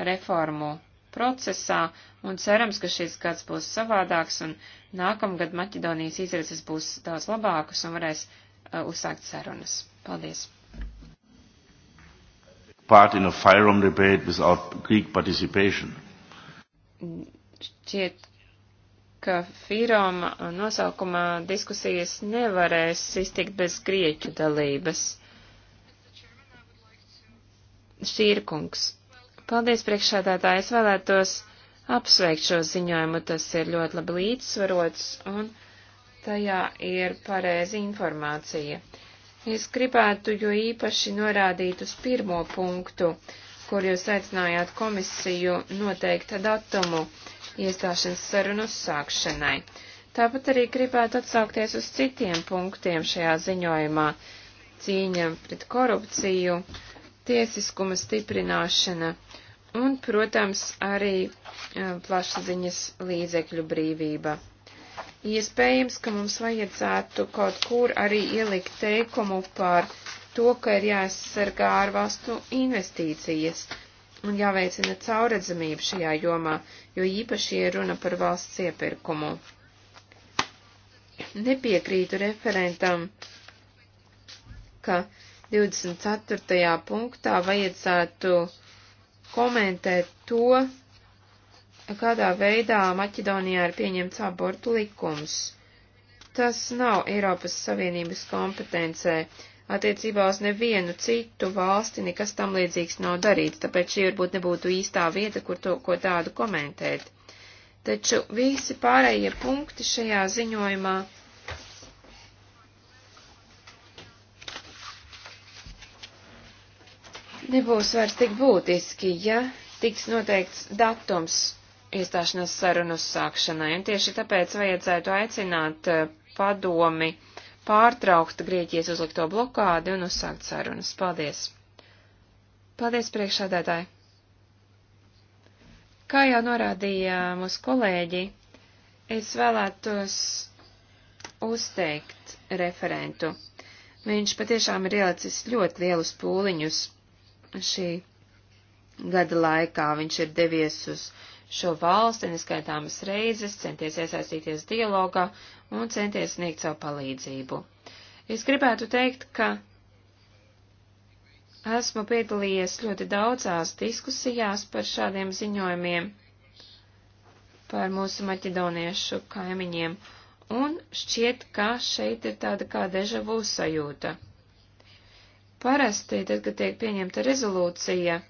A: reformu procesā, un cerams, ka šis gads būs savādāks, un nākamgad Maķedonijas izredzes būs daudz labākas un varēs uh, uzsākt sarunas. Paldies! Part in a firearm debate without Greek participation. Šķiet, ka Fīroma nosaukumā diskusijas nevarēs iztikt bez grieķu dalības. Šīrkungs. Paldies priekšādātāji, es vēlētos apsveikt šo ziņojumu, tas ir ļoti labi līdzsvarots un tajā ir pareizi informācija. Es gribētu jo īpaši norādīt uz pirmo punktu, kur jūs aicinājāt komisiju noteikt datumu iestāšanas sarunu uzsākšanai. Tāpat arī gribētu atsaukties uz citiem punktiem šajā ziņojumā - cīņa pret korupciju, tiesiskuma stiprināšana un, protams, arī eh, plašsaziņas līdzekļu brīvība. Iespējams, ka mums vajadzētu kaut kur arī ielikt teikumu par to, ka ir jāaizsargā ārvalstu investīcijas, un jāveicina cauredzamība šajā jomā, jo īpaši ir runa par valsts iepirkumu. Nepiekrītu referentam, ka 24. punktā vajadzētu komentēt to, kādā veidā Maķedonijā ir pieņemts abortu likums. Tas nav Eiropas Savienības kompetencē attiecībā uz nevienu citu valsti nekas tam līdzīgs nav darīts, tāpēc šī varbūt nebūtu īstā vieta, kur to, ko tādu komentēt. Taču visi pārējie punkti šajā ziņojumā nebūs vairs tik būtiski, ja tiks noteikts datums iestāšanās sarunu uzsākšanai, un tieši tāpēc vajadzētu aicināt eh, padomi uh, pārtraukt Grieķijas uzlikto blokādi un uzsākt sarunas. Paldies! Paldies, priekšādētāji! Kā jau norādīja mūsu kolēģi, es vēlētos uzteikt referentu. Viņš patiešām ir ielicis ļoti lielus pūliņus šī gada laikā. Viņš ir devies uz šo valsti neskaitāmas reizes, centies iesaistīties dialogā un centies sniegt savu palīdzību. Es gribētu teikt, ka esmu piedalījies ļoti daudzās diskusijās par šādiem ziņojumiem, par mūsu maķedoniešu kaimiņiem, un šķiet, ka šeit ir tāda kā dežavu sajūta. Parasti, tad, kad tiek pieņemta rezolūcija,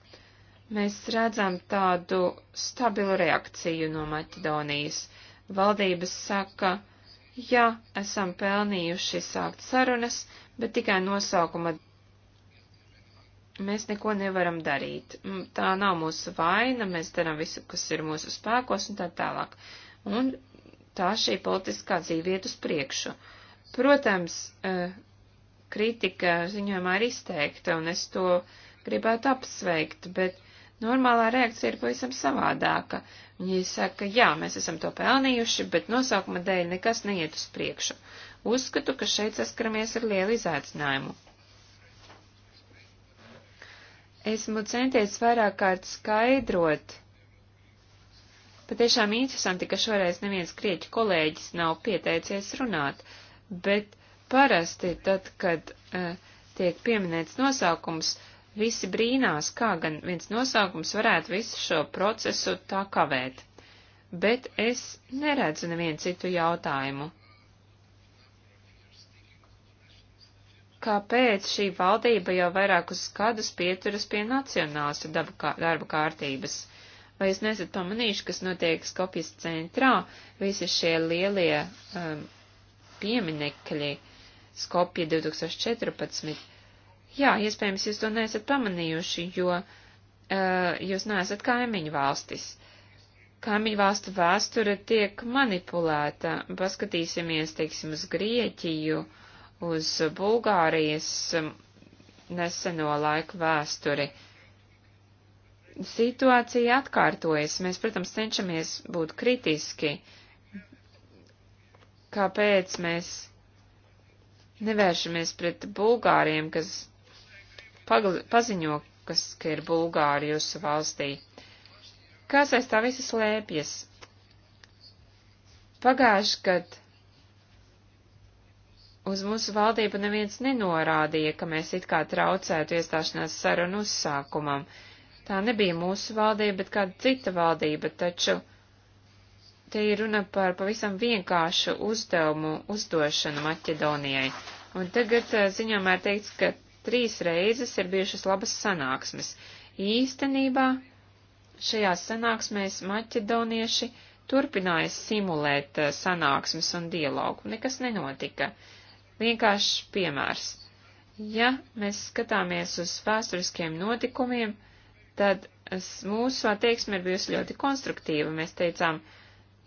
A: Mēs redzam tādu stabilu reakciju no Maķedonijas. Valdības saka, jā, esam pelnījuši sākt sarunas, bet tikai nosaukuma. Mēs neko nevaram darīt. Tā nav mūsu vaina, mēs darām visu, kas ir mūsu spēkos un tā tālāk. Un tā šī politiskā dzīve iet uz priekšu. Protams, eh, kritika ziņojumā ir izteikta, un es to gribētu apsveikt, bet Normālā reakcija ir pavisam savādāka. Viņi saka, jā, mēs esam to pelnījuši, bet nosaukuma dēļ nekas neiet uz priekšu. Uzskatu, ka šeit saskaramies ar lielu izaicinājumu. Esmu centies vairāk kārt skaidrot. Patiešām interesanti, ka šoreiz neviens krieķu kolēģis nav pieteicies runāt, bet parasti tad, kad uh, tiek pieminēts nosaukums, uh, Visi brīnās, kā gan viens nosaukums varētu visu šo procesu tā kavēt. Bet es neredzu nevienu citu jautājumu. Kāpēc šī valdība jau vairākus gadus pieturas pie nacionālas darba kārtības? vai jūs nesat pamanījuši, kas notiek Skopjas centrā, visi šie lielie um, pieminekļi, Skopja 2014, Jā, iespējams, jūs to neesat pamanījuši, jo uh, jūs neesat kaimiņu valstis. Kaimiņu valstu vēsture tiek manipulēta. Paskatīsimies, teiksim, uz Grieķiju, uz Bulgārijas mm, neseno laiku vēsturi. Situācija atkārtojas. Mēs, protams, cenšamies būt kritiski. Kāpēc mēs nevēršamies pret Bulgāriem, kas paziņo, kas, ka ir Bulgāri jūsu valstī. Kas aiz tā visas lēpjas? Pagājuši, kad uz mūsu valdību neviens nenorādīja, ka mēs it kā traucētu iestāšanās sarunu uzsākumam. Tā nebija mūsu valdība, bet kāda cita valdība, taču te ir runa par pavisam vienkāršu uzdevumu uzdošanu Maķedonijai. Un tagad eh, ziņām ir teikts, ka Trīs reizes ir bijušas labas sanāksmes. Īstenībā šajās sanāksmēs maķedonieši turpināja simulēt eh, sanāksmes un dialogu. Nekas nenotika. Vienkārši piemērs. Ja mēs skatāmies uz vēsturiskiem notikumiem, tad mūsu attieksme ir bijusi ļoti konstruktīva. Mēs teicām,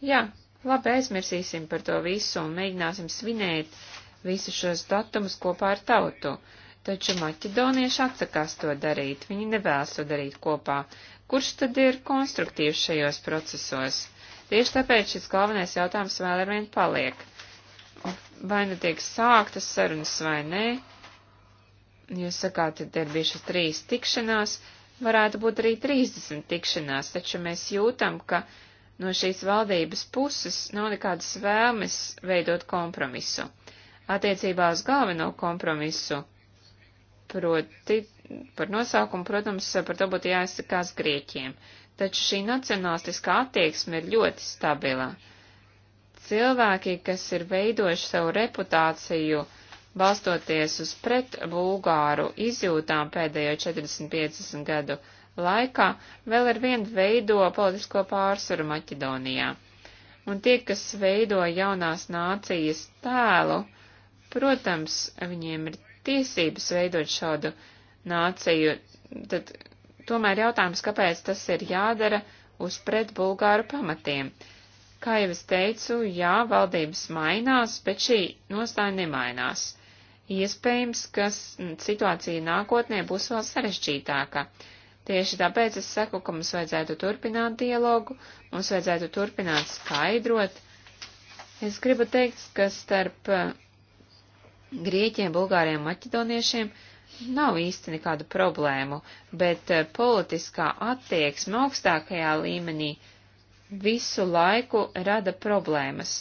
A: jā, labi, aizmirsīsim par to visu un mēģināsim svinēt visus šos datumus kopā ar tautu. Uh, Taču maķedonieši atsakās to darīt, viņi nevēlas to darīt kopā. Kurš tad ir konstruktīvs šajos procesos? Tieši tāpēc šis galvenais jautājums vēl ar vien paliek. Vai nu tiek sāktas sarunas vai nē? Jūs sakāt, tad ir bijušas trīs tikšanās, varētu būt arī 30 tikšanās, taču mēs jūtam, ka no šīs valdības puses nav nekādas vēlmes veidot kompromisu. Attiecībā uz galveno kompromisu Proti, par nosaukumu, protams, par to būtu jāizsakās Grieķiem. Taču šī nacionālistiskā attieksme ir ļoti stabila. Cilvēki, kas ir veidojuši savu reputāciju, balstoties uz pret bulgāru izjūtām pēdējo 40-50 gadu laikā, vēl ar vienu veido politisko pārsvaru Maķedonijā. Un tie, kas veido jaunās nācijas tēlu, protams, viņiem ir tiesības veidot šādu nāciju, tad tomēr jautājums, kāpēc tas ir jādara uz pret bulgāru pamatiem. Kā jau es teicu, jā, valdības mainās, bet šī nostāja nemainās. Iespējams, ka situācija nākotnē būs vēl sarežģītāka. Tieši tāpēc es saku, ka mums vajadzētu turpināt dialogu, mums vajadzētu turpināt skaidrot. Es gribu teikt, ka starp Grieķiem, Bulgāriem, Maķedoniešiem nav īsti nekādu problēmu, bet eh, politiskā attieksme augstākajā līmenī visu laiku rada problēmas,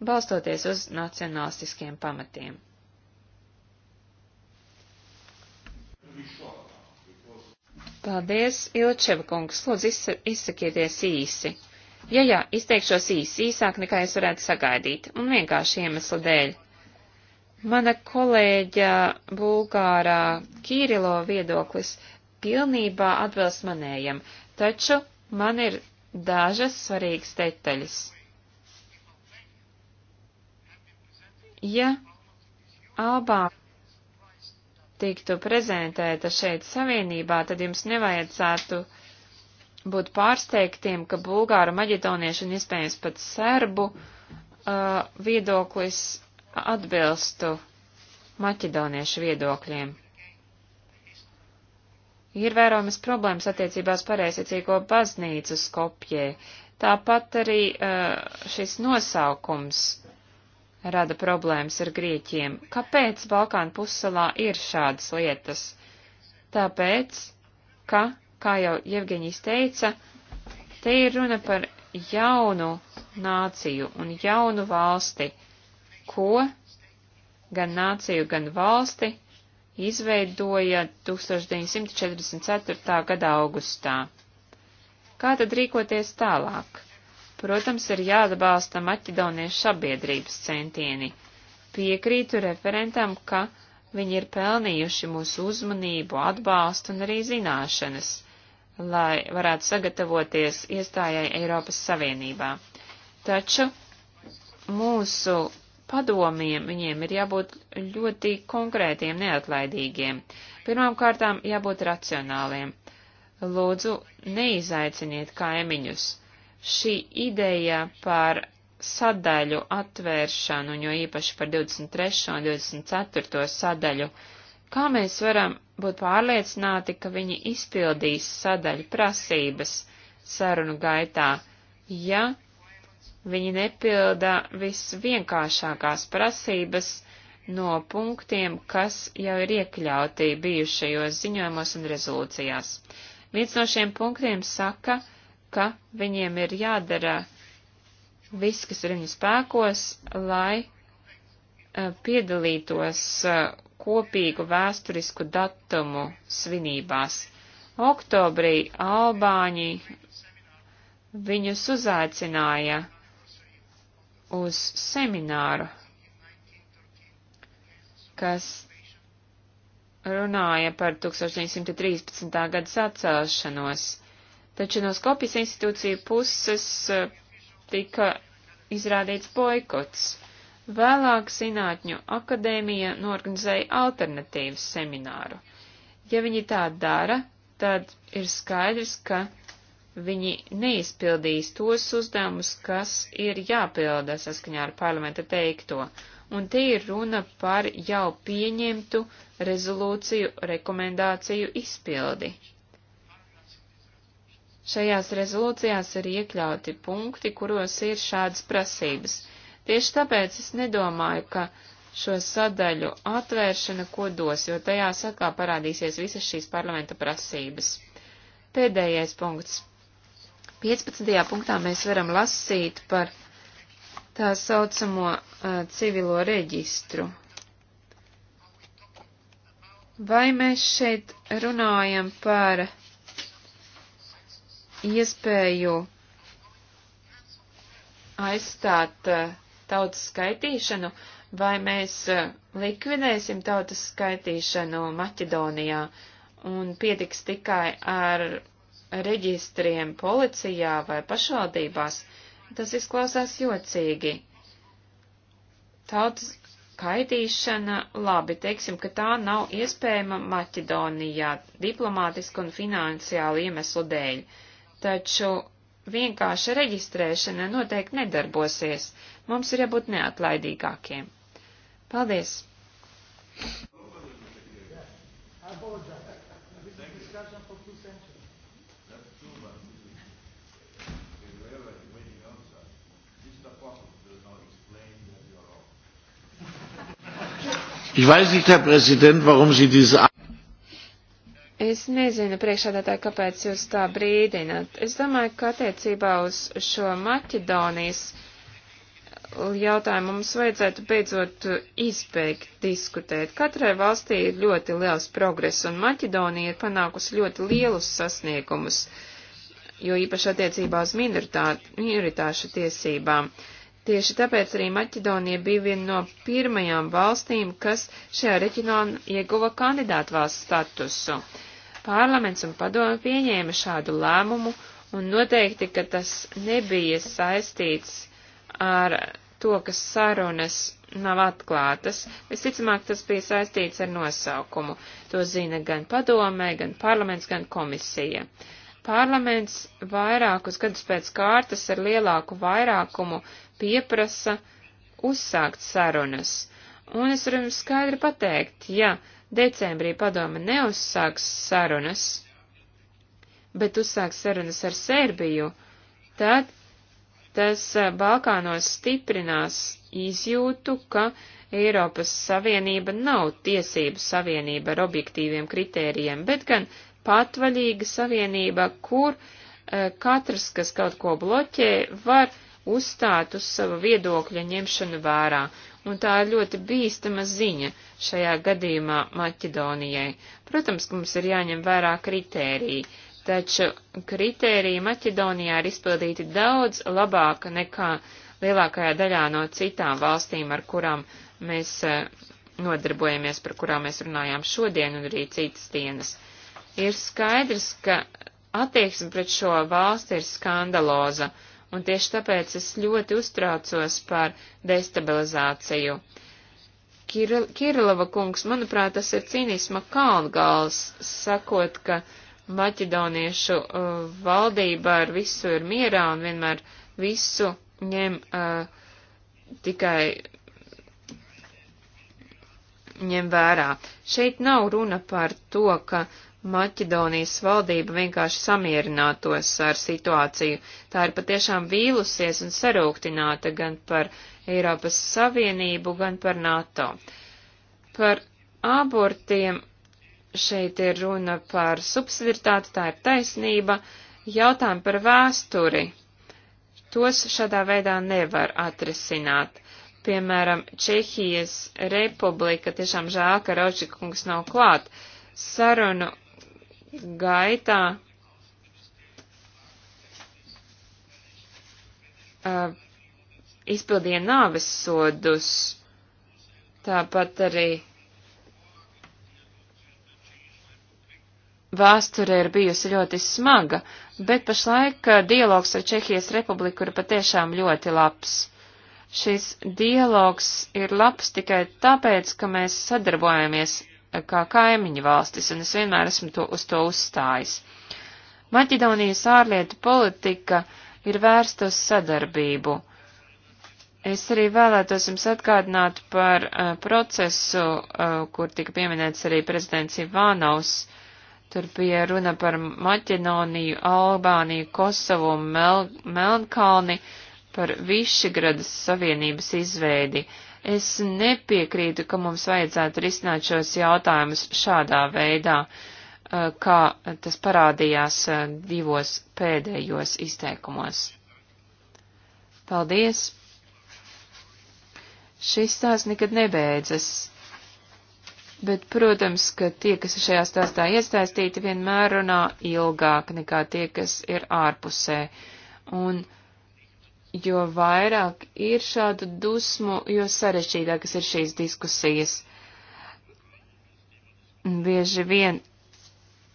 A: balstoties uz nacionālistiskiem pamatiem. Paldies, Ilčeva kungs, lūdzu izsakieties īsi. Jā, jā, izteikšos īsi, īsāk nekā es varētu sagaidīt, un vienkārši iemesla dēļ. Mana kolēģa Bulgārā Kīrilo viedoklis pilnībā atbilst manējam, taču man ir dažas svarīgas detaļas. Ja Albā tiktu prezentēta šeit savienībā, tad jums nevajadzētu būt pārsteigtiem, ka bulgāru maģedoniešu un iespējams pat serbu uh, viedoklis atbilstu maķedoniešu viedokļiem. Ir vērojamas problēmas attiecībās pareizticīgo baznīcu Skopjē, tāpat arī uh, šis nosaukums rada problēmas ar grieķiem. Kāpēc Balkānu pussalā ir šādas lietas? Tāpēc, ka, kā jau Jevgeņijs teica, te ir runa par jaunu nāciju un jaunu valsti, ko gan nāciju, gan valsti izveidoja 1944. gada augustā. Kā tad rīkoties tālāk? Protams, ir jāatbalsta maķedoniešu sabiedrības centieni. Piekrītu referentam, ka viņi ir pelnījuši mūsu uzmanību, atbalstu un arī zināšanas, lai varētu sagatavoties iestājai Eiropas Savienībā. Taču mūsu padomiem viņiem ir jābūt ļoti konkrētiem, neatlaidīgiem. Pirmām kārtām jābūt racionāliem. Lūdzu, neizaiciniet kaimiņus. Šī ideja par sadaļu atvēršanu, jo īpaši par 23. un 24. sadaļu, kā mēs varam būt pārliecināti, ka viņi izpildīs sadaļu prasības sarunu gaitā, ja Viņi nepilda visvienkāršākās prasības no punktiem, kas jau ir iekļauti bijušajos ziņojumos un rezolūcijās. Viens no šiem punktiem saka, ka viņiem ir jādara viss, kas ir viņu spēkos, lai uh, piedalītos uh, kopīgu vēsturisku datumu svinībās. Oktobrī Albāņi viņus uzaicināja uz semināru, kas runāja par 1913. gada sacēlšanos, taču no Skopijas institūcija puses eh, tika izrādīts boikots. Vēlāk Zinātņu akadēmija norganizēja alternatīvas semināru. Ja viņi tā dara, tad ir skaidrs, ka viņi neizpildīs tos uzdevumus, kas ir jāpilda saskaņā ar parlamenta teikto. Un te ir runa par jau pieņemtu rezolūciju rekomendāciju izpildi. Šajās rezolūcijās ir iekļauti punkti, kuros ir šādas prasības. Tieši tāpēc es nedomāju, ka šo sadaļu atvēršana ko dos, jo tajā sakā parādīsies visas šīs parlamenta prasības. Pēdējais punkts 15. punktā mēs varam lasīt par tā saucamo uh, civilo reģistru. Vai mēs šeit runājam par iespēju aizstāt uh, tautas skaitīšanu, vai mēs uh, likvidēsim tautas skaitīšanu Maķedonijā un pietiks tikai ar reģistriem policijā vai pašvaldībās, tas izklausās jocīgi. Tautas kaitīšana, labi, teiksim, ka tā nav iespējama Maķedonijā diplomātisku un finansiālu iemeslu dēļ, taču vienkārša reģistrēšana noteikti nedarbosies. Mums ir jābūt neatlaidīgākiem. Paldies! Ich weiß nicht, Herr Präsident, warum Sie diese. Es nezinu priekšādātāji, kāpēc jūs tā brīdināt. Es domāju, ka attiecībā uz šo Maķedonijas jautājumu mums vajadzētu beidzot izbeigt diskutēt. Katrai valstī ir ļoti liels progress, un Maķedonija ir panākusi ļoti lielus sasniegumus, jo īpaši attiecībā uz minoritāšu tiesībām. Uh, Tieši tāpēc arī Maķedonija bija viena no pirmajām valstīm, kas šajā reģionā ieguva kandidātu valsts statusu. Parlaments un padomi pieņēma šādu lēmumu, un noteikti, ka tas nebija saistīts ar to, ka sarunas nav atklātas. Visticamāk, tas bija saistīts ar nosaukumu. To zina gan padomē, gan parlaments, gan komisija. Parlaments vairākus gadus pēc kārtas ar lielāku vairākumu pieprasa uzsākt sarunas. Un es varu jums skaidri pateikt, ja decembrī padome neuzsāks sarunas, bet uzsāks sarunas ar Sērbiju, tad tas eh, Balkānos stiprinās izjūtu, ka Eiropas Savienība nav tiesību savienība ar objektīviem kritērijiem, bet gan patvaļīga savienība, kur eh, katrs, kas kaut ko bloķē, var uzstāt uz sava viedokļa ņemšanu vērā, un tā ir ļoti bīstama ziņa šajā gadījumā Maķedonijai. Protams, ka mums ir jāņem vērā kritēriji, taču kritēriji Maķedonijā ir izpildīti daudz labāk nekā lielākajā daļā no citām valstīm, ar kurām mēs eh, nodarbojamies, par kurām mēs runājām šodien un arī citas dienas. Ir skaidrs, ka attieksme pret šo valsti ir skandaloza un tieši tāpēc es ļoti uztraucos par destabilizāciju. Kiril, Kirilova kungs, manuprāt, tas ir cīnisma kalngals, sakot, ka maķedoniešu uh, valdība ar visu ir mierā un vienmēr visu ņem uh, tikai ņem vērā. Šeit nav runa par to, ka Maķedonijas valdība vienkārši samierinātos ar situāciju. Tā ir patiešām vīlusies un sarūktināta gan par Eiropas Savienību, gan par NATO. Par abortiem šeit ir runa par subsidiaritāti, tā ir taisnība, jautājumi par vēsturi. Tos šādā veidā nevar atrisināt. Piemēram, Čehijas republika, tiešām žēl, ka Ročikungs nav klāt, sarunu gaitā uh, izpildīja nāves sodus, tāpat arī vēsture ir bijusi ļoti smaga, bet pašlaik dialogs ar Čehijas republiku ir patiešām ļoti labs. Šis dialogs ir labs tikai tāpēc, ka mēs sadarbojamies kā kaimiņu valstis, un es vienmēr esmu to, uz to uzstājis. Maķedonijas ārlietu politika ir vērsta uz sadarbību. Es arī vēlētos jums atgādināt par uh, procesu, uh, kur tika pieminēts arī prezidents Ivānaus. Tur bija runa par Maķedoniju, Albāniju, Kosovu un Mel Melnkalni, par Višegradas savienības izveidi. Uh, Es nepiekrītu, ka mums vajadzētu risināt šos jautājumus šādā veidā, uh, kā tas parādījās uh, divos pēdējos izteikumos. Paldies! Šis stāsts nekad nebeidzas. Bet, protams, ka tie, kas ir šajā stāstā iesaistīti, vienmēr runā ilgāk nekā tie, kas ir ārpusē. Un, uh, jo vairāk ir šādu dusmu, jo sarežģītākas ir šīs diskusijas. Bieži vien,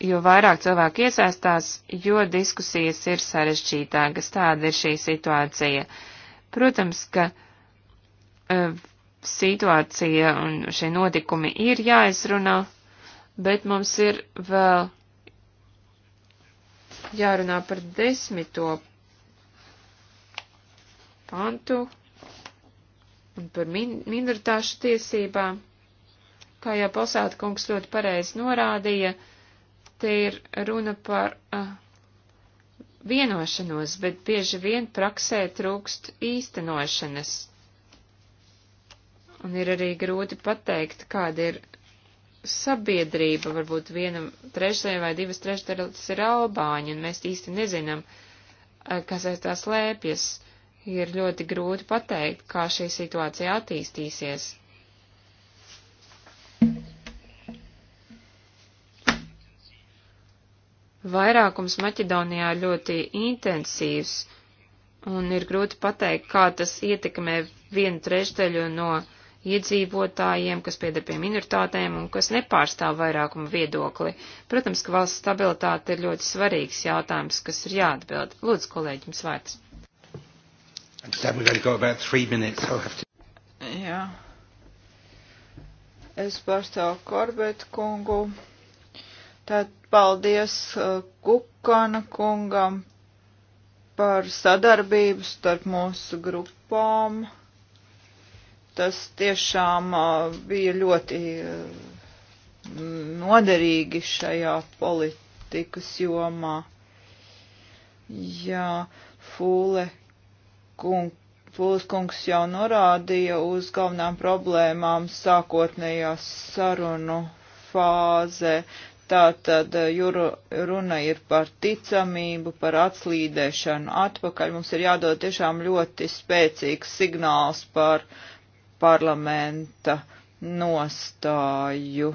A: jo vairāk cilvēku iesaistās, jo diskusijas ir sarežģītākas. Tāda ir šī situācija. Protams, ka e, situācija un šie notikumi ir jāizrunā, bet mums ir vēl jārunā par desmito pantu un par min minoritāšu tiesībām. Kā jau Posāta kungs ļoti pareizi norādīja, te ir runa par uh, vienošanos, bet bieži vien praksē trūkst īstenošanas. Un ir arī grūti pateikt, kāda ir sabiedrība, varbūt viena trešdaļa vai divas trešdaļas ir albāņi, un mēs īsti nezinām, eh, kas aiz tās lēpjas ir ļoti grūti pateikt, kā šī situācija attīstīsies. Vairākums Maķedonijā ir ļoti intensīvs, un ir grūti pateikt, kā tas ietekmē vienu trešdaļu no iedzīvotājiem, kas pieder pie minoritātēm un kas nepārstāv vairākumu viedokli. Protams, ka valsts stabilitāte ir ļoti svarīgs jautājums, kas ir jāatbild. Lūdzu, kolēģi, jums vārds. Understand we've only got about three minutes, so I'll have to... Jā.
B: Es pārstāvu Korbetu kungu. Tad paldies uh, Kukana kungam par sadarbību starp mūsu grupām. Tas tiešām uh, bija ļoti uh, noderīgi šajā politikas jomā. Jā, Fūle kungs. Plūskungs jau norādīja uz galvenām problēmām sākotnējās sarunu fāzē. Tātad eh, juru, runa ir par ticamību, par atslīdēšanu atpakaļ. Mums ir jādod tiešām ļoti spēcīgs signāls par parlamenta nostāju.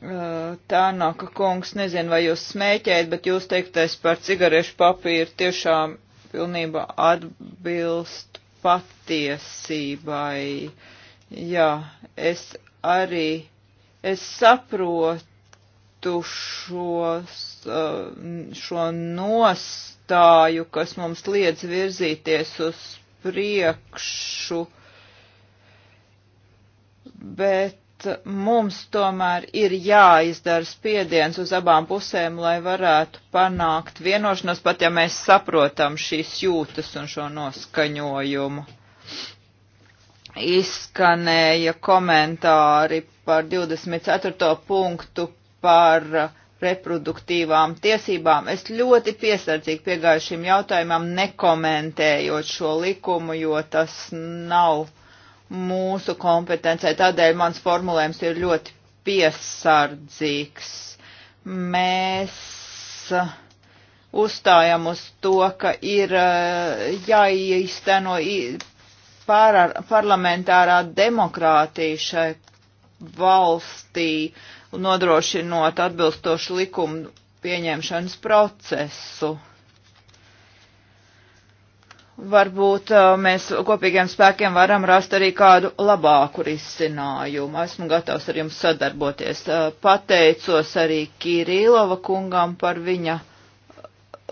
B: Eh, Tānaka kungs, nezinu, vai jūs smēķējat, bet jūs teiktais par cigarešu papīru tiešām pilnībā atbilst patiesībai. Jā, es arī, es saprotu šos, eh, šo nostāju, kas mums liedz virzīties uz priekšu, bet mums tomēr ir jāizdara spiediens uz abām pusēm, lai varētu panākt vienošanos, pat ja mēs saprotam šīs jūtas un šo noskaņojumu. Izskanēja komentāri par 24. punktu par reproduktīvām tiesībām. Es ļoti piesardzīgi piegāju šim jautājumam, nekomentējot šo likumu, jo tas nav mūsu kompetencē. Tādēļ mans formulējums ir ļoti piesardzīgs. Mēs uh, uzstājam uz to, ka ir uh, jāīsteno parlamentārā demokrātija šai valstī, nodrošinot atbilstošu likumu pieņemšanas procesu. Varbūt uh, mēs kopīgiem spēkiem varam rast arī kādu labāku risinājumu. Esmu gatavs ar jums sadarboties. Uh, pateicos arī Kirīlova kungam par viņa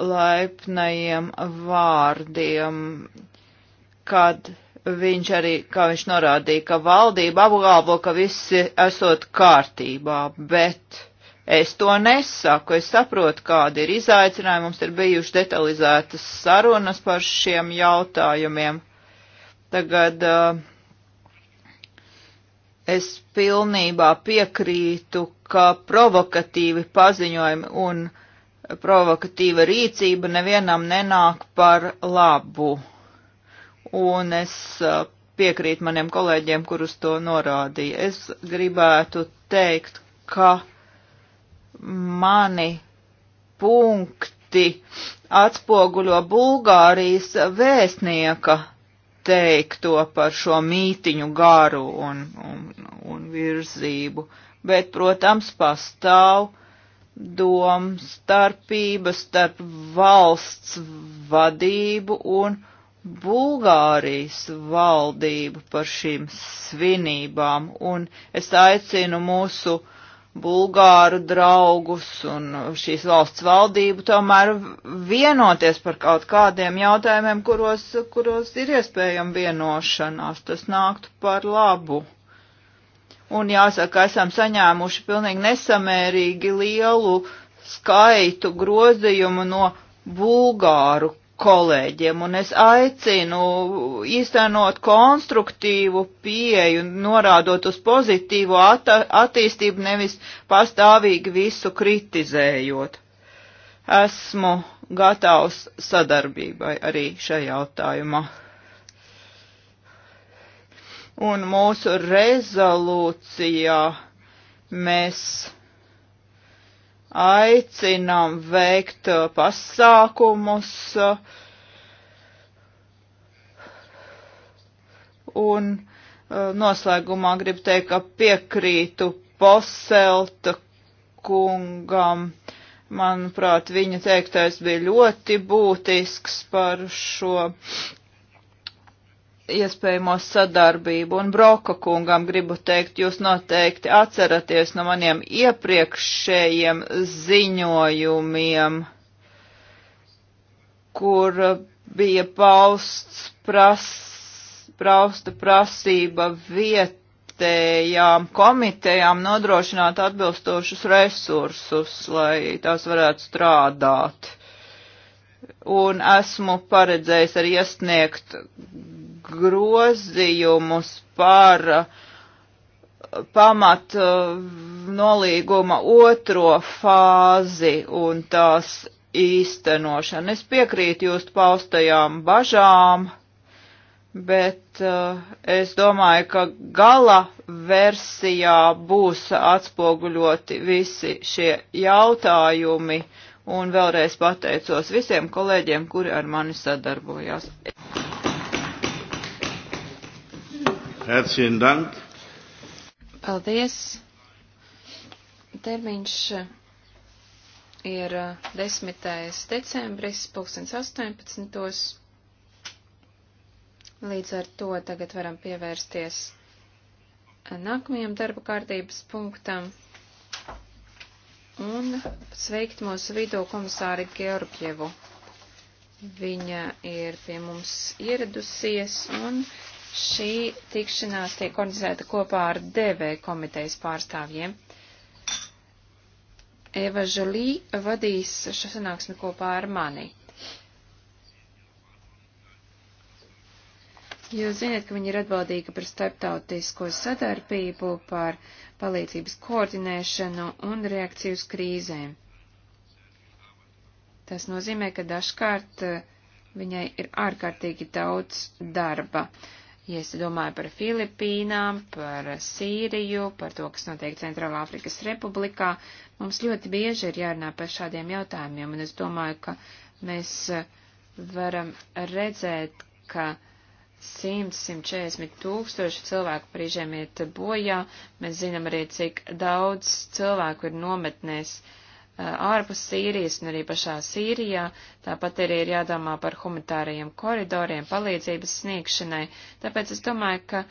B: laipnajiem vārdiem, kad viņš arī, kā viņš norādīja, ka valdība apgalvo, ka visi esot kārtībā, bet Es to nesaku, es saprotu, kāda ir izaicinājuma, mums ir bijuši detalizētas sarunas par šiem jautājumiem. Tagad uh, es pilnībā piekrītu, ka provokatīvi paziņojumi un provokatīva rīcība nevienam nenāk par labu. Un es uh, piekrītu maniem kolēģiem, kurus to norādīja. Es gribētu teikt, ka mani punkti atspoguļo Bulgārijas vēstnieka teikto par šo mītiņu garu un, un, un virzību, bet, protams, pastāv domstarpības starp valsts vadību un Bulgārijas valdību par šīm svinībām, un es aicinu mūsu uh, bulgāru draugus un šīs valsts valdību tomēr vienoties par kaut kādiem jautājumiem, kuros, kuros ir iespējama vienošanās. Tas nāktu par labu. Un jāsaka, esam saņēmuši pilnīgi nesamērīgi lielu skaitu grozījumu no bulgāru kolēģiem, un es aicinu īstenot konstruktīvu pieeju, norādot uz pozitīvu at attīstību, nevis pastāvīgi visu kritizējot. Esmu gatavs sadarbībai arī šajā jautājumā. Un mūsu rezolūcijā mēs aicinām veikt uh, pasākumus uh, un uh, noslēgumā gribu teikt, ka piekrītu Poselta kungam. Manuprāt, viņa teiktais bija ļoti būtisks par šo iespējamo sadarbību. Un Broka kungam gribu teikt, jūs noteikti atceraties no maniem iepriekšējiem ziņojumiem, kur bija pausts pras, prausta prasība vietējām komitejām nodrošināt atbilstošus resursus, lai tās varētu strādāt. Un esmu paredzējis arī iesniegt grozījumus par uh, pamat uh, nolīguma otro fāzi un tās īstenošanu. Es piekrītu jūs paustajām bažām, bet uh, es domāju, ka gala versijā būs atspoguļoti visi šie jautājumi, un vēlreiz pateicos visiem kolēģiem, kuri ar mani
A: sadarbojās.
B: Herzien dank.
A: Paldies. Termiņš ir 10. Eh, decembris, 2018. Līdz ar to tagad varam pievērsties eh, nākamajam darba kārtības punktam un sveikt mūsu vidū komisāri Georgievu. Viņa ir pie mums ieradusies un Šī tikšanās tiek organizēta kopā ar DV komitejas pārstāvjiem. Eva Žulī vadīs šo sanāksmi kopā ar mani. Jūs zināt, ka viņi ir atbildīga par starptautisko sadarbību, par palīdzības koordinēšanu un reakciju uz krīzēm. Tas nozīmē, ka dažkārt eh, viņai ir ārkārtīgi daudz darba. Uh, Ja es domāju par Filipīnām, par Sīriju, par to, kas notiek Centrālā Afrikas Republikā, mums ļoti bieži ir jārunā par šādiem jautājumiem, un es domāju, ka mēs eh, varam redzēt, ka 100-140 tūkstoši cilvēku brīžiem iet bojā. Mēs zinām arī, cik daudz cilvēku ir nometnēs. Uh, Eh, ārpus Sīrijas un arī pašā Sīrijā, tāpat arī ir jādomā par humanitārajiem koridoriem, palīdzības sniegšanai, tāpēc es domāju, ka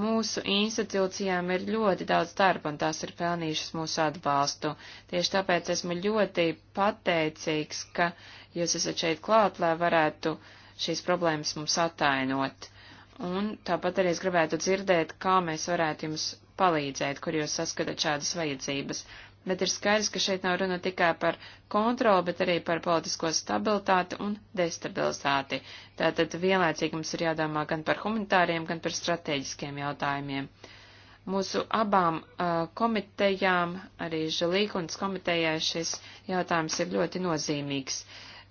A: mūsu institūcijām ir ļoti daudz darba un tās ir pelnījušas mūsu atbalstu. Tieši tāpēc esmu ļoti pateicīgs, ka jūs esat šeit klāt, lai varētu šīs problēmas mums attainot. Un tāpat arī es gribētu dzirdēt, kā mēs varētu jums palīdzēt, kur jūs saskatāt šādas vajadzības bet ir skaidrs, ka šeit nav runa tikai par kontroli, bet arī par politisko stabilitāti un destabilizāti. Tātad vienlaicīgi mums ir jādomā gan par humanitāriem, gan par strateģiskiem jautājumiem. Mūsu abām uh, komitejām, arī Žalīkundas komitejai, šis jautājums ir ļoti nozīmīgs.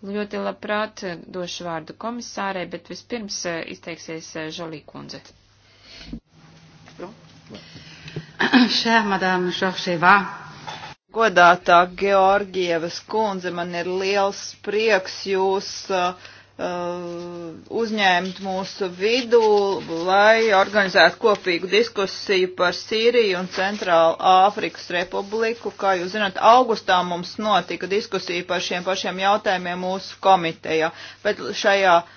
A: Ļoti labprāt uh, došu vārdu komisārai, bet vispirms uh, izteiksies uh, Žalīkundze.
B: Chère Madame Georgieva, Godātā Georgievas kundze, man ir liels prieks jūs uh, uh uzņēmt mūsu vidū, lai organizētu kopīgu diskusiju par Sīriju un Centrālu Āfrikas Republiku. Kā jūs zināt, augustā mums notika diskusija par šiem pašiem jautājumiem mūsu komiteja, bet šajā uh,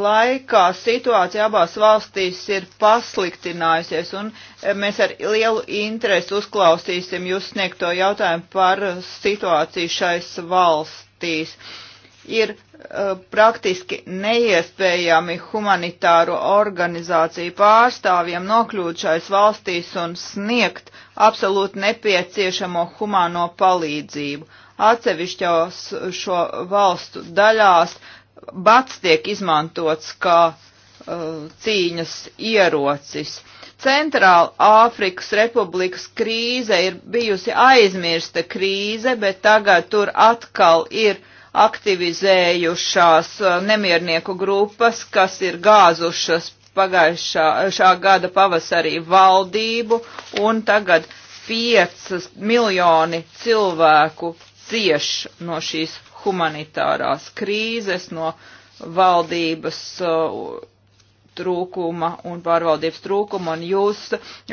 B: laikā situācija abās valstīs ir pasliktinājusies, un e, mēs ar lielu interesi uzklausīsim jūs sniegto jautājumu par situāciju šais valstīs. Ir uh, praktiski neiespējami humanitāro organizāciju pārstāvjiem nokļūt šais valstīs un sniegt absolūti nepieciešamo humāno palīdzību. Atsevišķos šo valstu daļās uh, bats tiek izmantots kā uh, cīņas ierocis. Centrāla Āfrikas Republikas krīze ir bijusi aizmirsta krīze, bet tagad tur atkal ir aktivizējušās uh, nemiernieku grupas, kas ir gāzušas pagājušā šā gada pavasarī valdību, un tagad 5 miljoni cilvēku cieš no šīs humanitārās krīzes, no valdības uh, trūkuma un pārvaldības trūkuma, un jūs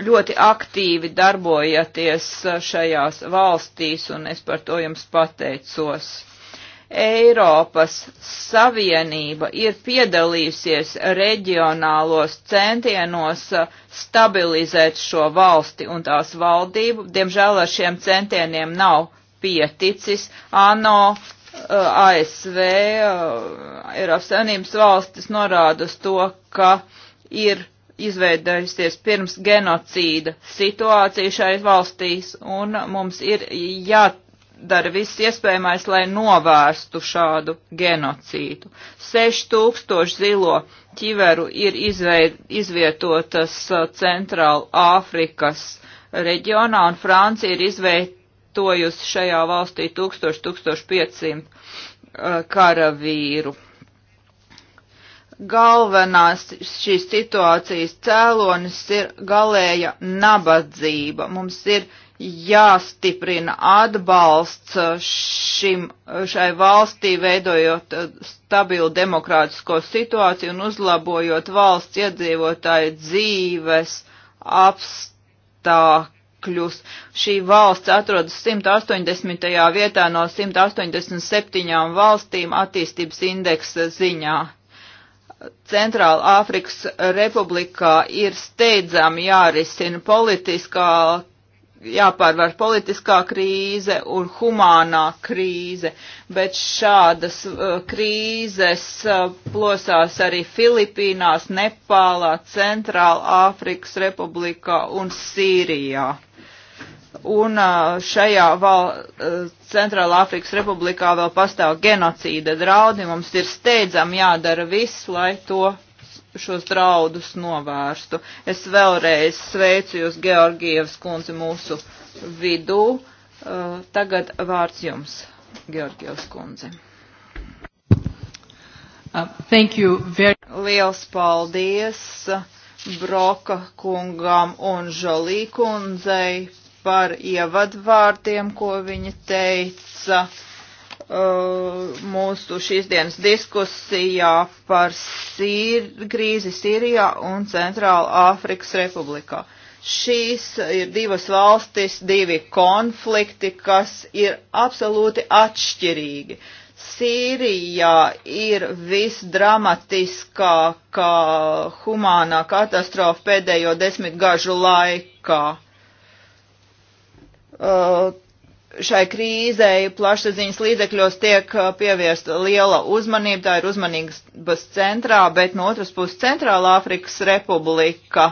B: ļoti aktīvi darbojaties šajās valstīs, un es par to jums pateicos. Eiropas Savienība ir piedalījusies reģionālos centienos stabilizēt šo valsti un tās valdību. Diemžēl ar šiem centieniem nav pieticis. ANO ASV, Eiropas Savienības valstis norāda uz to, ka ir izveidojusies pirms genocīda situācija šais valstīs, un mums ir jādara viss iespējamais, lai novērstu šādu genocīdu. 6000 zilo ķiveru ir izveid, izvietotas Centrāla Āfrikas reģionā, un Francija ir izveid, novietojusi šajā valstī 1000-1500 uh, karavīru. Galvenās šīs situācijas cēlonis ir galēja nabadzība. Mums ir jāstiprina atbalsts uh, šim, uh, šai valstī, veidojot stabilu demokrātisko situāciju un uzlabojot valsts iedzīvotāju dzīves apstākļus līdzekļus. Šī valsts atrodas 180. vietā no 187 valstīm attīstības indeksa ziņā. Centrāla Āfrikas republikā ir steidzami jārisina politiskā, jāpārvar politiskā krīze un humānā krīze, bet šādas uh, krīzes uh, plosās arī Filipīnās, Nepālā, Centrāla Āfrikas republikā un Sīrijā. Un šajā val, Centrālā Afrikas Republikā vēl pastāv genocīda draudi. Mums ir steidzam jādara viss, lai to šos draudus novērstu. Es vēlreiz sveicu jūs, Georgievs kundze, mūsu vidū. Tagad vārds jums, Georgievs kundze. Uh, thank you very... Liels paldies Broka kungam un Žalī kundzei par ievadvārdiem, ko viņa teica uh, mūsu šīs dienas diskusijā par Sīr, krīzi Sīrijā un Centrāla Āfrikas Republikā. Šīs ir divas valstis, divi konflikti, kas ir absolūti atšķirīgi. Sīrijā ir visdramatiskākā humānā katastrofa pēdējo desmitgažu laikā Uh, šai krīzei plašsaziņas līdzekļos tiek uh, pievērsta liela uzmanība, tā ir uzmanības centrā, bet no otras puses Centrāla Afrikas Republika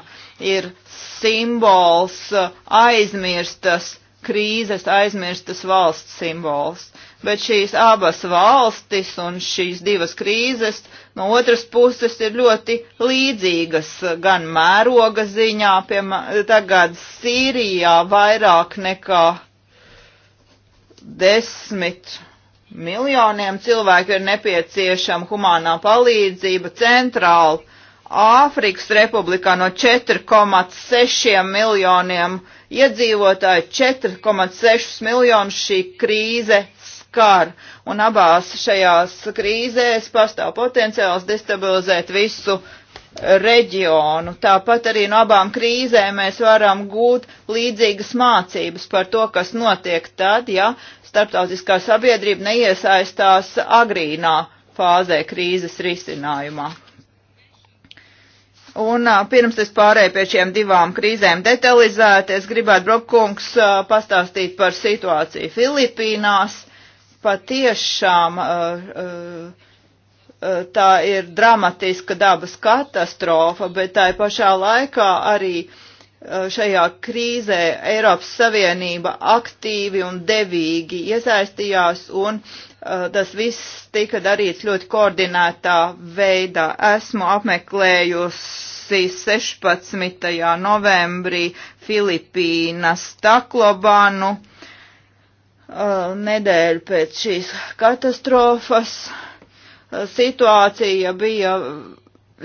B: ir simbols uh, aizmirstas krīzes, aizmirstas valsts simbols. Uh, bet šīs abas valstis un šīs divas krīzes no otras puses ir ļoti līdzīgas gan mēroga ziņā, piemēram, tagad Sīrijā vairāk nekā desmit miljoniem cilvēku ir nepieciešama humānā palīdzība centrāli. Āfrikas republikā no 4,6 miljoniem iedzīvotāju 4,6 miljonus šī krīze skar, un abās šajās krīzēs pastāv potenciāls destabilizēt visu reģionu. Tāpat arī no abām krīzēm mēs varam gūt līdzīgas mācības par to, kas notiek tad, ja starptautiskā sabiedrība neiesaistās agrīnā fāzē krīzes risinājumā. Un pirms es pārēju pie šiem divām krīzēm detalizēti, es gribētu, Brokkungs, pastāstīt par situāciju Filipīnās patiešām uh, uh, uh, tā ir dramatiska dabas katastrofa, bet tai pašā laikā arī šajā krīzē Eiropas Savienība aktīvi un devīgi iesaistījās un tas viss tika darīts ļoti koordinētā veidā. Esmu apmeklējusi 16. novembrī Filipīnas Taklobanu Uh, nedēļu pēc šīs katastrofas uh, situācija bija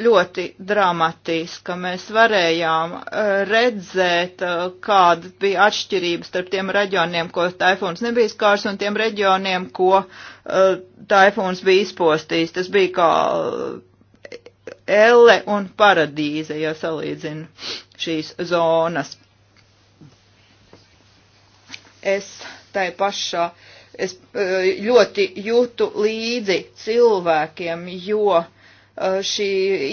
B: ļoti dramatiska. Mēs varējām uh, redzēt, kāda bija atšķirība starp tiem reģioniem, ko taifūns nebija skārs, un tiem reģioniem, ko taifūns bija izpostījis. Tas bija kā elle un paradīze, ja salīdzinu šīs zonas. Es tai pašā es eh, ļoti jūtu līdzi cilvēkiem, jo eh, šī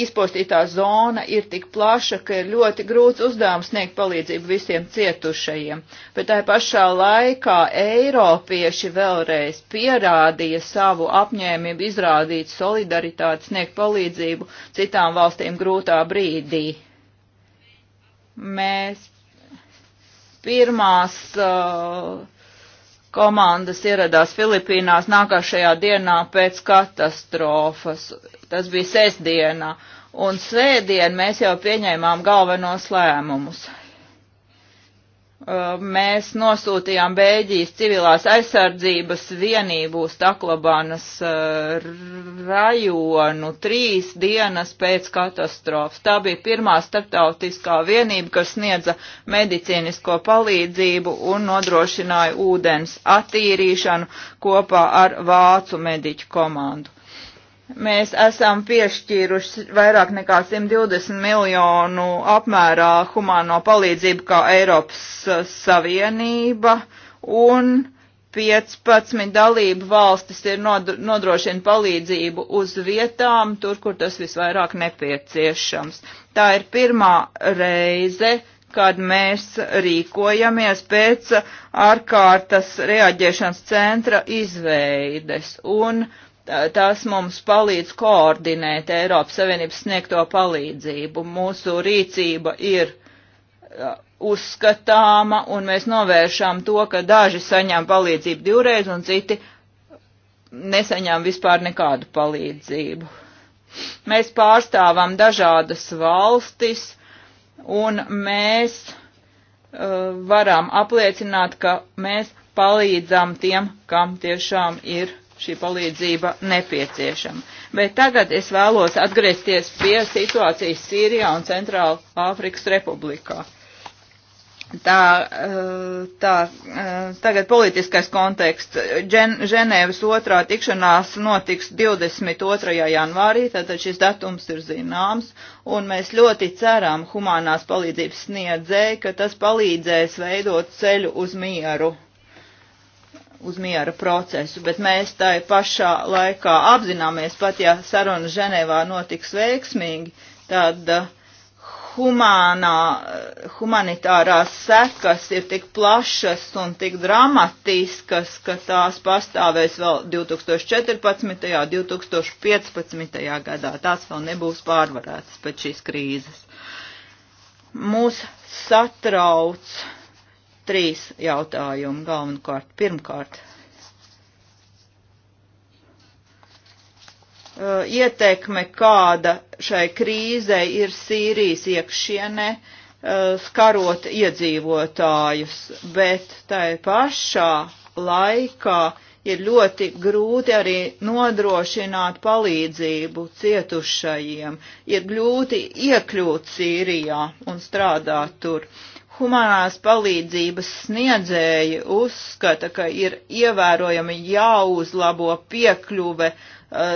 B: izpostītā zona ir tik plaša, ka ir ļoti grūts uzdevums sniegt palīdzību visiem cietušajiem. Bet tā pašā laikā Eiropieši vēlreiz pierādīja savu apņēmību izrādīt solidaritāti, sniegt palīdzību citām valstīm grūtā brīdī. Mēs pirmās uh, komandas ieradās Filipīnās nākošajā dienā pēc katastrofas. Tas bija sestdienā. Un sēdien mēs jau pieņēmām galvenos lēmumus. Uh, mēs nosūtījām Bēļģijas civilās aizsardzības vienību uz Taklabanas uh, rajonu trīs dienas pēc katastrofas. Tā bija pirmā starptautiskā vienība, kas sniedza medicīnisko palīdzību un nodrošināja ūdens attīrīšanu kopā ar vācu mediķu komandu. Mēs esam piešķīruši vairāk nekā 120 miljonu apmērā humāno palīdzību kā Eiropas uh, Savienība un 15 dalību valstis ir nodrošina palīdzību uz vietām, tur, kur tas visvairāk nepieciešams. Tā ir pirmā reize, kad mēs rīkojamies pēc ārkārtas reaģēšanas centra izveides. Un uh, Tas mums palīdz koordinēt Eiropas Savienības sniegto palīdzību. Mūsu rīcība ir uh, uzskatāma, un mēs novēršām to, ka daži saņem palīdzību divreiz, un citi nesaņem vispār nekādu palīdzību. Mēs pārstāvam dažādas valstis, un mēs uh, varam apliecināt, ka mēs palīdzam tiem, kam tiešām ir šī palīdzība nepieciešama. Bet tagad es vēlos atgriezties pie situācijas Sīrijā un Centrāla Āfrikas Republikā. Tā, eh, tā, eh, tagad politiskais konteksts. Džen, Ženēvas otrā tikšanās notiks 22. janvārī, tātad šis datums ir zināms, un mēs ļoti ceram humanās palīdzības sniedzēji, ka tas palīdzēs veidot ceļu uz mieru uz miera procesu, bet mēs tai pašā laikā apzināmies, pat ja saruna Ženēvā notiks veiksmīgi, tad uh, humānā, uh, humanitārās sekas ir tik plašas un tik dramatiskas, ka tās pastāvēs vēl 2014. un 2015. gadā. Tās vēl nebūs pārvarētas pēc šīs krīzes. Mūs satrauc trīs jautājumi galvenokārt. Pirmkārt, uh, ietekme, kāda šai krīzē ir Sīrijas iekšienē, uh, skarot iedzīvotājus, bet tai pašā laikā ir ļoti grūti arī nodrošināt palīdzību cietušajiem, ir grūti iekļūt Sīrijā un strādāt tur. Uh, humanās palīdzības sniedzēji uzskata, ka ir ievērojami jāuzlabo piekļuve uh,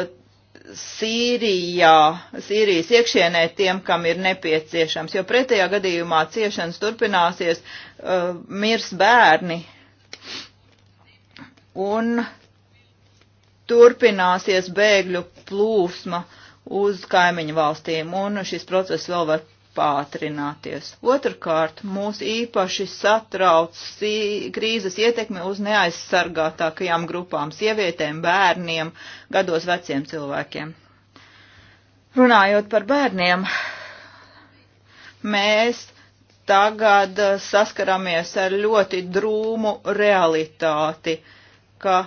B: Sīrijā, Sīrijas iekšienē tiem, kam ir nepieciešams, jo pretējā gadījumā ciešanas turpināsies, uh, mirs bērni un turpināsies bēgļu plūsma uz kaimiņu valstīm, un šis process vēl var pātrināties. Otrkārt, mūs īpaši satrauc krīzes ietekme uz neaizsargātākajām grupām - sievietēm, bērniem, gados veciem cilvēkiem. Runājot par bērniem, mēs tagad uh, saskaramies ar ļoti drūmu realitāti, ka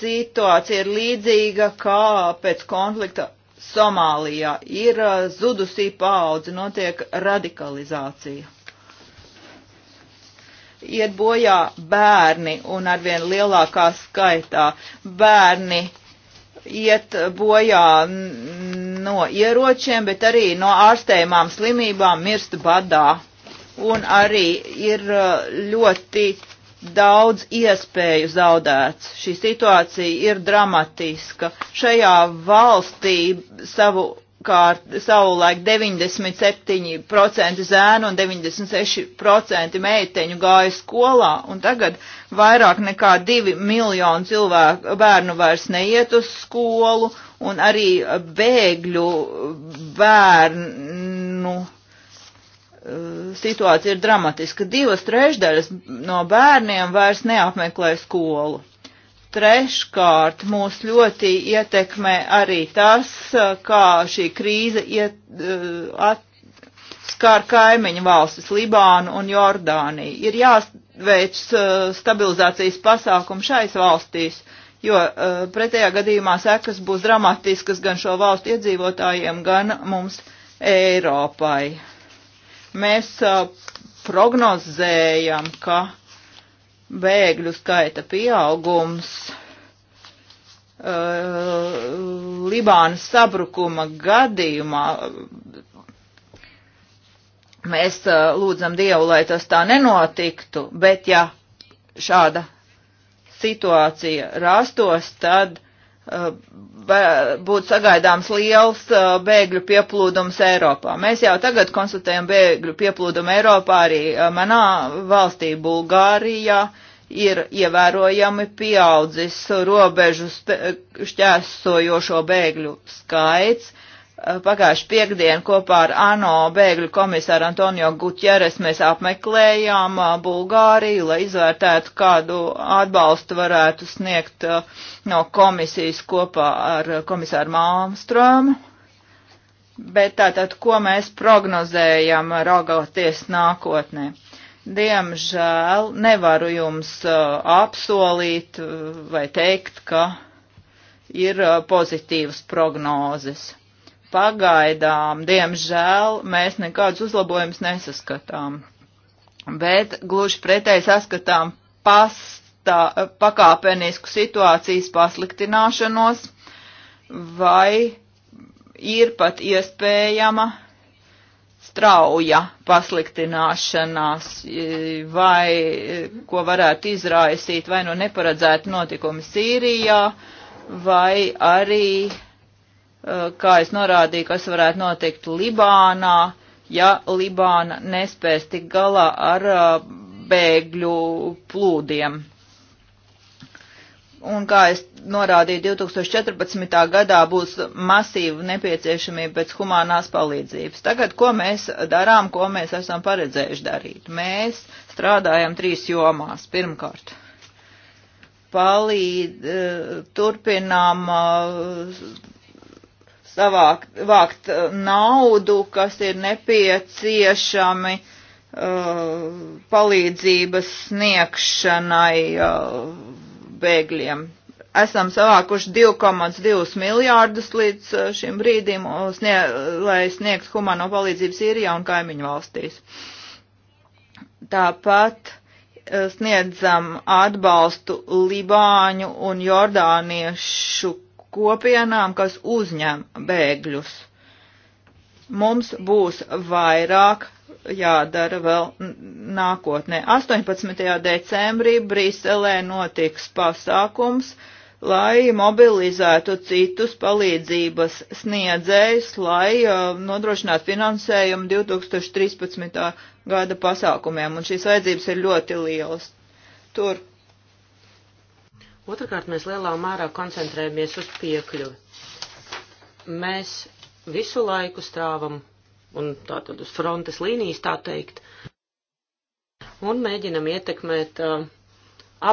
B: situācija ir līdzīga kā pēc konflikta Somālijā ir uh, zudusī paudze, notiek radikalizācija. Iet bojā bērni un arvien lielākā skaitā bērni iet bojā no ieročiem, bet arī no ārstējumām slimībām mirst badā. Un arī ir uh, ļoti daudz iespēju zaudēts. Šī situācija ir dramatiska. Šajā valstī savu savukārt savulaik 97% zēnu un 96% meiteņu gāja skolā, un tagad vairāk nekā 2 miljonu cilvēku bērnu vairs neiet uz skolu, un arī bēgļu bērnu Eh, situācija ir dramatiska. Divas trešdaļas no bērniem vairs neapmeklē skolu. Treškārt mūs ļoti ietekmē arī tas, eh, kā šī krīze iet, eh, at, skar kaimiņu valstis Libānu un Jordāniju. Ir jāveic stabilizācijas pasākumu šais valstīs, jo pretējā gadījumā sekas būs dramatiskas gan šo valstu iedzīvotājiem, gan mums Eiropai Mēs uh, prognozējam, ka bēgļu skaita pieaugums uh, Libānas sabrukuma gadījumā mēs uh, lūdzam Dievu, lai tas tā nenotiktu, bet ja šāda situācija rastos, tad Eh, būtu sagaidāms liels eh, bēgļu pieplūdums Eiropā. Mēs jau tagad konstatējam bēgļu pieplūdumu Eiropā arī eh, manā valstī Bulgārijā ir ievērojami pieaudzis robežu šķēsojošo bēgļu skaits Eh, pagājuši piekdien kopā ar ANO bēgļu komisāru Antonio Gutjeres mēs apmeklējām eh, Bulgāriju, lai izvērtētu, kādu atbalstu varētu sniegt eh, no komisijas kopā ar komisāru Malmströmu. Bet tātad, ko mēs prognozējam raugoties nākotnē? Diemžēl nevaru jums apsolīt vai teikt, ka ir pozitīvas prognozes pagaidām, diemžēl, mēs nekādus uzlabojumus nesaskatām. Bet gluži pretēji saskatām pastā, pakāpenisku situācijas pasliktināšanos vai ir pat iespējama strauja pasliktināšanās vai ko varētu izraisīt vai no nu neparedzēta notikuma Sīrijā vai arī Eh, kā es norādīju, kas varētu notikt Libānā, ja Libāna nespēs tik galā ar eh, bēgļu plūdiem. Un kā es norādīju, 2014. gadā būs masīva nepieciešamība pēc humanās palīdzības. Tagad, ko mēs darām, ko mēs esam paredzējuši darīt? Mēs strādājam trīs jomās. Pirmkārt, palīd, eh, turpinām savākt, vākt eh, naudu, kas ir nepieciešami uh, palīdzības sniegšanai uh, bēgļiem. Esam savākuši 2,2 miljārdus līdz šim brīdim, snie, lai sniegtu humano palīdzību Sīrijā un kaimiņu valstīs. Tāpat sniedzam atbalstu Libāņu un Jordāniešu kopienām, kas uzņem bēgļus. Mums būs vairāk jādara vēl nākotnē. 18. decembrī Briselē notiks pasākums, lai mobilizētu citus palīdzības sniedzējus, lai uh, nodrošinātu finansējumu 2013. gada pasākumiem, un šīs vajadzības ir ļoti
C: lielas. Tur Otrakārt, mēs lielā mērā koncentrējamies uz piekļuvi. Mēs visu laiku stāvam un tātad uz frontes līnijas tā teikt, un mēģinam ietekmēt uh,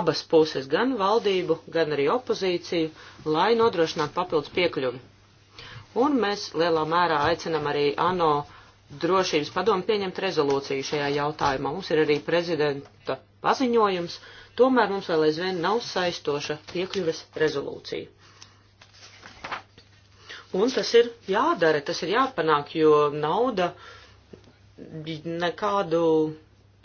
C: abas puses, gan valdību, gan arī opozīciju, lai nodrošinātu papildus piekļuvi. Un mēs lielā mērā aicinam arī ANO drošības padomu pieņemt rezolūciju šajā jautājumā. Mums ir arī prezidenta paziņojums, uh, Tomēr mums vēl aizvien nav saistoša piekļuves rezolūcija. Un tas ir jādara, tas ir jāpanāk, jo nauda nekādu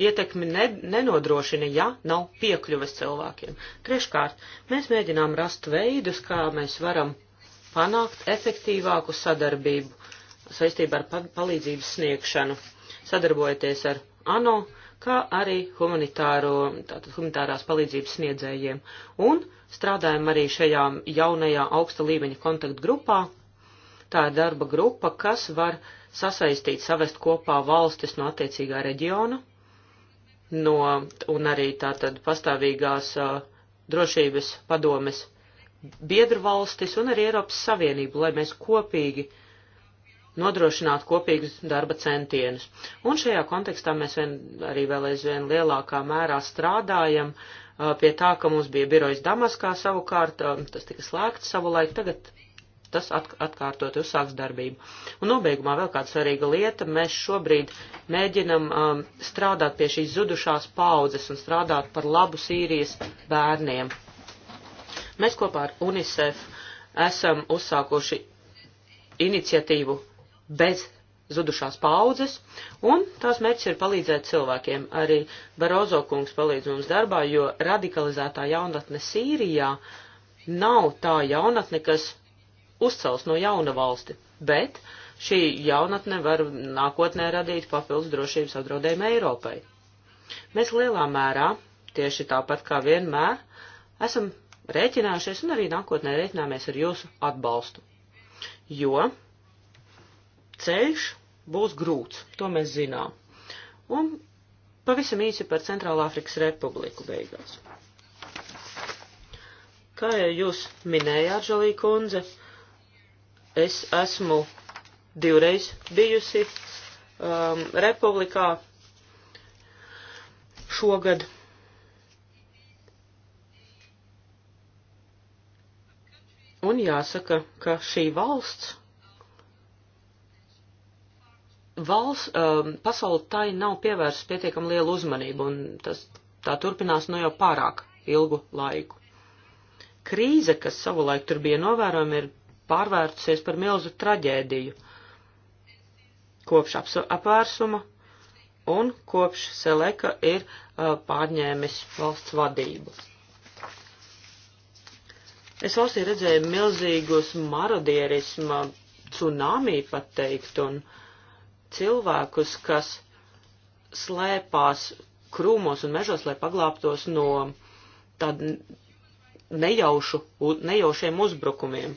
C: ietekmi ne, nenodrošina, ja nav piekļuves cilvēkiem. Treškārt, mēs mēģinām rast veidus, kā mēs varam panākt efektīvāku sadarbību saistībā ar palīdzības sniegšanu, sadarbojoties ar ANO kā arī humanitāro, tātad humanitārās palīdzības sniedzējiem. Un strādājam arī šajā jaunajā augsta līmeņa kontaktgrupā. Tā ir darba grupa, kas var sasaistīt, savest kopā valstis no attiecīgā reģiona, no, un arī tātad pastāvīgās uh, drošības padomes biedru valstis un arī Eiropas Savienību, lai mēs kopīgi uh, nodrošināt kopīgus darba centienus. Un šajā kontekstā mēs vien, arī vēl aizvien lielākā mērā strādājam pie tā, ka mums bija birojas Damaskā savukārt, tas tika slēgts savulaik, tagad tas atkārtot uzsāks darbību. Un nobeigumā vēl kāda svarīga lieta, mēs šobrīd mēģinam um, strādāt pie šīs zudušās paudzes un strādāt par labu Sīrijas bērniem. Mēs kopā ar UNICEF esam uzsākuši iniciatīvu bez zudušās paudzes, un tās mērķis ir palīdzēt cilvēkiem. Arī Barozo kungs palīdz mums darbā, jo radikalizētā jaunatne Sīrijā nav tā jaunatne, kas uzcels no jauna valsti, bet šī jaunatne var nākotnē radīt papildus drošības apdraudējumu Eiropai. Mēs lielā mērā, tieši tāpat kā vienmēr, esam rēķinājušies un arī nākotnē rēķināmies ar jūsu atbalstu. Jo ceļš būs grūts, to mēs zinām. Un pavisam īsi par Centrālāfrikas Republiku beigās. Kā jau jūs minējāt, Žalī kundze, es esmu divreiz bijusi um, republikā šogad. Un jāsaka, ka šī valsts valsts, um, pasauli tai nav pievērsta pietiekam lielu uzmanību, un tas tā turpinās no nu jau pārāk ilgu laiku. Krīze, kas savulaik tur bija novērojama, ir pārvērtusies par milzu traģēdiju kopš apvērsuma un kopš Seleka ir uh, pārņēmis valsts vadību. Es valstī redzēju milzīgus marodierisma tsunami, pat teikt, un uh, cilvēkus, kas slēpās krūmos un mežos, lai paglābtos no tādu nejaušu, nejaušiem uzbrukumiem.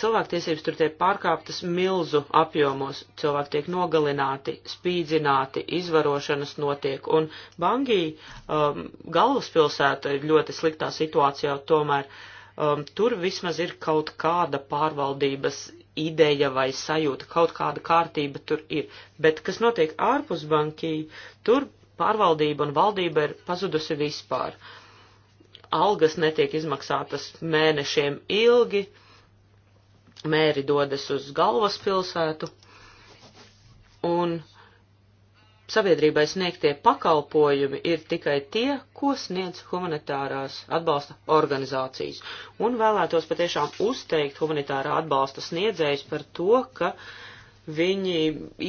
C: Cilvēktiesības tur tiek pārkāptas milzu apjomos, cilvēki tiek nogalināti, spīdzināti, izvarošanas notiek, un Bangī um, galvaspilsēta ir ļoti sliktā situācijā, tomēr um, tur vismaz ir kaut kāda pārvaldības ideja vai sajūta, kaut kāda kārtība tur ir. Bet kas notiek ārpus bankī, tur pārvaldība un valdība ir pazudusi vispār. Algas netiek izmaksātas mēnešiem ilgi, mēri dodas uz galvaspilsētu, un sabiedrībai sniegtie pakalpojumi ir tikai tie, ko sniedz humanitārās atbalsta organizācijas. Un vēlētos patiešām uzteikt humanitārā atbalsta sniedzējus par to, ka viņi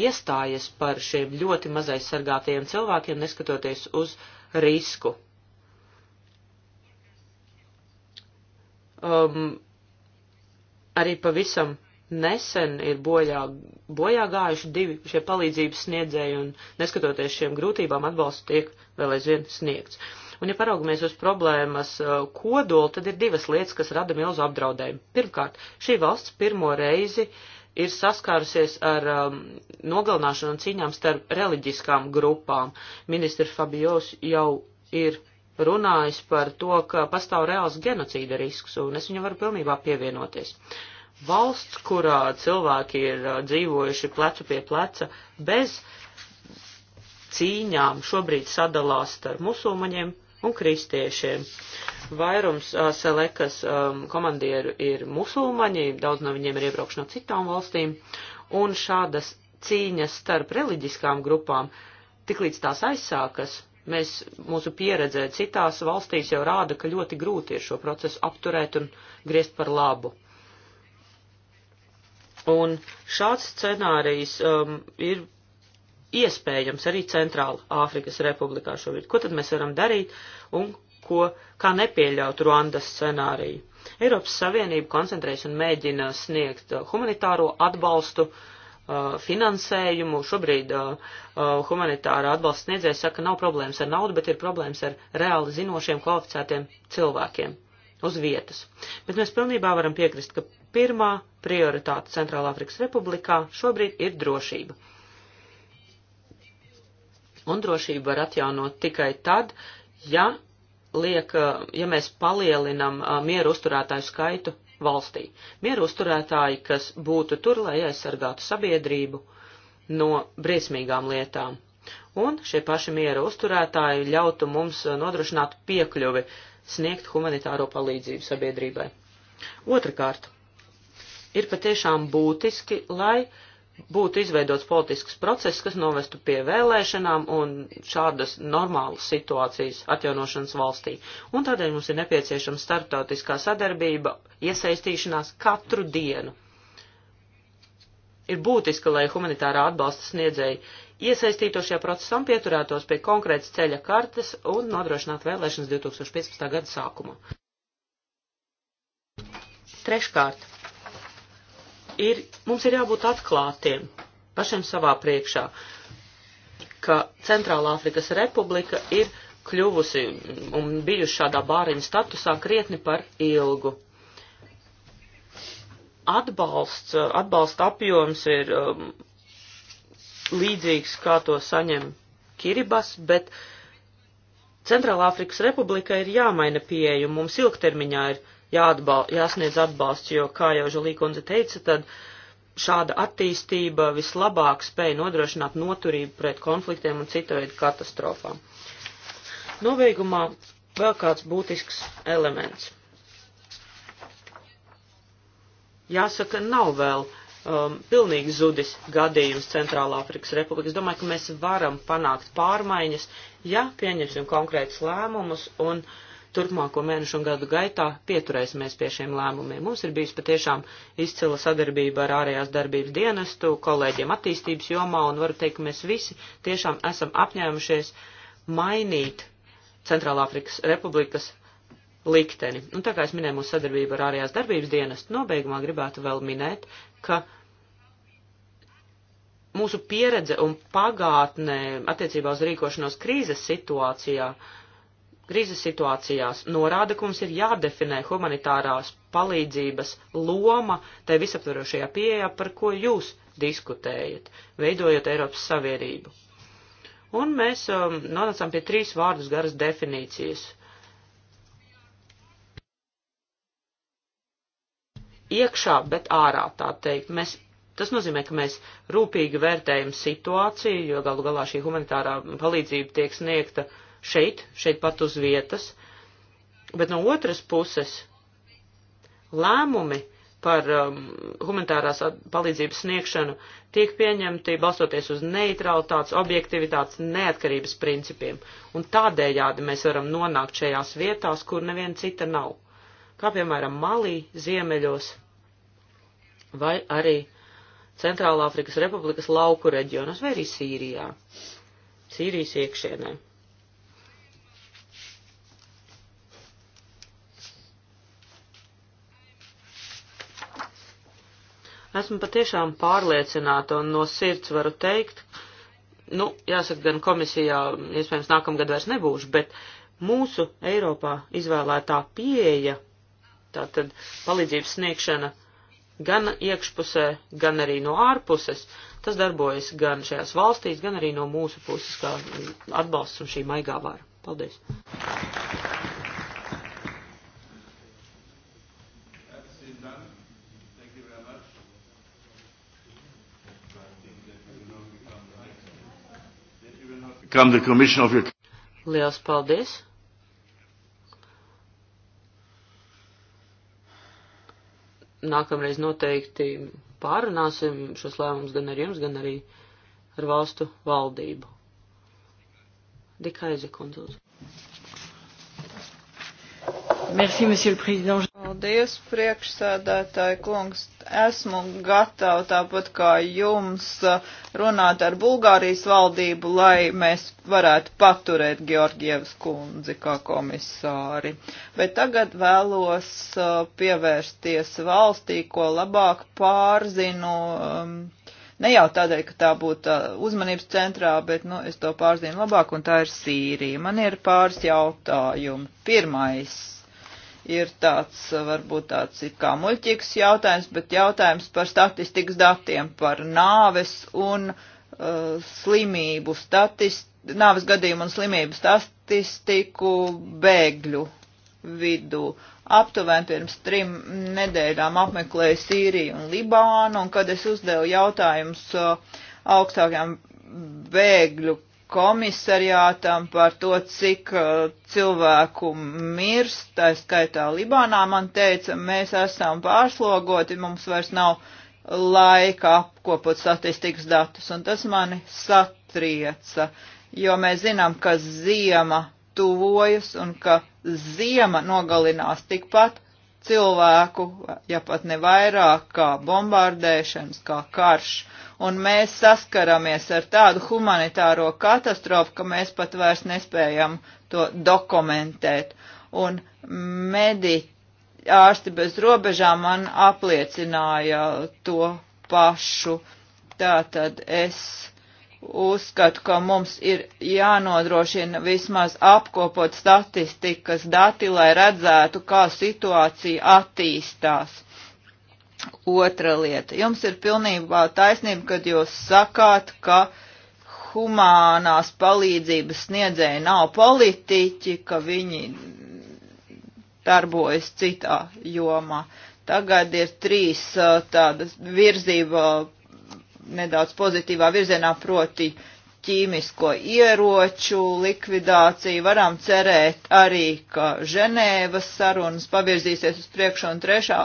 C: iestājas par šiem ļoti mazais sargātajiem cilvēkiem, neskatoties uz risku. Um, arī pavisam nesen ir bojā, bojā gājuši divi šie palīdzības sniedzēji, un neskatoties šiem grūtībām, atbalsts tiek vēl aizvien sniegts. Un, ja paraugamies uz problēmas uh, kodolu, tad ir divas lietas, kas rada milzu apdraudējumu. Pirmkārt, šī valsts pirmo reizi ir saskārusies ar um, nogalināšanu un cīņām starp reliģiskām grupām. Ministra Fabijos jau ir runājis par to, ka pastāv reāls genocīda risks, un es viņam varu pilnībā pievienoties. Uh, valsts, kurā cilvēki ir uh, dzīvojuši plecu pie pleca bez cīņām, šobrīd sadalās starp musulmaņiem un kristiešiem. Vairums uh, Selekas um, komandieru ir musulmaņi, daudz no viņiem ir iebraukši no citām valstīm, un šādas cīņas starp reliģiskām grupām, tiklīdz tās aizsākas, mēs mūsu pieredzē citās valstīs jau rāda, ka ļoti grūti ir šo procesu apturēt un griezt par labu. Uh, Un šāds scenārijs um, ir iespējams arī Centrāla Āfrikas Republikā šobrīd. Ko tad mēs varam darīt un ko, kā nepieļaut Ruandas scenāriju? Eiropas Savienība koncentrējas un mēģina sniegt uh, humanitāro atbalstu, uh, finansējumu. Šobrīd uh, uh, humanitāra atbalsts sniedzēja saka, nav problēmas ar naudu, bet ir problēmas ar reāli zinošiem, kvalificētiem cilvēkiem uz vietas. Bet mēs pilnībā varam piekrist, ka pirmā prioritāte Centrālāfrikas Republikā šobrīd ir drošība. Un drošību var atjaunot tikai tad, ja, liek, ja mēs palielinam mieru uzturētāju skaitu valstī. Mieru uzturētāji, kas būtu tur, lai aizsargātu sabiedrību no briesmīgām lietām. Un šie paši miera uzturētāji ļautu mums nodrošināt piekļuvi, sniegt humanitāro palīdzību sabiedrībai. Otrakārt, ir patiešām būtiski, lai būtu izveidots politisks process, kas novestu pie vēlēšanām un šādas normālas situācijas atjaunošanas valstī. Un tādēļ mums ir nepieciešama starptautiskā sadarbība, iesaistīšanās katru dienu. Ir būtiski, lai humanitārā atbalsta sniedzēji iesaistīto šajā procesā un pieturētos pie konkrētas ceļa kartes un nodrošinātu vēlēšanas 2015. gada sākumā. Treškārt, ir, mums ir jābūt atklātiem pašiem savā priekšā, ka Centrāla Afrikas Republika ir kļuvusi un bijusi šādā bāriņu statusā krietni par ilgu. Atbalsts, atbalsta apjoms ir um, līdzīgs, kā to saņem Kiribas, bet Centrālā Afrikas Republika ir jāmaina pieeja, un mums ilgtermiņā ir jāatbal, jāsniedz atbalsts, jo, kā jau Žalīkundze teica, tad šāda attīstība vislabāk spēja nodrošināt noturību pret konfliktiem un cita veida katastrofām. Noveigumā vēl kāds būtisks elements. Jāsaka, nav vēl um, pilnīgi zudis gadījums Centrālā Afrikas Republikas. Domāju, ka mēs varam panākt pārmaiņas, ja pieņemsim konkrētus lēmumus un uh, turpmāko mēnešu un gadu gaitā pieturēsimies pie šiem lēmumiem. Mums ir bijusi patiešām izcila sadarbība ar ārējās darbības dienestu, kolēģiem attīstības jomā, un varu teikt, ka mēs visi tiešām esam apņēmušies mainīt Centrālāfrikas Republikas likteni. Un tā kā es minēju mūsu sadarbību ar ārējās darbības dienestu, nobeigumā gribētu vēl minēt, ka mūsu pieredze un pagātne attiecībā uz rīkošanos krīzes situācijā uh, krīzes situācijās norāda, ka mums ir jādefinē humanitārās palīdzības loma tai visaptvarošajā pieejā, par ko jūs diskutējat, veidojot Eiropas Savienību. Un mēs um, nonācām pie trīs vārdus garas definīcijas. Iekšā, bet ārā, tā teikt. Mēs Tas nozīmē, ka mēs rūpīgi vērtējam situāciju, jo galu galā šī humanitārā palīdzība tiek sniegta uh, šeit, šeit pat uz vietas, bet no otras puses lēmumi par um, humanitārās palīdzības sniegšanu tiek pieņemti balstoties uz neitralitātes, objektivitātes, neatkarības principiem, un tādējādi mēs varam nonākt šajās vietās, kur neviena cita nav, kā piemēram Malī, Ziemeļos vai arī Centrālā Afrikas Republikas lauku reģionos vai arī Sīrijā, Sīrijas iekšienē. Esmu patiešām pārliecināta un no sirds varu teikt, nu, jāsaka, gan komisijā iespējams nākamgad vairs nebūšu, bet mūsu Eiropā izvēlētā pieeja, tātad palīdzības sniegšana gan iekšpusē, gan arī no ārpuses, tas darbojas gan šajās valstīs, gan arī no mūsu puses kā atbalsts un šī maigā vara. Paldies!
A: come the commission of
C: your... Liels paldies! Nākamreiz noteikti pārunāsim šos lēmumus gan ar jums, gan arī ar valstu valdību. Dikaize, kundze.
A: Merci, monsieur le président.
B: Paldies, priekšsēdētāji kungs. Esmu gatava tāpat kā jums runāt ar Bulgārijas valdību, lai mēs varētu paturēt Georgievas kundzi kā komisāri. Bet tagad vēlos uh, pievērsties valstī, ko labāk pārzinu. Um, ne jau tādēļ, ka tā būtu uh, uzmanības centrā, bet nu, es to pārzinu labāk, un tā ir Sīrija. Man ir pāris jautājumu. Pirmais ir tāds, varbūt tāds it kā muļķīgs jautājums, bet jautājums par statistikas datiem, par nāves un uh, slimību statistiku, nāves gadījumu un slimību statistiku bēgļu vidū. Aptuveni pirms trim nedēļām apmeklēju Sīriju un Libānu, un kad es uzdevu jautājumus uh, augstākajām bēgļu komisariātam par to, cik uh, cilvēku mirst, tā skaitā Libānā man teica, mēs esam pārslogoti, mums vairs nav laika apkopot statistikas datus, un tas mani satrieca, jo mēs zinām, ka ziema tuvojas un ka ziema nogalinās tikpat cilvēku, ja pat ne vairāk, kā bombardēšanas, kā karš. Un mēs saskaramies ar tādu humanitāro katastrofu, ka mēs pat vairs nespējam to dokumentēt. Un medi, ārsti bez robežām man apliecināja to pašu. Tātad es uzskatu, ka mums ir jānodrošina vismaz apkopot statistikas dati, lai redzētu, kā situācija attīstās. Otra lieta. Jums ir pilnībā taisnība, kad jūs sakāt, ka humānās palīdzības sniedzēji nav politiķi, ka viņi darbojas citā jomā. Tagad ir trīs uh, tādas virzība nedaudz pozitīvā virzienā, proti ķīmisko ieroču likvidāciju. Varam cerēt arī, ka Ženēvas sarunas pavirzīsies uz priekšu un trešā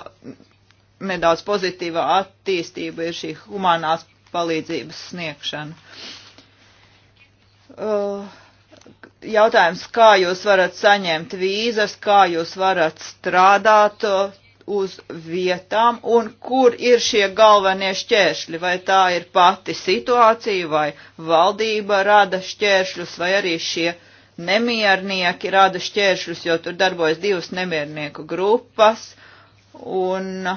B: nedaudz pozitīvā attīstība ir šī humanās palīdzības sniegšana. Uh, jautājums, kā jūs varat saņemt vīzas, kā jūs varat strādāt uh, uz vietām un kur ir šie galvenie šķēršļi, vai tā ir pati situācija, vai valdība rada šķēršļus, vai arī šie nemiernieki rada šķēršļus, jo tur darbojas divas nemiernieku grupas, un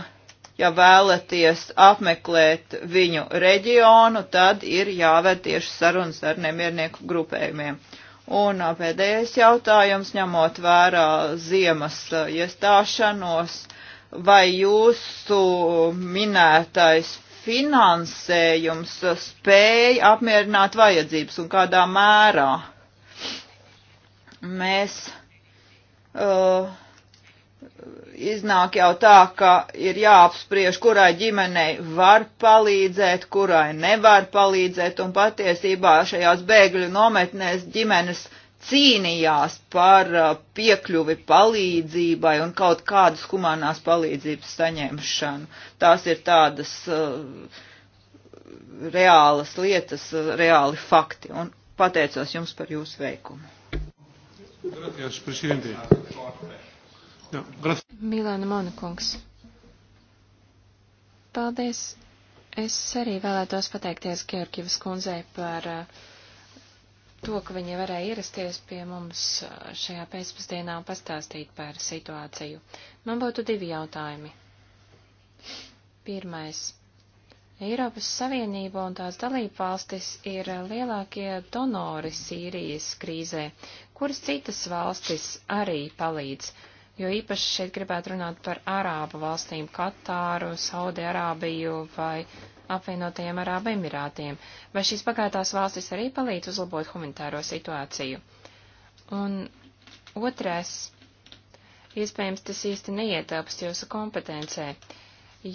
B: ja vēlaties apmeklēt viņu reģionu, tad ir jāved tieši sarunas ar nemiernieku grupējumiem. Un pēdējais jautājums, ņemot vērā ziemas iestāšanos, ja vai jūsu minētais finansējums spēja apmierināt vajadzības un kādā mērā mēs uh, iznāk jau tā, ka ir jāapspriež, kurai ģimenei var palīdzēt, kurai nevar palīdzēt, un patiesībā šajās bēgļu nometnēs ģimenes cīnījās par uh, piekļuvi palīdzībai un kaut kādas humanās palīdzības saņemšanu. Tās ir tādas uh, reālas lietas, uh, reāli fakti. Un pateicos jums par jūsu veikumu.
A: Gracias, presidente. No, gracias. Milāna Monakungs. Paldies. Es arī vēlētos pateikties Georgievas kundzei par uh, to, ka viņi varēja ierasties pie mums uh, šajā pēcpusdienā un pastāstīt par situāciju. Man būtu divi jautājumi. Pirmais. Eiropas Savienība un tās dalība valstis ir lielākie donori Sīrijas krīzē, kuras citas valstis arī palīdz, jo īpaši šeit gribētu runāt par Arābu valstīm - Katāru, Saudi Arābiju vai apvienotajiem Arābu Emirātiem. Vai šīs pagātās valstis arī palīdz uzlabot humanitāro situāciju? Un otrais, iespējams, tas īsti neietilpst jūsu kompetencē.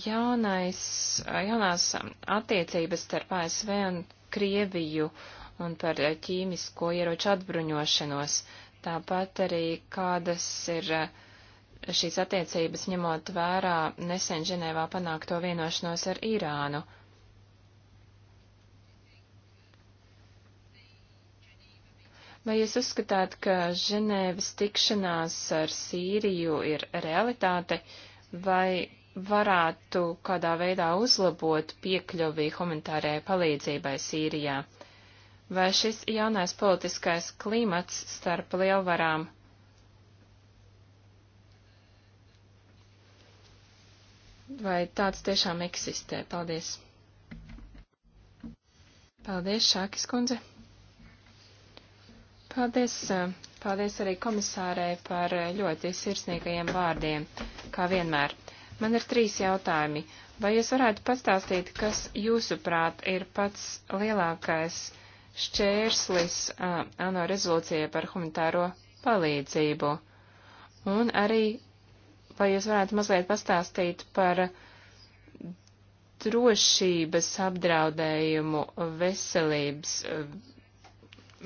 A: Jaunais, jaunās attiecības starp ASV un Krieviju un par ķīmisko ieroču atbruņošanos. Tāpat arī kādas ir eh, šīs attiecības ņemot vērā nesen Ženēvā panākto vienošanos ar Irānu. Vai jūs uzskatāt, ka Ženēvas tikšanās ar Sīriju ir realitāte, vai varētu kādā veidā uzlabot piekļuvi humanitārajai palīdzībai Sīrijā? Vai šis jaunais politiskais klimats starp lielvarām Vai tāds tiešām eksistē? Paldies. Paldies, Šākis kundze. Paldies, eh, paldies arī komisārei par eh, ļoti sirsnīgajiem vārdiem, kā vienmēr. Man ir trīs jautājumi. Vai jūs varētu pastāstīt, kas jūsuprāt ir pats lielākais šķērslis uh, ANO rezolūcijai par humanitāro palīdzību? Un arī, vai jūs varētu mazliet pastāstīt par drošības apdraudējumu veselības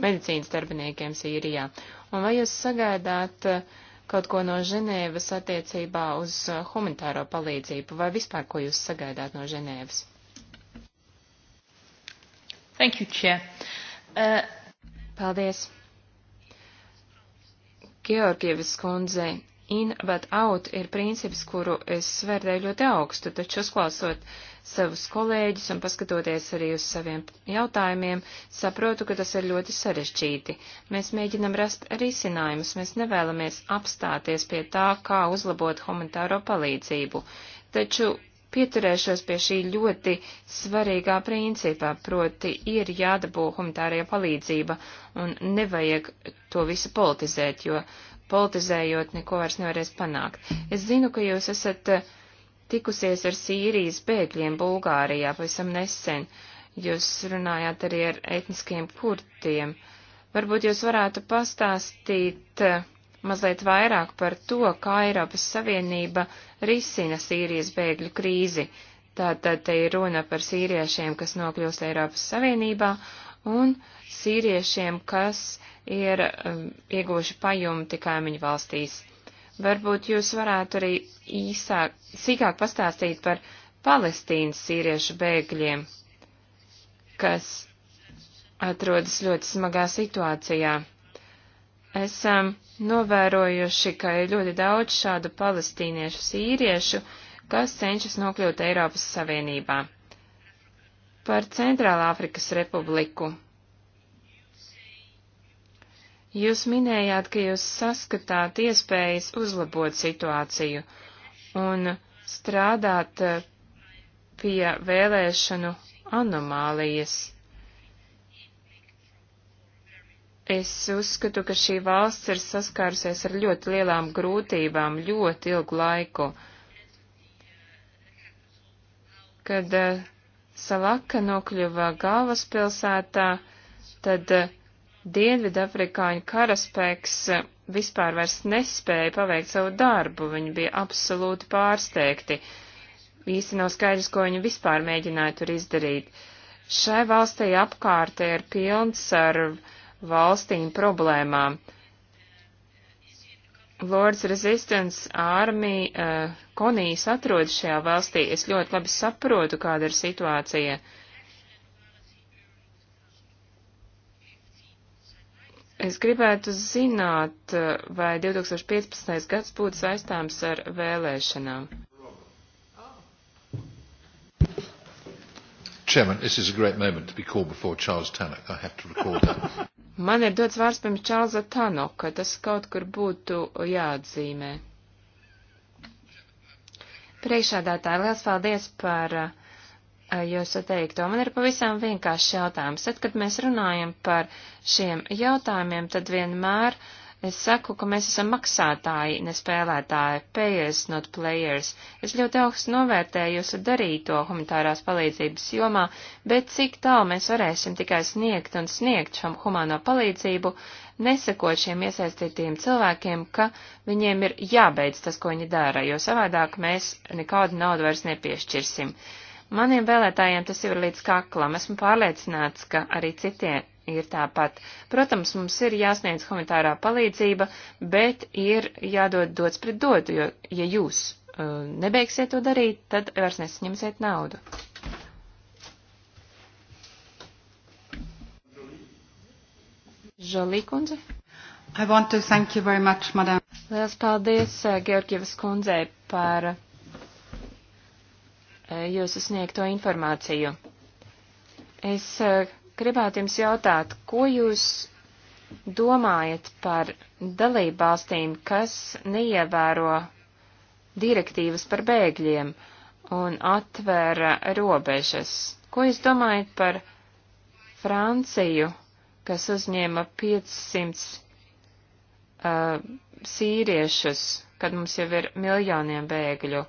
A: medicīnas darbiniekiem Sīrijā. Un vai jūs sagaidāt eh, kaut ko no Ženēvas attiecībā uz eh, humanitāro palīdzību, vai vispār ko jūs sagaidāt no Ženēvas? Thank you, Chair. Uh... Paldies. Georgievas kundze, in but out ir princips, kuru es svērdēju ļoti augstu, taču uzklausot savus kolēģus un paskatoties arī uz saviem jautājumiem, saprotu, ka tas ir ļoti sarežģīti. Mēs mēģinam rast risinājumus, mēs nevēlamies apstāties pie tā, kā uzlabot humanitāro palīdzību, taču pieturēšos pie šī ļoti svarīgā principā, proti ir jādabū humanitārajā palīdzība un nevajag to visu politizēt, jo politizējot neko vairs nevarēs panākt. Es zinu, ka jūs esat uh, tikusies ar Sīrijas bēgļiem Bulgārijā pavisam nesen. Jūs runājāt arī ar etniskiem kurtiem. Varbūt jūs varētu pastāstīt eh, mazliet vairāk par to, kā Eiropas Savienība risina Sīrijas bēgļu krīzi. Tātad te ir runa par sīriešiem, kas nokļūst Eiropas Savienībā, un sīriešiem, kas ir um, eh, ieguvuši pajumu tikai viņu valstīs. Varbūt jūs varētu arī īsāk, sīkāk pastāstīt par Palestīnas sīriešu bēgļiem, kas atrodas ļoti smagā situācijā. Esam novērojuši, ka ir ļoti daudz šādu palestīniešu sīriešu, kas cenšas nokļūt Eiropas Savienībā. Par Centrālā Afrikas Republiku Jūs minējāt, ka jūs saskatāt iespējas uzlabot situāciju un strādāt eh, pie vēlēšanu anomālijas. Es uzskatu, ka šī valsts ir saskārusies ar ļoti lielām grūtībām ļoti ilgu laiku. Kad eh, Salaka nokļuva galvaspilsētā, tad eh, Dienvidafrikāņu karaspēks eh, vispār vairs nespēja paveikt savu darbu, viņi bija absolūti pārsteigti. Īsti nav skaidrs, ko viņi vispār mēģināja tur izdarīt. Šai valstī apkārtē ir pilns ar valstīm problēmām. Lords Resistance armija uh, eh, Konijas atrodas šajā valstī. Es ļoti labi saprotu, kāda ir situācija. Uh, Es gribētu zināt, eh, vai 2015. gads būtu saistāms ar vēlēšanām. Chairman, this is a great moment to be called before Charles Tannock. I have to recall that. (laughs) Man ir dots vārds pirms Čārlza Tanoka, tas kaut kur būtu jāatzīmē. Priekšādātāji, liels paldies par uh, Eh, jūsu teikto. Man ir pavisam vienkāršs jautājums. Tad, kad mēs runājam par šiem jautājumiem, tad vienmēr es saku, ka mēs esam maksātāji, ne spēlētāji, payers, not players. Es ļoti augstu novērtēju jūsu darīto humanitārās palīdzības jomā, bet cik tālu mēs varēsim tikai sniegt un sniegt šam humano palīdzību, nesakot šiem iesaistītiem cilvēkiem, ka viņiem ir jābeidz tas, ko viņi dara, jo savādāk mēs nekādu naudu vairs nepiešķirsim. Uh, Maniem vēlētājiem tas jau ir līdz kaklam. Esmu pārliecināts, ka arī citiem ir tāpat. Protams, mums ir jāsniedz humanitārā palīdzība, bet ir jādod dots pret dodu, jo, ja jūs uh, nebeigsiet to darīt, tad vairs nesaņemsiet naudu. Žolī kundze. I want to thank you very much, madam. Lielas paldies, uh, Georgievas kundzei, par jūsu sniegto informāciju. Es eh, gribētu jums jautāt, ko jūs domājat par dalību valstīm, kas neievēro direktīvas par bēgļiem un atvēra robežas? Ko jūs domājat par Franciju, kas uzņēma 500 uh, eh, sīriešus, kad mums jau ir miljoniem bēgļu?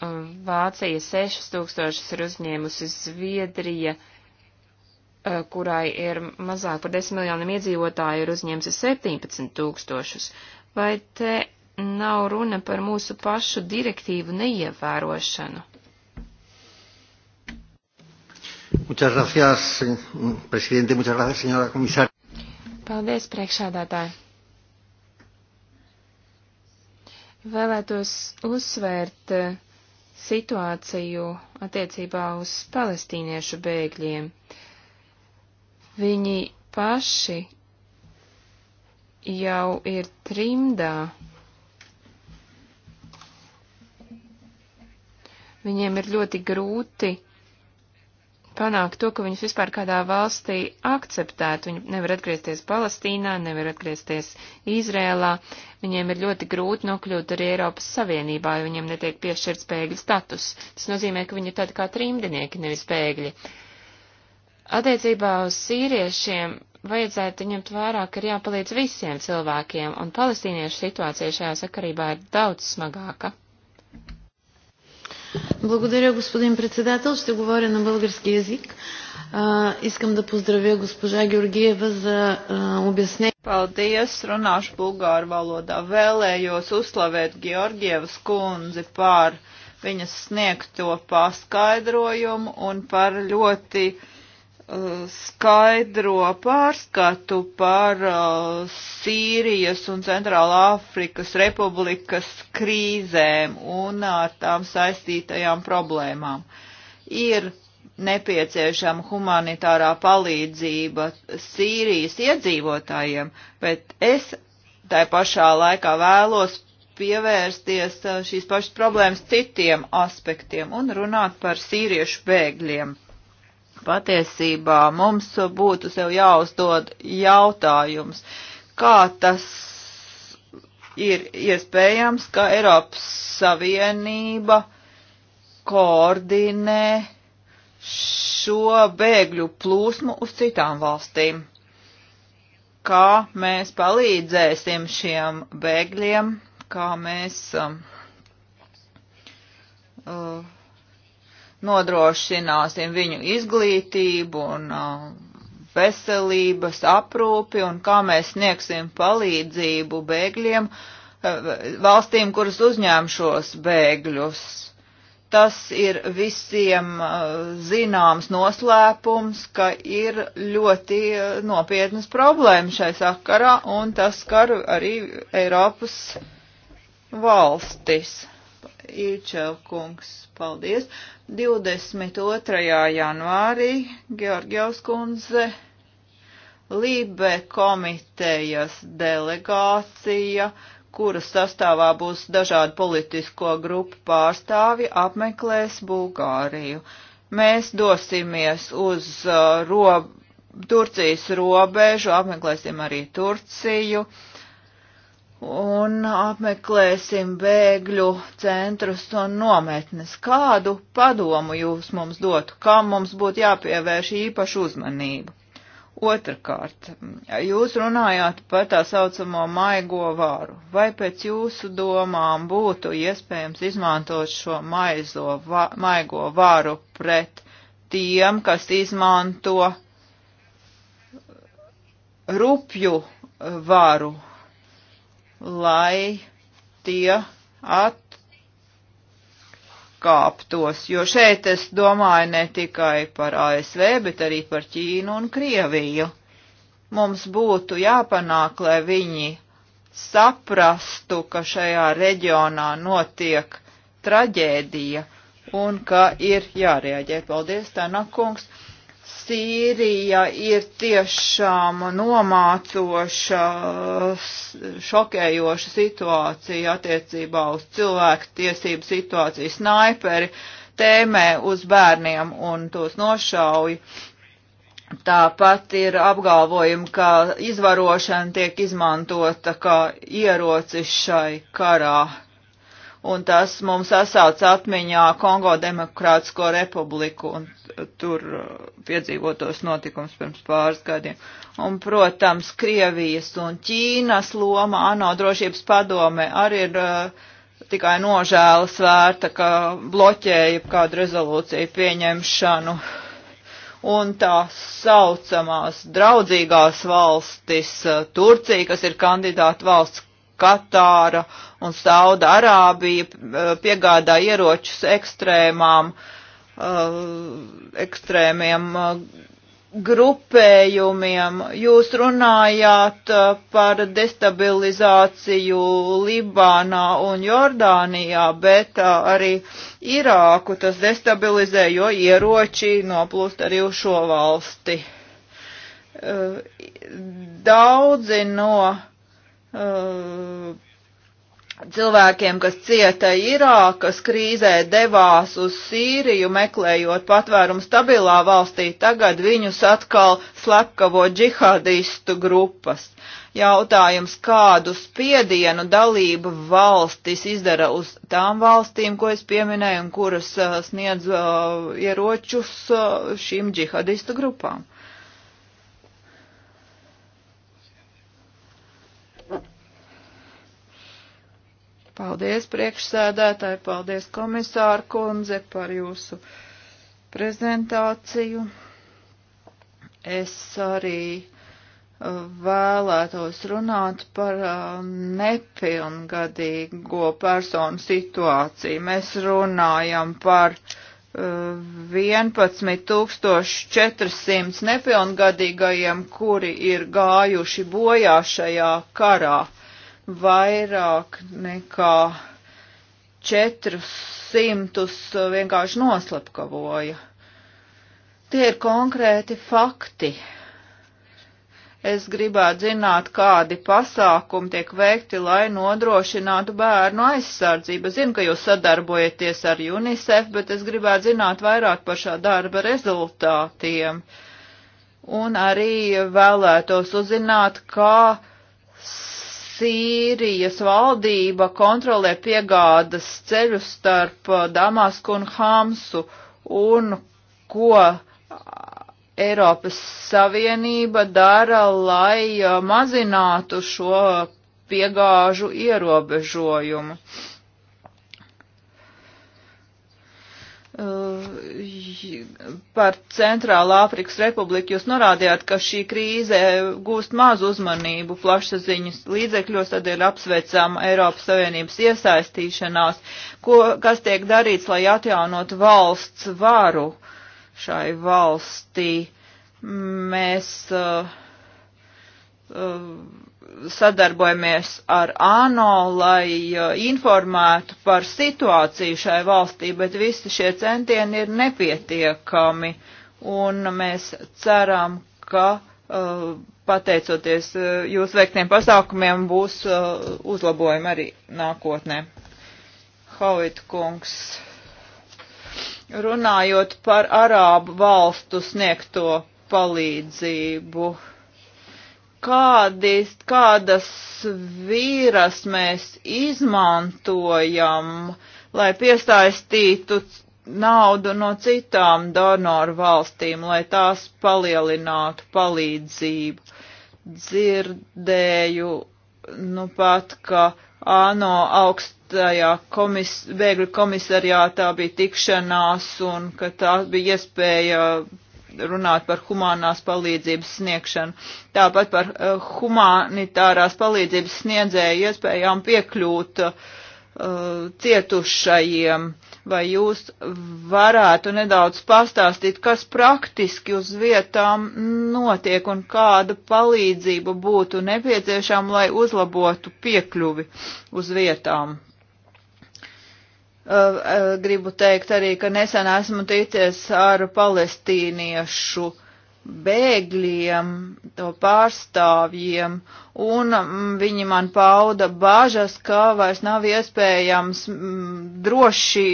A: Vācija 6000 ir uzņēmusi Zviedrija, kurai ir mazāk par 10 miljoniem iedzīvotāju, ir uzņēmusi 17 tūkstošus. Vai te nav runa par mūsu pašu direktīvu neievērošanu?
B: Muchas gracias, presidente. Muchas gracias, señora komisāra.
A: Paldies, priekšādātāji. Vēlētos uzsvērt uh, situāciju attiecībā uz palestīniešu bēgļiem. Viņi paši jau ir trimdā. Viņiem ir ļoti grūti panākt to, ka viņus vispār kādā valstī akceptētu. Viņi nevar atgriezties Palestīnā, nevar atgriezties Izrēlā. Viņiem ir ļoti grūti nokļūt arī Eiropas Savienībā, jo viņiem netiek piešķirts bēgļu status. Tas nozīmē, ka viņi ir tādi kā trimdinieki, nevis bēgļi. Attiecībā uz sīriešiem vajadzētu ņemt vērā, ka ir jāpalīdz visiem cilvēkiem, un palestīniešu situācija šajā sakarībā ir daudz smagāka.
B: Благодаря, господин председател. Ще говоря на български язик. А, искам да поздравя госпожа Георгиева за а, обяснение. Paldies, runāšu bulgāru valodā. Vēlējos uzslavēt Georgievas kundzi par viņas sniegto paskaidrojumu un par ļoti uh, skaidro pārskatu par uh, Sīrijas un Centrālā Afrikas Republikas krīzēm un ar uh, tām saistītajām problēmām. Ir nepieciešama humanitārā palīdzība Sīrijas iedzīvotājiem, bet es tai pašā laikā vēlos pievērsties uh, šīs pašas problēmas citiem aspektiem un runāt par sīriešu bēgļiem patiesībā mums būtu sev jāuzdod jautājums, kā tas ir iespējams, ka Eiropas Savienība koordinē šo bēgļu plūsmu uz citām valstīm. Kā mēs palīdzēsim šiem bēgļiem, kā mēs um, uh, nodrošināsim viņu izglītību un uh, veselības aprūpi un kā mēs sniegsim palīdzību bēgļiem uh, valstīm, kuras uzņēm šos bēgļus. Tas ir visiem uh, zināms noslēpums, ka ir ļoti nopietnas problēmas šai sakarā, un tas skar arī Eiropas valstis. Ilčevkungs, paldies. 22. janvārī Georgievs kundze Lībe komitejas delegācija, kuras sastāvā būs dažādu politisko grupu pārstāvi, apmeklēs Bulgāriju. Mēs dosimies uz uh, ro Turcijas robežu, apmeklēsim arī Turciju. Uh, un apmeklēsim bēgļu centrus un nometnes. Kādu padomu jūs mums dotu, kam mums būtu jāpievērš īpašu uzmanību? Otrakārt, jūs runājāt par tā saucamo maigo varu. Vai pēc jūsu domām būtu iespējams izmantot šo maizo, va, maigo varu pret tiem, kas izmanto rupju varu lai tie atkāptos, jo šeit es domāju ne tikai par ASV, bet arī par Ķīnu un Krieviju. Mums būtu jāpanāk, lai viņi saprastu, ka šajā reģionā notiek traģēdija un ka ir jārēģē. Paldies, Tēnakungs! Sīrija ir tiešām nomācoša, šokējoša situācija attiecībā uz cilvēku tiesību situāciju. Snaiperi tēmē uz bērniem un tos nošauj. Tāpat ir apgalvojumi, ka izvarošana tiek izmantota kā ierocis šai karā un tas mums sasauc atmiņā Kongo Demokrātisko republiku un tur uh, piedzīvotos notikums pirms pāris gadiem. Un, protams, Krievijas un Ķīnas loma ANO drošības padome arī ir uh, tikai nožēlas vērta, ka bloķēja kādu rezolūciju pieņemšanu. Un tā saucamās draudzīgās valstis, uh, Turcija, kas ir kandidāta valsts Katāra un Sauda Arābija eh, piegādā ieročus ekstrēmām, eh, ekstrēmiem eh, grupējumiem. Jūs runājāt par destabilizāciju Libānā un Jordānijā, bet arī Irāku tas destabilizē, jo ieroči noplūst arī uz šo valsti. Daudzi no uh, cilvēkiem, kas cieta Irākas krīzē, devās uz Sīriju, meklējot patvērumu stabilā valstī, tagad viņus atkal slepkavo džihadistu grupas. Jautājums, kādu spiedienu dalība valstis izdara uz tām valstīm, ko es pieminēju, un kuras uh, sniedz uh, ieročus uh, šīm džihadistu grupām? Paldies priekšsēdētāji, paldies komisāra kundze par jūsu prezentāciju. Es arī uh, vēlētos runāt par uh, nepilngadīgo personu situāciju. Mēs runājam par 11400 uh, nepilngadīgajiem, kuri ir gājuši bojā šajā karā vairāk nekā 400 vienkārši noslepkavoja. Tie ir konkrēti fakti. Es gribētu zināt, kādi pasākumi tiek veikti, lai nodrošinātu bērnu aizsardzību. Zinu, ka jūs sadarbojaties ar UNICEF, bet es gribētu zināt vairāk par šā darba rezultātiem. Un arī vēlētos uzzināt, kā Sīrijas valdība kontrolē piegādas ceļu starp uh, Damasku un Hamsu un ko Eiropas Savienība dara, lai uh, mazinātu šo piegāžu ierobežojumu. Uh, Uh, par Centrālā Āfrikas Republiku. Jūs norādījāt, ka šī krīze gūst mazu uzmanību plašsaziņas līdzekļos, tad ir apsveicama Eiropas Savienības iesaistīšanās, ko, kas tiek darīts, lai atjaunot valsts varu šai valstī. Mēs uh, uh, sadarbojamies ar ANO, lai uh, informētu par situāciju šai valstī, bet visi šie centieni ir nepietiekami, un mēs ceram, ka uh, pateicoties uh, jūsu veiktiem pasākumiem būs uzlabojumi arī nākotnē. Hovit kungs runājot par arābu valstu sniegto palīdzību kādi, kādas vīras mēs izmantojam, lai piesaistītu naudu no citām donoru valstīm, lai tās palielinātu palīdzību. Dzirdēju, nu pat, ka ANO augstajā komis, bēgļu komisariātā bija tikšanās un ka tā bija iespēja runāt par humanās palīdzības sniegšanu, tāpat par eh, humanitārās palīdzības sniedzēju iespējām piekļūt uh, cietušajiem. Vai jūs varētu nedaudz pastāstīt, kas praktiski uz vietām notiek un kāda palīdzība būtu nepieciešama, lai uzlabotu piekļuvi uz vietām? Eh, gribu teikt arī, ka nesen esmu ticies ar palestīniešu bēgļiem, to pārstāvjiem, un mm, viņi man pauda bažas, ka vairs nav iespējams mm, droši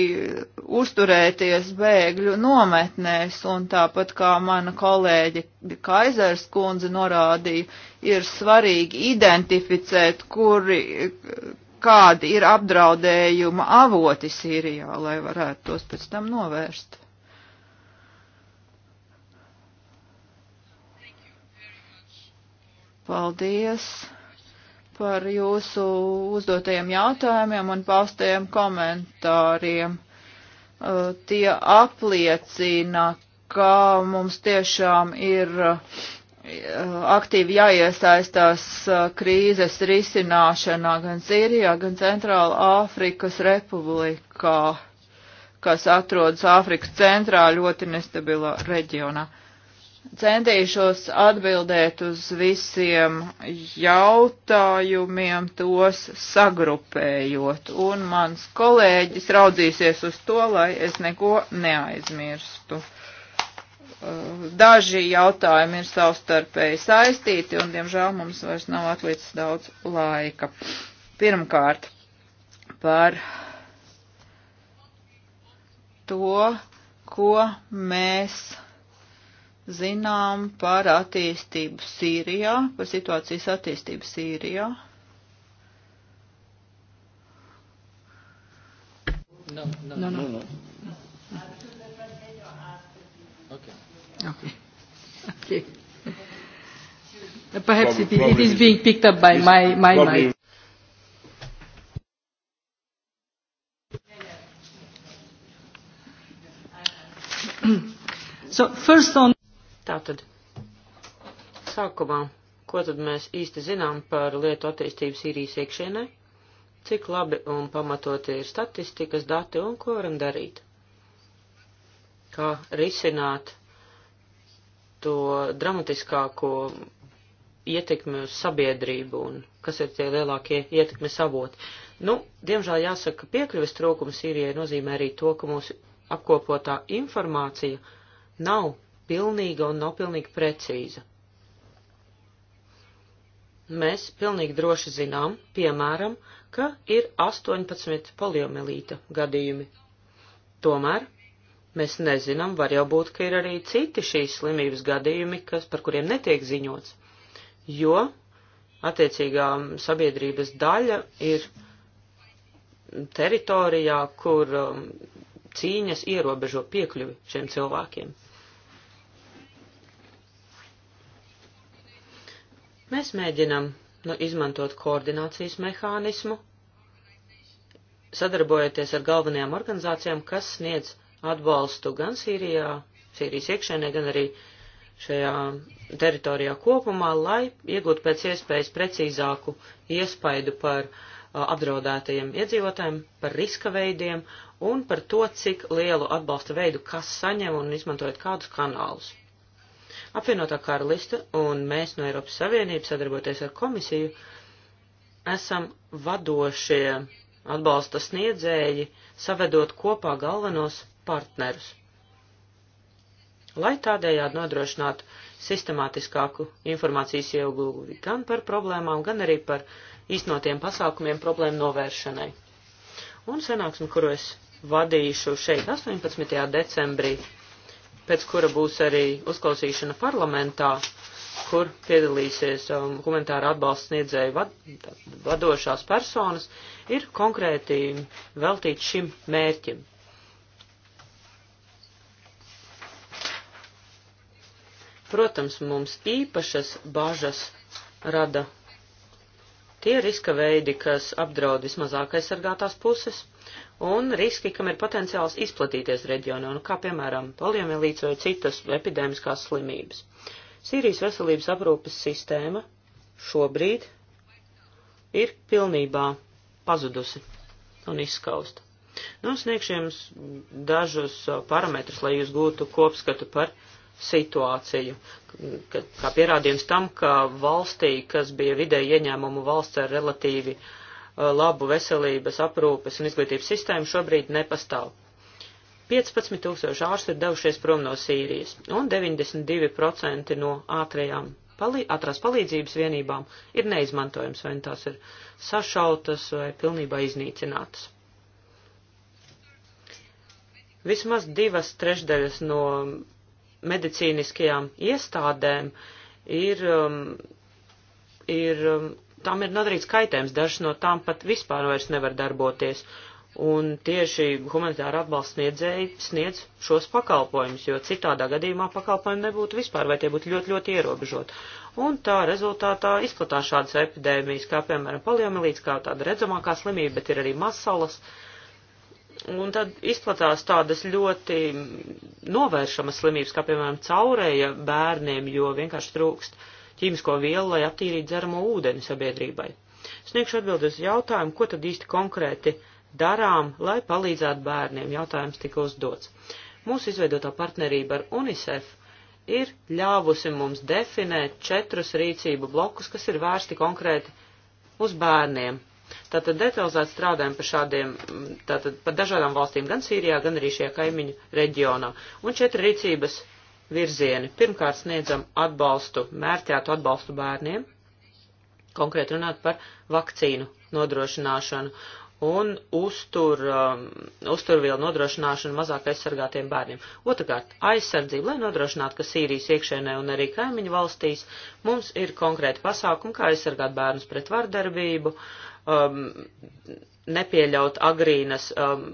B: uzturēties bēgļu nometnēs, un tāpat kā mana kolēģe Kaizers kundze norādīja, ir svarīgi identificēt, kuri, kādi ir apdraudējuma avoti Sīrijā, lai varētu tos pēc tam novērst. Paldies par jūsu uzdotajiem jautājumiem un paustajiem komentāriem. Uh, tie apliecina, ka mums tiešām ir uh, aktīvi jāiesaistās uh, krīzes risināšanā gan Sīrijā, gan Centrāla Āfrikas Republikā, kas atrodas Āfrikas centrā ļoti nestabilā reģionā. Centīšos atbildēt uz visiem jautājumiem, tos sagrupējot, un mans kolēģis raudzīsies uz to, lai es neko neaizmirstu. Eh, daži jautājumi ir savstarpēji saistīti, un, diemžēl, mums vairs nav atlicis daudz laika. Pirmkārt, par to, ko mēs zinām par attīstību Sīrijā, par situācijas attīstību Sīrijā.
A: No, no, no. no. no, no.
B: Okay. Okay. (laughs) Okay. Perhaps probably, it, probably, it is being picked up by my, my probably. mic.
C: (coughs) So first on... Tātad, sākumā, ko tad mēs īsti zinām par lietu attīstību Sīrijas iekšienē? Cik labi un pamatoti ir statistikas dati un ko varam darīt? Kā risināt to dramatiskāko ietekmi uz sabiedrību un kas ir tie lielākie ietekmes avoti. Nu, diemžēl jāsaka, ka piekļuves trūkums Sīrijai nozīmē arī to, ka mūsu apkopotā informācija nav pilnīga un nav pilnīgi precīza. Mēs pilnīgi droši zinām, piemēram, ka ir 18 poliomelīta gadījumi. Tomēr Mēs nezinām, var jau būt, ka ir arī citi šīs slimības gadījumi, kas, par kuriem netiek ziņots, jo attiecīgā sabiedrības daļa ir teritorijā, kur um, cīņas ierobežo piekļuvi šiem cilvēkiem. Mēs mēģinam nu, izmantot koordinācijas mehānismu, sadarbojoties ar galvenajām organizācijām, kas sniedz atbalstu gan Sīrijā, Sīrijas iekšēnē, gan arī šajā teritorijā kopumā, lai iegūtu pēc iespējas precīzāku iespaidu par apdraudētajiem iedzīvotājiem, par riska veidiem un par to, cik lielu atbalsta veidu kas saņem un izmantojot kādus kanālus. Apvienotā karaliste un mēs no Eiropas Savienības sadarboties ar komisiju esam vadošie atbalsta sniedzēji, savedot kopā galvenos partnerus, lai tādējādi nodrošinātu sistemātiskāku informācijas ieguvi gan par problēmām, gan arī par īstenotiem pasākumiem problēmu novēršanai. Un sanāksmi, kuru es vadīšu šeit 18. decembrī, pēc kura būs arī uzklausīšana parlamentā, kur piedalīsies um, humanitāra atbalsts sniedzēju vad, vadošās personas, ir konkrēti veltīts šim mērķim. Protams, mums īpašas bažas rada tie riska veidi, kas apdraud vismazāk aizsargātās puses, un riski, kam ir potenciāls izplatīties reģionā, nu, kā piemēram poliomielīts vai citas epidēmiskās slimības. Sīrijas veselības aprūpes sistēma šobrīd ir pilnībā pazudusi un izskausta. Nu, sniegšu jums dažus uh, parametrus, lai jūs gūtu kopskatu par situāciju, ka, kā pierādījums tam, ka valstī, kas bija vidēji ieņēmumu valsts ar relatīvi uh, labu veselības aprūpes un izglītības sistēmu, šobrīd nepastāv. 15 tūkstoši ārstu ir devušies prom no Sīrijas, un 92% no ātrajām palī ātrās palīdzības vienībām ir neizmantojams, vai nu tās ir sašautas vai pilnībā iznīcinātas. Vismaz divas trešdaļas no medicīniskajām iestādēm ir, um, ir, um, tam ir nodarīts kaitējums, dažas no tām pat vispār vairs nevar darboties. Un tieši humanitāra atbalsts sniedzēji sniedz šos pakalpojumus, jo citādā gadījumā pakalpojumi nebūtu vispār, vai tie būtu ļoti, ļoti ierobežot. Un tā rezultātā izplatās šādas epidēmijas, kā piemēram poliomielīts, kā tāda redzamākā slimība, bet ir arī masalas. Uh, Un tad izplatās tādas ļoti novēršamas slimības, kā piemēram caurēja bērniem, jo vienkārši trūkst ķīmisko vielu, lai attīrītu dzeramo ūdeni sabiedrībai. Sniegšu atbildi uz jautājumu, ko tad īsti konkrēti darām, lai palīdzētu bērniem. Jautājums tika uzdots. Mūsu izveidotā partnerība ar UNICEF ir ļāvusi mums definēt četrus rīcību blokus, kas ir vērsti konkrēti uz bērniem Tātad detalizēt strādājam par šādiem, mm, tātad par dažādām valstīm gan Sīrijā, gan arī šajā kaimiņu reģionā. Un četri rīcības virzieni. Pirmkārt sniedzam atbalstu, mērķētu atbalstu bērniem, konkrēt runāt par vakcīnu nodrošināšanu un uztur, um, uzturvielu nodrošināšanu mazāk aizsargātiem bērniem. Otrakārt, aizsardzību, lai nodrošinātu, ka Sīrijas iekšēnē un arī kaimiņu valstīs mums ir konkrēti pasākumi, kā aizsargāt bērnus pret vardarbību, uh, um, nepieļaut agrīnas um,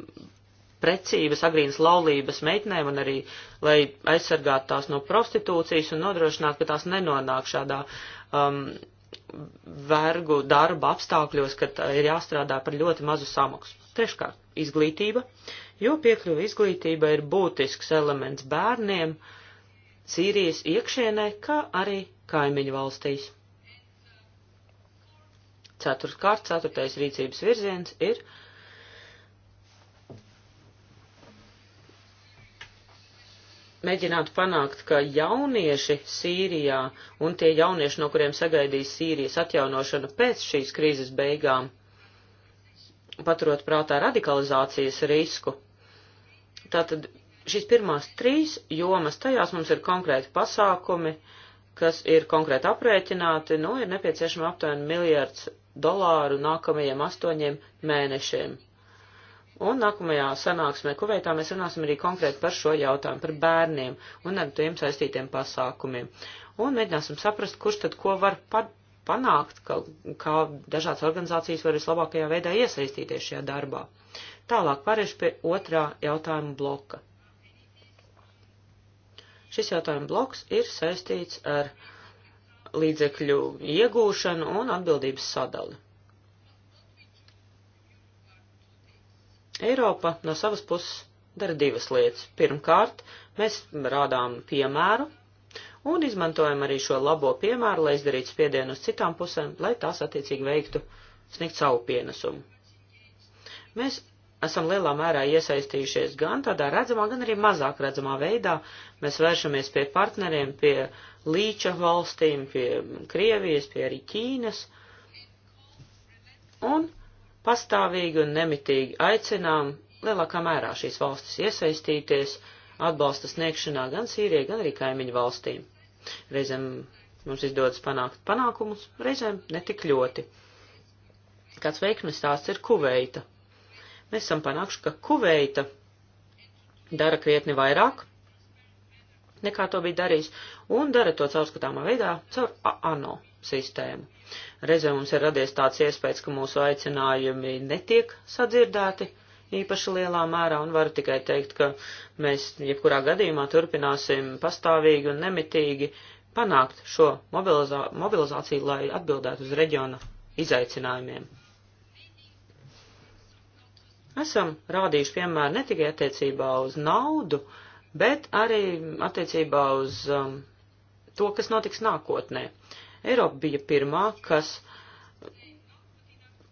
C: precības, agrīnas laulības meitnēm un arī, lai aizsargātu tās no prostitūcijas un nodrošinātu, ka tās nenonāk šādā um, vergu darba apstākļos, kad ir jāstrādā par ļoti mazu samaksu. Treškārt, izglītība, jo piekļuva izglītība ir būtisks elements bērniem Sīrijas iekšienē, kā arī kaimiņu valstīs. Ceturtkārt, ceturtais rīcības virziens ir mēģināt panākt, ka jaunieši Sīrijā un tie jaunieši, no kuriem sagaidīs Sīrijas atjaunošanu pēc šīs krīzes beigām, paturot prātā radikalizācijas risku. Tātad šīs pirmās trīs jomas, tajās mums ir konkrēti pasākumi, kas ir konkrēti aprēķināti, nu, ir nepieciešama aptuveni miljards dolāru nākamajiem astoņiem mēnešiem. Un nākamajā sanāksmē Kuveitā mēs runāsim arī konkrēti par šo jautājumu, par bērniem un ar tiem saistītiem pasākumiem. Un mēģināsim saprast, kurš tad ko var pat panākt, ka, kā dažādas organizācijas var vislabākajā veidā iesaistīties šajā darbā. Tālāk pāriešu pie otrā jautājuma bloka. Šis jautājuma bloks ir saistīts ar uh, līdzekļu iegūšanu un atbildības sadali. Eiropa no savas puses dara divas lietas. Pirmkārt, mēs rādām piemēru un izmantojam arī šo labo piemēru, lai izdarītu spiedienu uz citām pusēm, lai tās attiecīgi veiktu sniegt savu pienesumu. Mēs esam lielā mērā iesaistījušies gan tādā redzamā, gan arī mazāk redzamā veidā. Mēs vēršamies pie partneriem, pie līča valstīm, pie Krievijas, pie arī Ķīnas. Un pastāvīgi un nemitīgi aicinām lielākā mērā šīs valstis iesaistīties atbalsta sniegšanā gan Sīrijai, gan arī kaimiņu valstīm. Reizēm mums izdodas panākt panākumus, reizēm netik ļoti. Kāds veiksmes stāsts ir Kuveita, Mēs esam panākuši, ka Kuveita dara krietni vairāk nekā to bija darījis un dara to caurskatāmā veidā caur ANO sistēmu. Reizēm mums ir radies tāds iespējas, ka mūsu aicinājumi netiek sadzirdēti īpaši lielā mērā, un varu tikai teikt, ka mēs jebkurā gadījumā turpināsim pastāvīgi un nemitīgi panākt šo mobilizā mobilizāciju, lai atbildētu uz reģiona izaicinājumiem. Esam rādījuši piemēru ne tikai attiecībā uz naudu, bet arī attiecībā uz um, to, kas notiks nākotnē. Eiropa bija pirmā, kas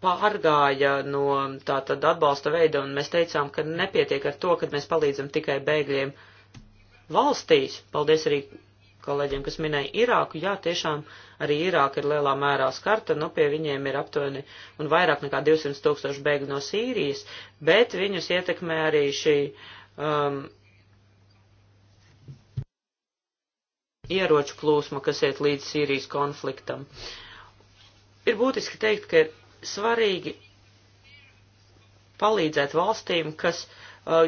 C: pārgāja no tā tad atbalsta veida, un mēs teicām, ka nepietiek ar to, kad mēs palīdzam tikai bēgļiem valstīs. Paldies arī kolēģiem, kas minēja Irāku, jā, tiešām arī Irāka ir lielā mērā skarta, nu pie viņiem ir aptuveni un vairāk nekā 200 tūkstoši bēgļu no Sīrijas, bet viņus ietekmē arī šī um, ieroču plūsma, kas iet līdz Sīrijas konfliktam. Ir būtiski teikt, ka ir svarīgi palīdzēt valstīm, kas, uh,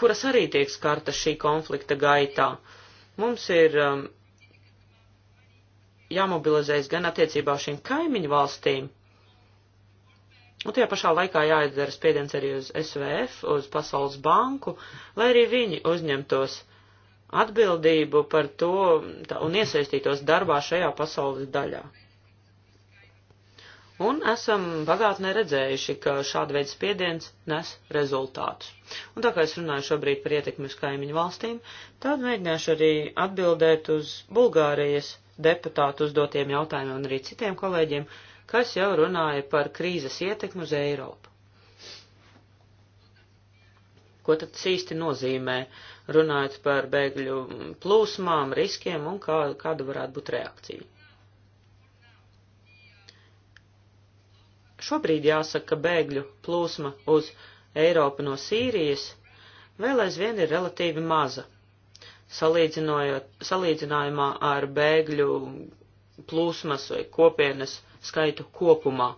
C: kuras arī tiek skarta šī konflikta gaitā. Uh, Mums ir um, jāmobilizējas gan attiecībā uz šīm kaimiņu valstīm, un tajā pašā laikā jāizdara spiediens arī uz SVF, uz Pasaules banku, lai arī viņi uzņemtos atbildību par to tā, un iesaistītos darbā šajā pasaules daļā. Un esam pagātnē redzējuši, ka šāda veida spiediens nes rezultātus. Un tā kā es runāju šobrīd par ietekmi uz kaimiņu valstīm, tad mēģināšu arī atbildēt uz Bulgārijas deputātu uzdotiem jautājumiem un arī citiem kolēģiem, kas jau runāja par krīzes ietekmi uz Eiropu. Ko tad īsti nozīmē runājot par bēgļu plūsmām, riskiem un kā, kāda varētu būt reakcija? Šobrīd jāsaka, ka bēgļu plūsma uz Eiropu no Sīrijas vēl aizvien ir relatīvi maza. Salīdzinājumā ar bēgļu plūsmas vai kopienas skaitu kopumā.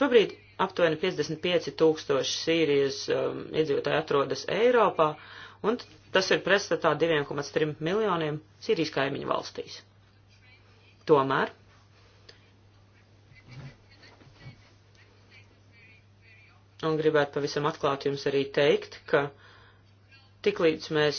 C: Šobrīd aptuveni 55 tūkstoši Sīrijas um, iedzīvotāji atrodas Eiropā, un tas ir pretstatā 2,3 miljoniem Sīrijas kaimiņu valstīs. Tomēr Un gribētu pavisam atklāt jums arī teikt, ka tiklīdz mēs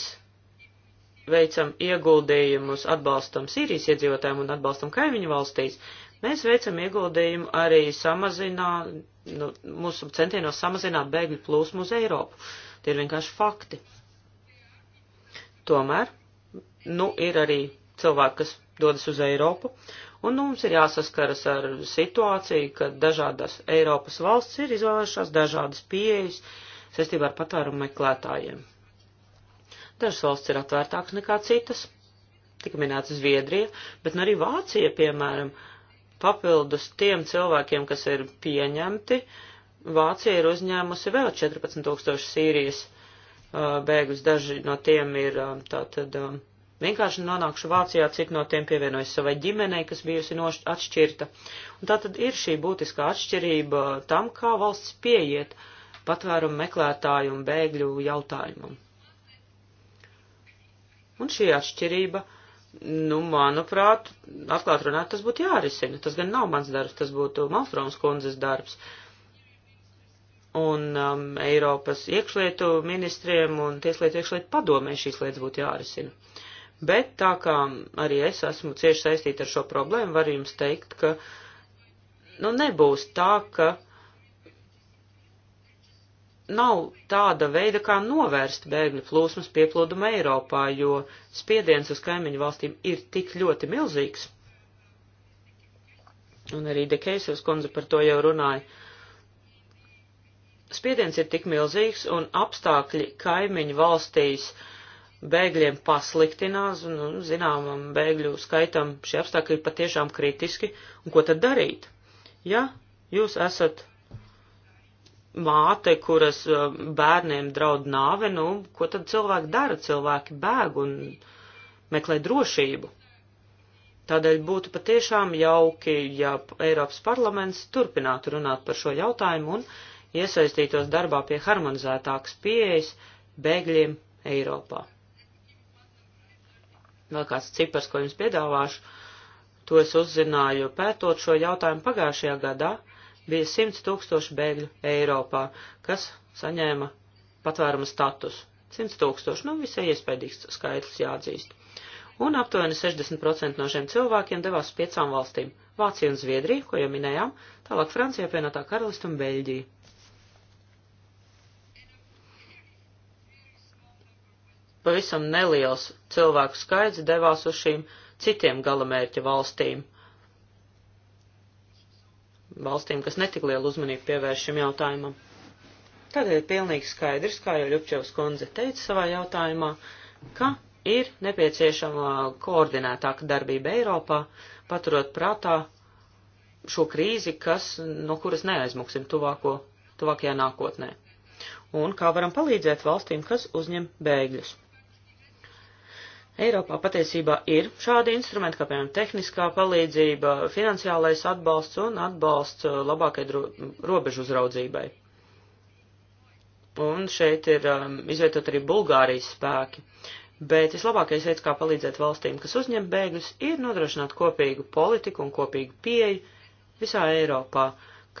C: veicam ieguldījumus, atbalstam Sīrijas iedzīvotājiem un atbalstam kaimiņu valstīs, mēs veicam ieguldījumu arī samazināt, nu, mūsu centienos samazināt bēgļu plūsmu uz Eiropu. Tie ir vienkārši fakti. Tomēr, nu, ir arī cilvēki, kas dodas uz Eiropu, Un nu, mums ir jāsaskaras ar situāciju, ka dažādas Eiropas valsts ir izvēlējušās dažādas pieejas saistībā ar patvērumu meklētājiem. Dažas valsts ir atvērtākas nekā citas, tika minēts Zviedrija, bet nu arī Vācija, piemēram, papildus tiem cilvēkiem, kas ir pieņemti, Vācija ir uzņēmusi vēl 14 tūkstoši Sīrijas uh, bēgus, daži no tiem ir um, tātad. Um, vienkārši nonākšu Vācijā, cik no tiem pievienojas savai ģimenei, kas bijusi nošķ, atšķirta. Un tā tad ir šī būtiskā atšķirība tam, kā valsts pieiet patvērumu meklētāju un bēgļu jautājumam. Un šī atšķirība, nu, manuprāt, atklāt runāt, tas būtu jārisina. Tas gan nav mans darbs, tas būtu Malfrons kundzes darbs. Un um, Eiropas iekšlietu ministriem un tieslietu iekšlietu padomē šīs lietas būtu jārisina bet tā kā arī es esmu cieši saistīta ar šo problēmu, varu jums teikt, ka nu, nebūs tā, ka nav tāda veida, kā novērst bēgļu plūsmas pieplūdumu Eiropā, jo spiediens uz kaimiņu valstīm ir tik ļoti milzīgs. Un arī Dekeisevs kundze par to jau runāja. Spiediens ir tik milzīgs un apstākļi kaimiņu valstīs uh, bēgļiem pasliktinās, un, un zināmam bēgļu skaitam šie apstākļi ir patiešām kritiski, un ko tad darīt? Ja jūs esat māte, kuras uh, bērniem draud nāve, nu, ko tad cilvēki dara? Cilvēki bēg un meklē drošību. Tādēļ būtu patiešām jauki, ja Eiropas parlaments turpinātu runāt par šo jautājumu un iesaistītos darbā pie harmonizētākas pieejas bēgļiem Eiropā vēl kāds cipars, ko jums piedāvāšu, to es uzzināju pētot šo jautājumu pagājušajā gadā, bija 100 tūkstoši bēgļu Eiropā, kas saņēma patvēruma statusu. 100 tūkstoši, nu visai iespējīgs skaitlis jāatzīst. Un aptuveni 60% no šiem cilvēkiem devās piecām valstīm - Vācija un Zviedrija, ko jau minējām, tālāk Francija, apvienotā karalista un Beļģija. pavisam neliels cilvēku skaits devās uz šīm citiem galamērķa valstīm. Valstīm, kas netik lielu uzmanību pievērš šim jautājumam. Tādēļ ir pilnīgi skaidrs, kā jau Ļupčevs kundze teica savā jautājumā, ka ir nepieciešama koordinētāka darbība Eiropā, paturot prātā šo krīzi, kas, no kuras neaizmuksim tuvāko, tuvākajā nākotnē. Un kā varam palīdzēt valstīm, kas uzņem bēgļus. Eiropā patiesībā ir šādi instrumenti, kā piemēram tehniskā palīdzība, finansiālais atbalsts un atbalsts uh, labākai robežu uzraudzībai. Un šeit ir um, izvietot arī Bulgārijas spēki. Bet vislabākais veids, kā palīdzēt valstīm, kas uzņem bēgļus, ir nodrošināt kopīgu politiku un kopīgu pieeju visā Eiropā,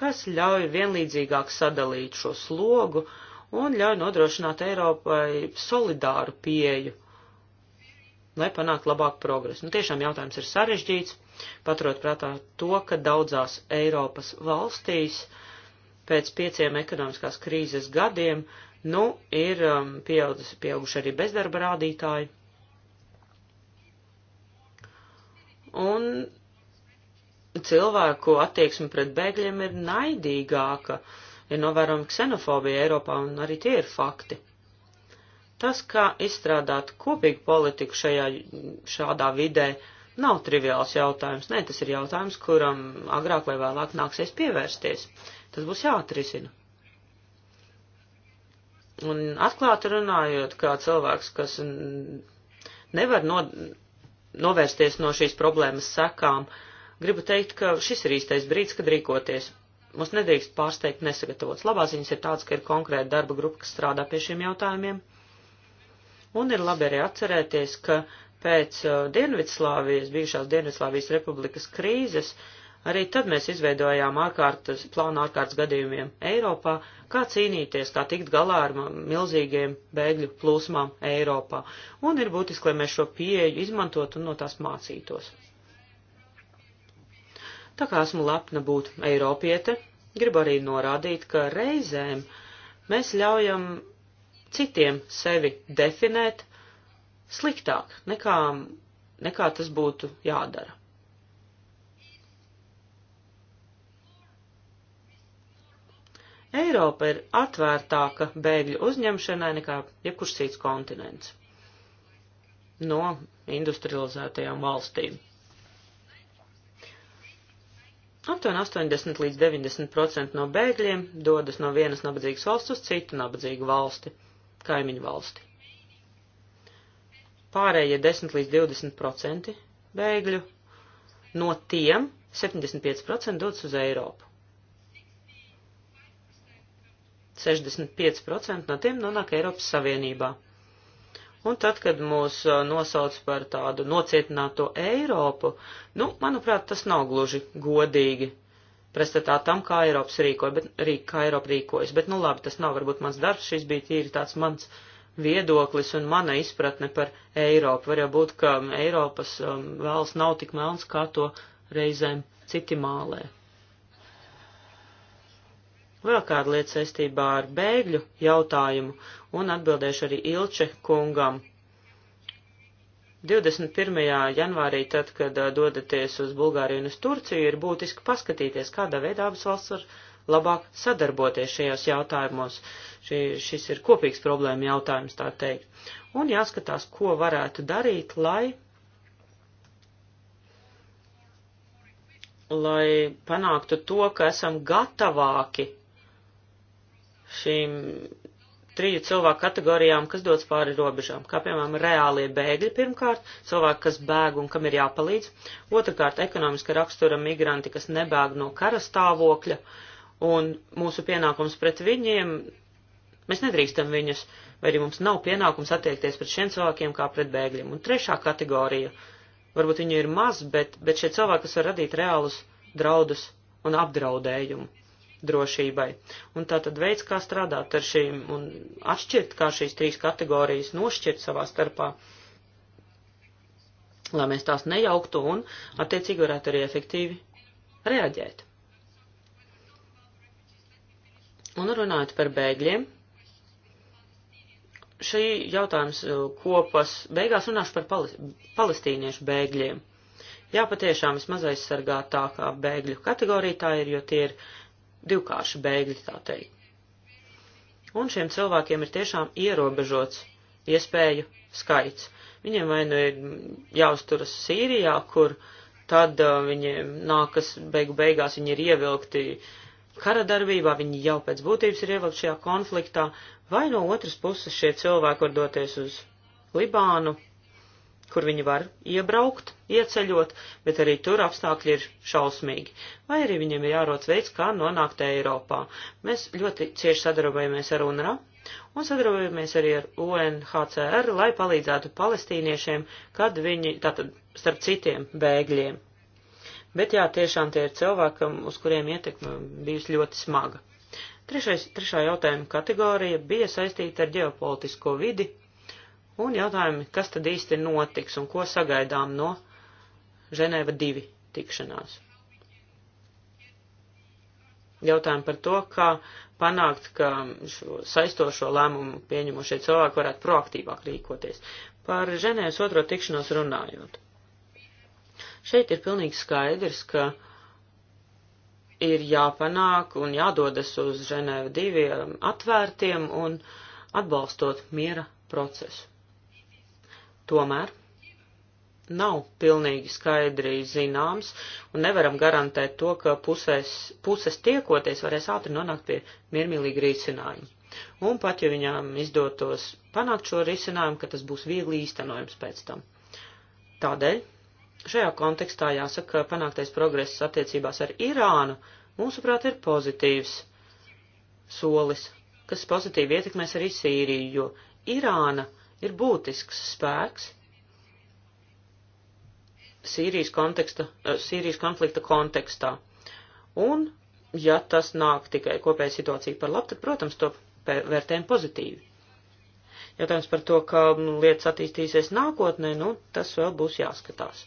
C: kas ļauj vienlīdzīgāk sadalīt šo slogu un ļauj nodrošināt Eiropai solidāru pieeju lai panāktu labāku progresu. Nu, tiešām jautājums ir sarežģīts, paturot prātā to, ka daudzās Eiropas valstīs pēc pieciem ekonomiskās krīzes gadiem, nu, ir um, pieauguši, pieauguši arī bezdarba rādītāji. Un cilvēku attieksme pret bēgļiem ir naidīgāka, ir novērojama ksenofobija Eiropā, un arī tie ir fakti. Tas, kā izstrādāt kopīgu politiku šajā, šādā vidē, nav triviāls jautājums. Nē, tas ir jautājums, kuram agrāk vai vēlāk nāksies pievērsties. Tas būs jāatrisina. Un atklāti runājot, kā cilvēks, kas nevar no, novērsties no šīs problēmas sekām, gribu teikt, ka šis ir īstais brīdis, kad rīkoties. Mums nedrīkst pārsteigt nesagatavots. Labā ziņas ir tāds, ka ir konkrēta darba grupa, kas strādā pie šiem jautājumiem. Un ir labi arī atcerēties, ka pēc uh, Dienvidslāvijas, bijušās Dienvidslāvijas republikas krīzes, arī tad mēs izveidojām ārkārtas, plānu ārkārtas gadījumiem Eiropā, kā cīnīties, kā tikt galā ar milzīgiem bēgļu plūsmām Eiropā. Un ir būtiski, lai mēs šo pieeju izmantotu un no tās mācītos. Tā kā esmu lepna būt Eiropiete, gribu arī norādīt, ka reizēm mēs ļaujam citiem sevi definēt sliktāk, nekā, nekā tas būtu jādara. Eiropa ir atvērtāka bēgļu uzņemšanai nekā jebkurš cits kontinents no industrializētajām valstīm. Aptuveni 80 līdz 90% no bēgļiem dodas no vienas nabadzīgas valsts uz citu nabadzīgu valsti kaimiņu valsti. Pārējie 10 līdz 20% bēgļu no tiem 75% dodas uz Eiropu. 65% no tiem nonāk Eiropas Savienībā. Un tad, kad mūs uh, nosauc par tādu nocietināto Eiropu, nu, manuprāt, tas nav gluži godīgi prestatā tam, kā Eiropas rīkoja, bet, rī, kā Eiropa rīkojas. Bet, nu labi, tas nav varbūt mans darbs, šis bija tīri tāds mans viedoklis un mana izpratne par Eiropu. Var jau būt, ka um, Eiropas um, vēls nav tik melns, kā to reizēm citi mālē. Vēl kāda lieta saistībā ar bēgļu jautājumu un atbildēšu arī Ilče kungam 21. janvārī, tad, kad dodaties uz Bulgāriju un uz Turciju, ir būtiski paskatīties, kādā veidā abas valsts var labāk sadarboties šajos jautājumos. Šī, šis ir kopīgs problēma jautājums, tā teikt. Un jāskatās, ko varētu darīt, lai, lai panāktu to, ka esam gatavāki šīm triju cilvēku kategorijām, kas dodas pāri robežām, kā piemēram reālie bēgļi pirmkārt, cilvēki, kas bēg un kam ir jāpalīdz, otrkārt ekonomiska rakstura migranti, kas nebēg no kara stāvokļa, un mūsu pienākums pret viņiem, mēs nedrīkstam viņus, vai arī mums nav pienākums attiekties pret šiem cilvēkiem kā pret bēgļiem. Un trešā kategorija, varbūt viņu ir maz, bet, bet šie cilvēki, kas var radīt reālus draudus un apdraudējumu drošībai. Un tā tad veids, kā strādāt ar šīm un atšķirt, kā šīs trīs kategorijas nošķirt savā starpā, lai mēs tās nejauktu un attiecīgi varētu arī efektīvi reaģēt. Un runājot par bēgļiem, šī jautājums uh, kopas beigās runāšu par palestīniešu bēgļiem. Jā, patiešām vismaz aizsargātākā bēgļu kategorija tā ir, jo tie ir uh, divkārši bēgļi, tā teikt. Un šiem cilvēkiem ir tiešām ierobežots iespēju skaits. Viņiem vai nu ir jāuzturas Sīrijā, kur tad uh, viņiem nākas beigu beigās, viņi ir ievilkti kara darbībā, viņi jau pēc būtības ir ievilkti šajā konfliktā, vai no otras puses šie cilvēki var doties uz Libānu, kur viņi var iebraukt, ieceļot, bet arī tur apstākļi ir šausmīgi. Vai arī viņiem ir jāroc veids, kā nonākt Eiropā. Mēs ļoti cieši sadarbojamies ar UNRA un sadarbojamies arī ar UNHCR, lai palīdzētu palestīniešiem, kad viņi, tātad starp citiem bēgļiem. Bet jā, tiešām tie ir cilvēkam, uz kuriem ietekme bijusi ļoti smaga. Trešais, trešā jautājuma kategorija bija saistīta ar ģeopolitisko vidi Un jautājumi, kas tad īsti notiks un ko sagaidām no Ženēva 2 tikšanās. Jautājumi par to, kā panākt, ka šo saistošo lēmumu pieņemošie cilvēki varētu proaktīvāk rīkoties. Par Ženēvas otro tikšanos runājot. Šeit ir pilnīgi skaidrs, ka ir jāpanāk un jādodas uz Ženēvu diviem um, atvērtiem un atbalstot miera procesu. Tomēr nav pilnīgi skaidri zināms un nevaram garantēt to, ka pusēs, puses tiekoties varēs ātri nonākt pie miermīlīga risinājuma. Un pat ja viņām izdotos panākt šo risinājumu, ka tas būs viegli īstenojams pēc tam. Tādēļ šajā kontekstā jāsaka, ka panāktais progress attiecībās ar Irānu mūsuprāt ir pozitīvs solis, kas pozitīvi ietekmēs arī Sīriju, jo Irāna ir būtisks spēks Sīrijas, konteksta, eh, Sīrijas konflikta kontekstā. Un, ja tas nāk tikai kopēja situācija par labu, tad, protams, to vērtējam pozitīvi. Jautājums par to, kā nu, lietas attīstīsies nākotnē, nu, tas vēl būs jāskatās.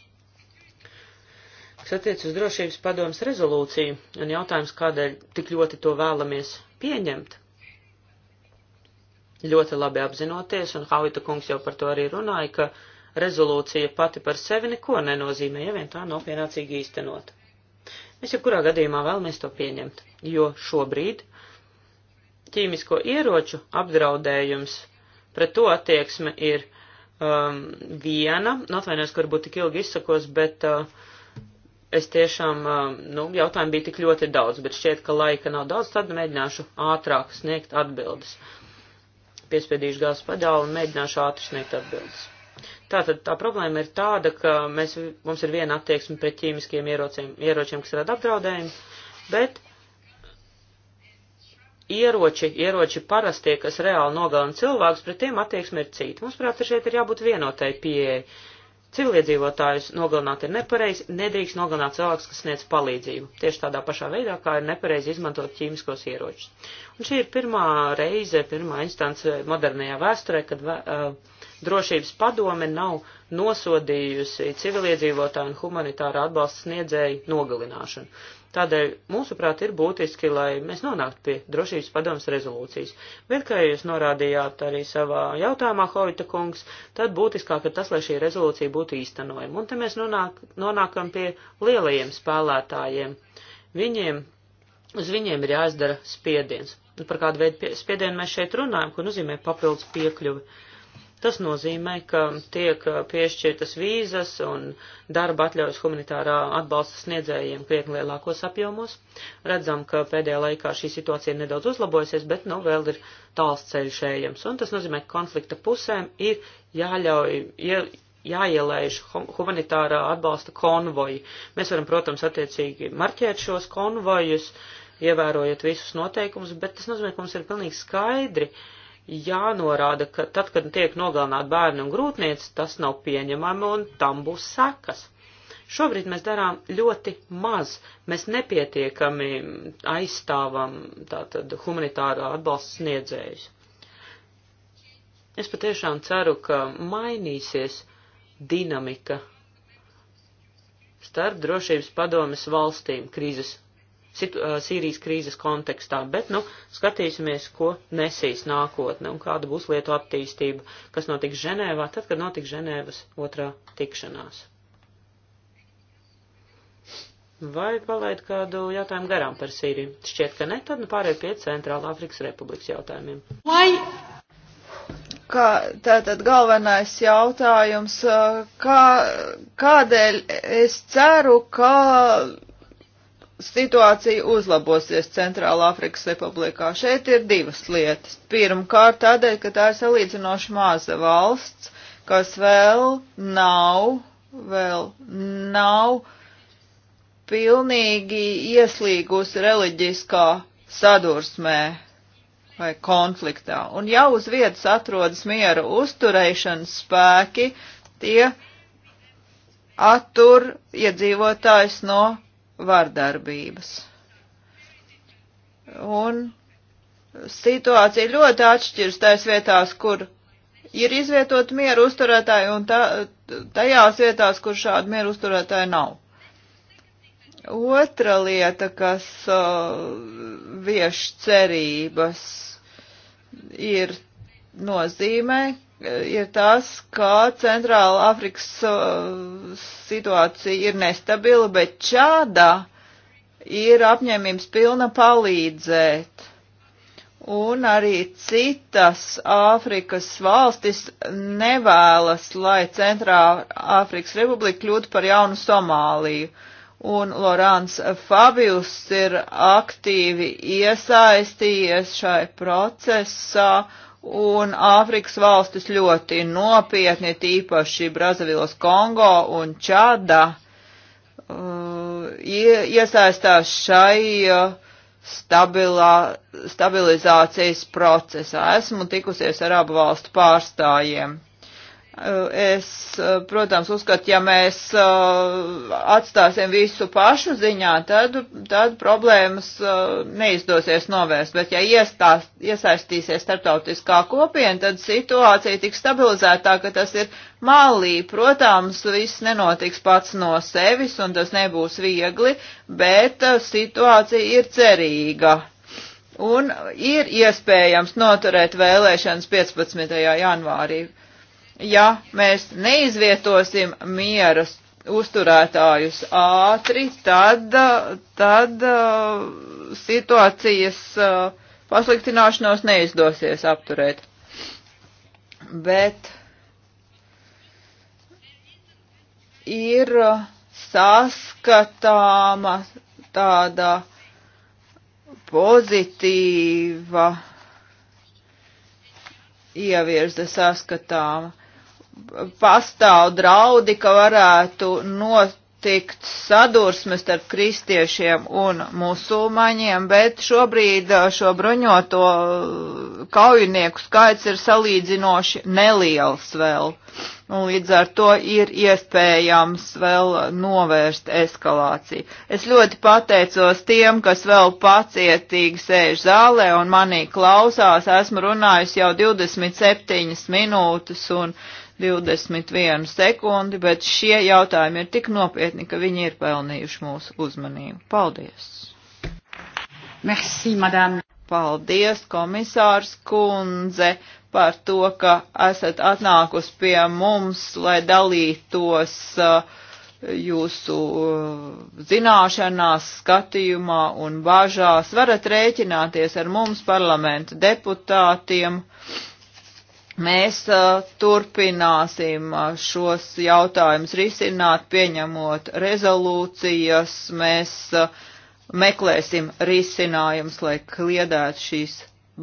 C: Kas attiec uz drošības padomas rezolūciju un jautājums, kādēļ tik ļoti to vēlamies pieņemt, ļoti labi apzinoties, un Hauita kungs jau par to arī runāja, ka rezolūcija pati par sevi neko nenozīmē, ja vien tā nav pienācīgi īstenot. Mēs jau kurā gadījumā vēlamies to pieņemt, jo šobrīd ķīmisko ieroču apdraudējums pret to attieksme ir um, viena, nu atvainojos, ka varbūt tik ilgi izsakos, bet uh, es tiešām, uh, nu, jautājumu bija tik ļoti daudz, bet šķiet, ka laika nav daudz, tad mēģināšu ātrāk sniegt atbildes. Uh, piespiedīšu gāzes pedāli un mēģināšu ātri sniegt atbildes. Tātad tā problēma ir tāda, ka mēs, mums ir viena attieksme pret ķīmiskiem ierociem, ieročiem, kas rada apdraudējumu, bet ieroči, ieroči parastie, kas reāli nogalina cilvēkus, pret tiem attieksme ir cita. Mums, prāt, šeit ir jābūt vienotai pieeja. Civiliedzīvotājus nogalināt ir nepareizi, nedrīkst nogalināt cilvēks, kas sniedz palīdzību. Tieši tādā pašā veidā, kā ir nepareizi izmantot ķīmiskos ieročus. Un šī ir pirmā reize, pirmā instance modernajā vēsturē, kad uh, drošības padome nav nosodījusi civiliedzīvotāju un humanitāru atbalstu sniedzēju nogalināšanu. Tādēļ, mūsuprāt, ir būtiski, lai mēs nonāktu pie drošības padomas rezolūcijas. Bet, kā jūs norādījāt arī savā jautājumā, Hovita kungs, tad būtiskāk ir tas, lai šī rezolūcija būtu īstenojama. Un te mēs nonāk, nonākam pie lielajiem spēlētājiem. Viņiem, uz viņiem ir jāizdara spiediens. Un par kādu veidu spiedienu mēs šeit runājam, ko nozīmē papildus piekļuvi. Uh, Tas nozīmē, ka tiek uh, piešķirtas vīzas un darba atļaujas humanitārā atbalsta sniedzējiem krietni lielākos apjomos. Redzam, ka pēdējā laikā šī situācija ir nedaudz uzlabojusies, bet nu vēl ir tāls ceļš ejams. Un tas nozīmē, ka konflikta pusēm ir jāļauj, jā, jāielaiž humanitārā atbalsta konvoji. Mēs varam, protams, attiecīgi marķēt šos konvojus, ievērojot visus noteikumus, bet tas nozīmē, ka mums ir pilnīgi skaidri. Uh, jānorāda, ka tad, kad tiek nogalināti bērni un grūtniec, tas nav pieņemami un tam būs sekas. Šobrīd mēs darām ļoti maz, mēs nepietiekami aizstāvam tātad humanitārā atbalsta sniedzējus. Es patiešām ceru, ka mainīsies dinamika starp drošības padomes valstīm krīzes situ, uh, Sīrijas krīzes kontekstā, bet, nu, skatīsimies, ko nesīs nākotne un kāda būs lietu attīstība, kas notiks Ženēvā, tad, kad notiks Ženēvas otrā tikšanās. Vai palaid kādu jautājumu garām par Sīriju? Šķiet, ka ne, tad nu pārēj pie Centrāla Afrikas Republikas jautājumiem. Vai?
B: Kā, tātad galvenais jautājums, uh, kā, kādēļ es ceru, ka situācija uzlabosies Centrāla Afrikas Republikā. Šeit ir divas lietas. Pirmkārt, tādēļ, ka tā ir salīdzinoši maza valsts, kas vēl nav, vēl nav pilnīgi ieslīgusi reliģiskā sadursmē vai konfliktā. Un jau uz vietas atrodas miera uzturēšanas spēki, tie attur iedzīvotājs no vardarbības. Un situācija ļoti atšķiras tais vietās, kur ir izvietot mieru uzturētāji un tā, tajās vietās, kur šādi mieru uzturētāji nav. Otra lieta, kas uh, vieš cerības, ir nozīmē, ir tas, ka Centrāla Afrikas uh, situācija ir nestabila, bet Čādā ir apņēmības pilna palīdzēt. Un arī citas Āfrikas valstis nevēlas, lai Centrā Āfrikas Republika kļūtu par jaunu Somāliju. Un Lorāns Fabius ir aktīvi iesaistījies šai procesā un Āfrikas valstis ļoti nopietni, tīpaši Brazavilas Kongo un Čada, uh, iesaistās šai uh, stabilā, stabilizācijas procesā. Esmu tikusies ar abu valstu pārstājiem. Es, protams, uzskatu, ja mēs uh, atstāsim visu pašu ziņā, tad, tad problēmas uh, neizdosies novērst. Bet, ja iestās, iesaistīsies starptautiskā kopiena, tad situācija tik stabilizētā, ka tas ir malī. Protams, viss nenotiks pats no sevis, un tas nebūs viegli, bet uh, situācija ir cerīga. Un ir iespējams noturēt vēlēšanas 15. janvārī ja mēs neizvietosim mieras uzturētājus ātri, tad, tad uh, situācijas uh, pasliktināšanos neizdosies apturēt. Bet ir uh, saskatāma tāda pozitīva ievirze saskatāma pastāv draudi, ka varētu notikt sadursmes starp kristiešiem un musulmaņiem, bet šobrīd uh, šo bruņoto uh, kaujinieku skaits ir salīdzinoši neliels vēl. Un līdz ar to ir iespējams vēl novērst eskalāciju. Es ļoti pateicos tiem, kas vēl pacietīgi sēž zālē un manī klausās. Esmu runājis jau 27 minūtes un uh, 21 sekundi, bet šie jautājumi ir tik nopietni, ka viņi ir pelnījuši mūsu uzmanību. Paldies! Merci, madame! Paldies, komisārs kundze, par to, ka esat atnākus pie mums, lai dalītos uh, jūsu uh, zināšanās, skatījumā un bāžās varat rēķināties ar mums parlamentu deputātiem. Mēs uh, turpināsim uh, šos jautājumus risināt, pieņemot rezolūcijas, mēs uh, meklēsim risinājumus, lai kliedētu šīs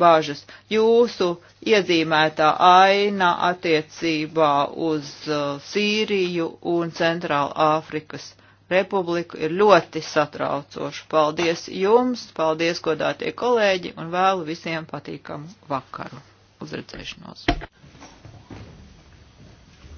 B: bažas. Jūsu iezīmētā aina attiecībā uz uh, Sīriju un Centrāla Āfrikas Republiku ir ļoti satraucoša. Paldies jums, paldies, godātie kolēģi, un vēlu visiem patīkamu vakaru! uz redzēšanos!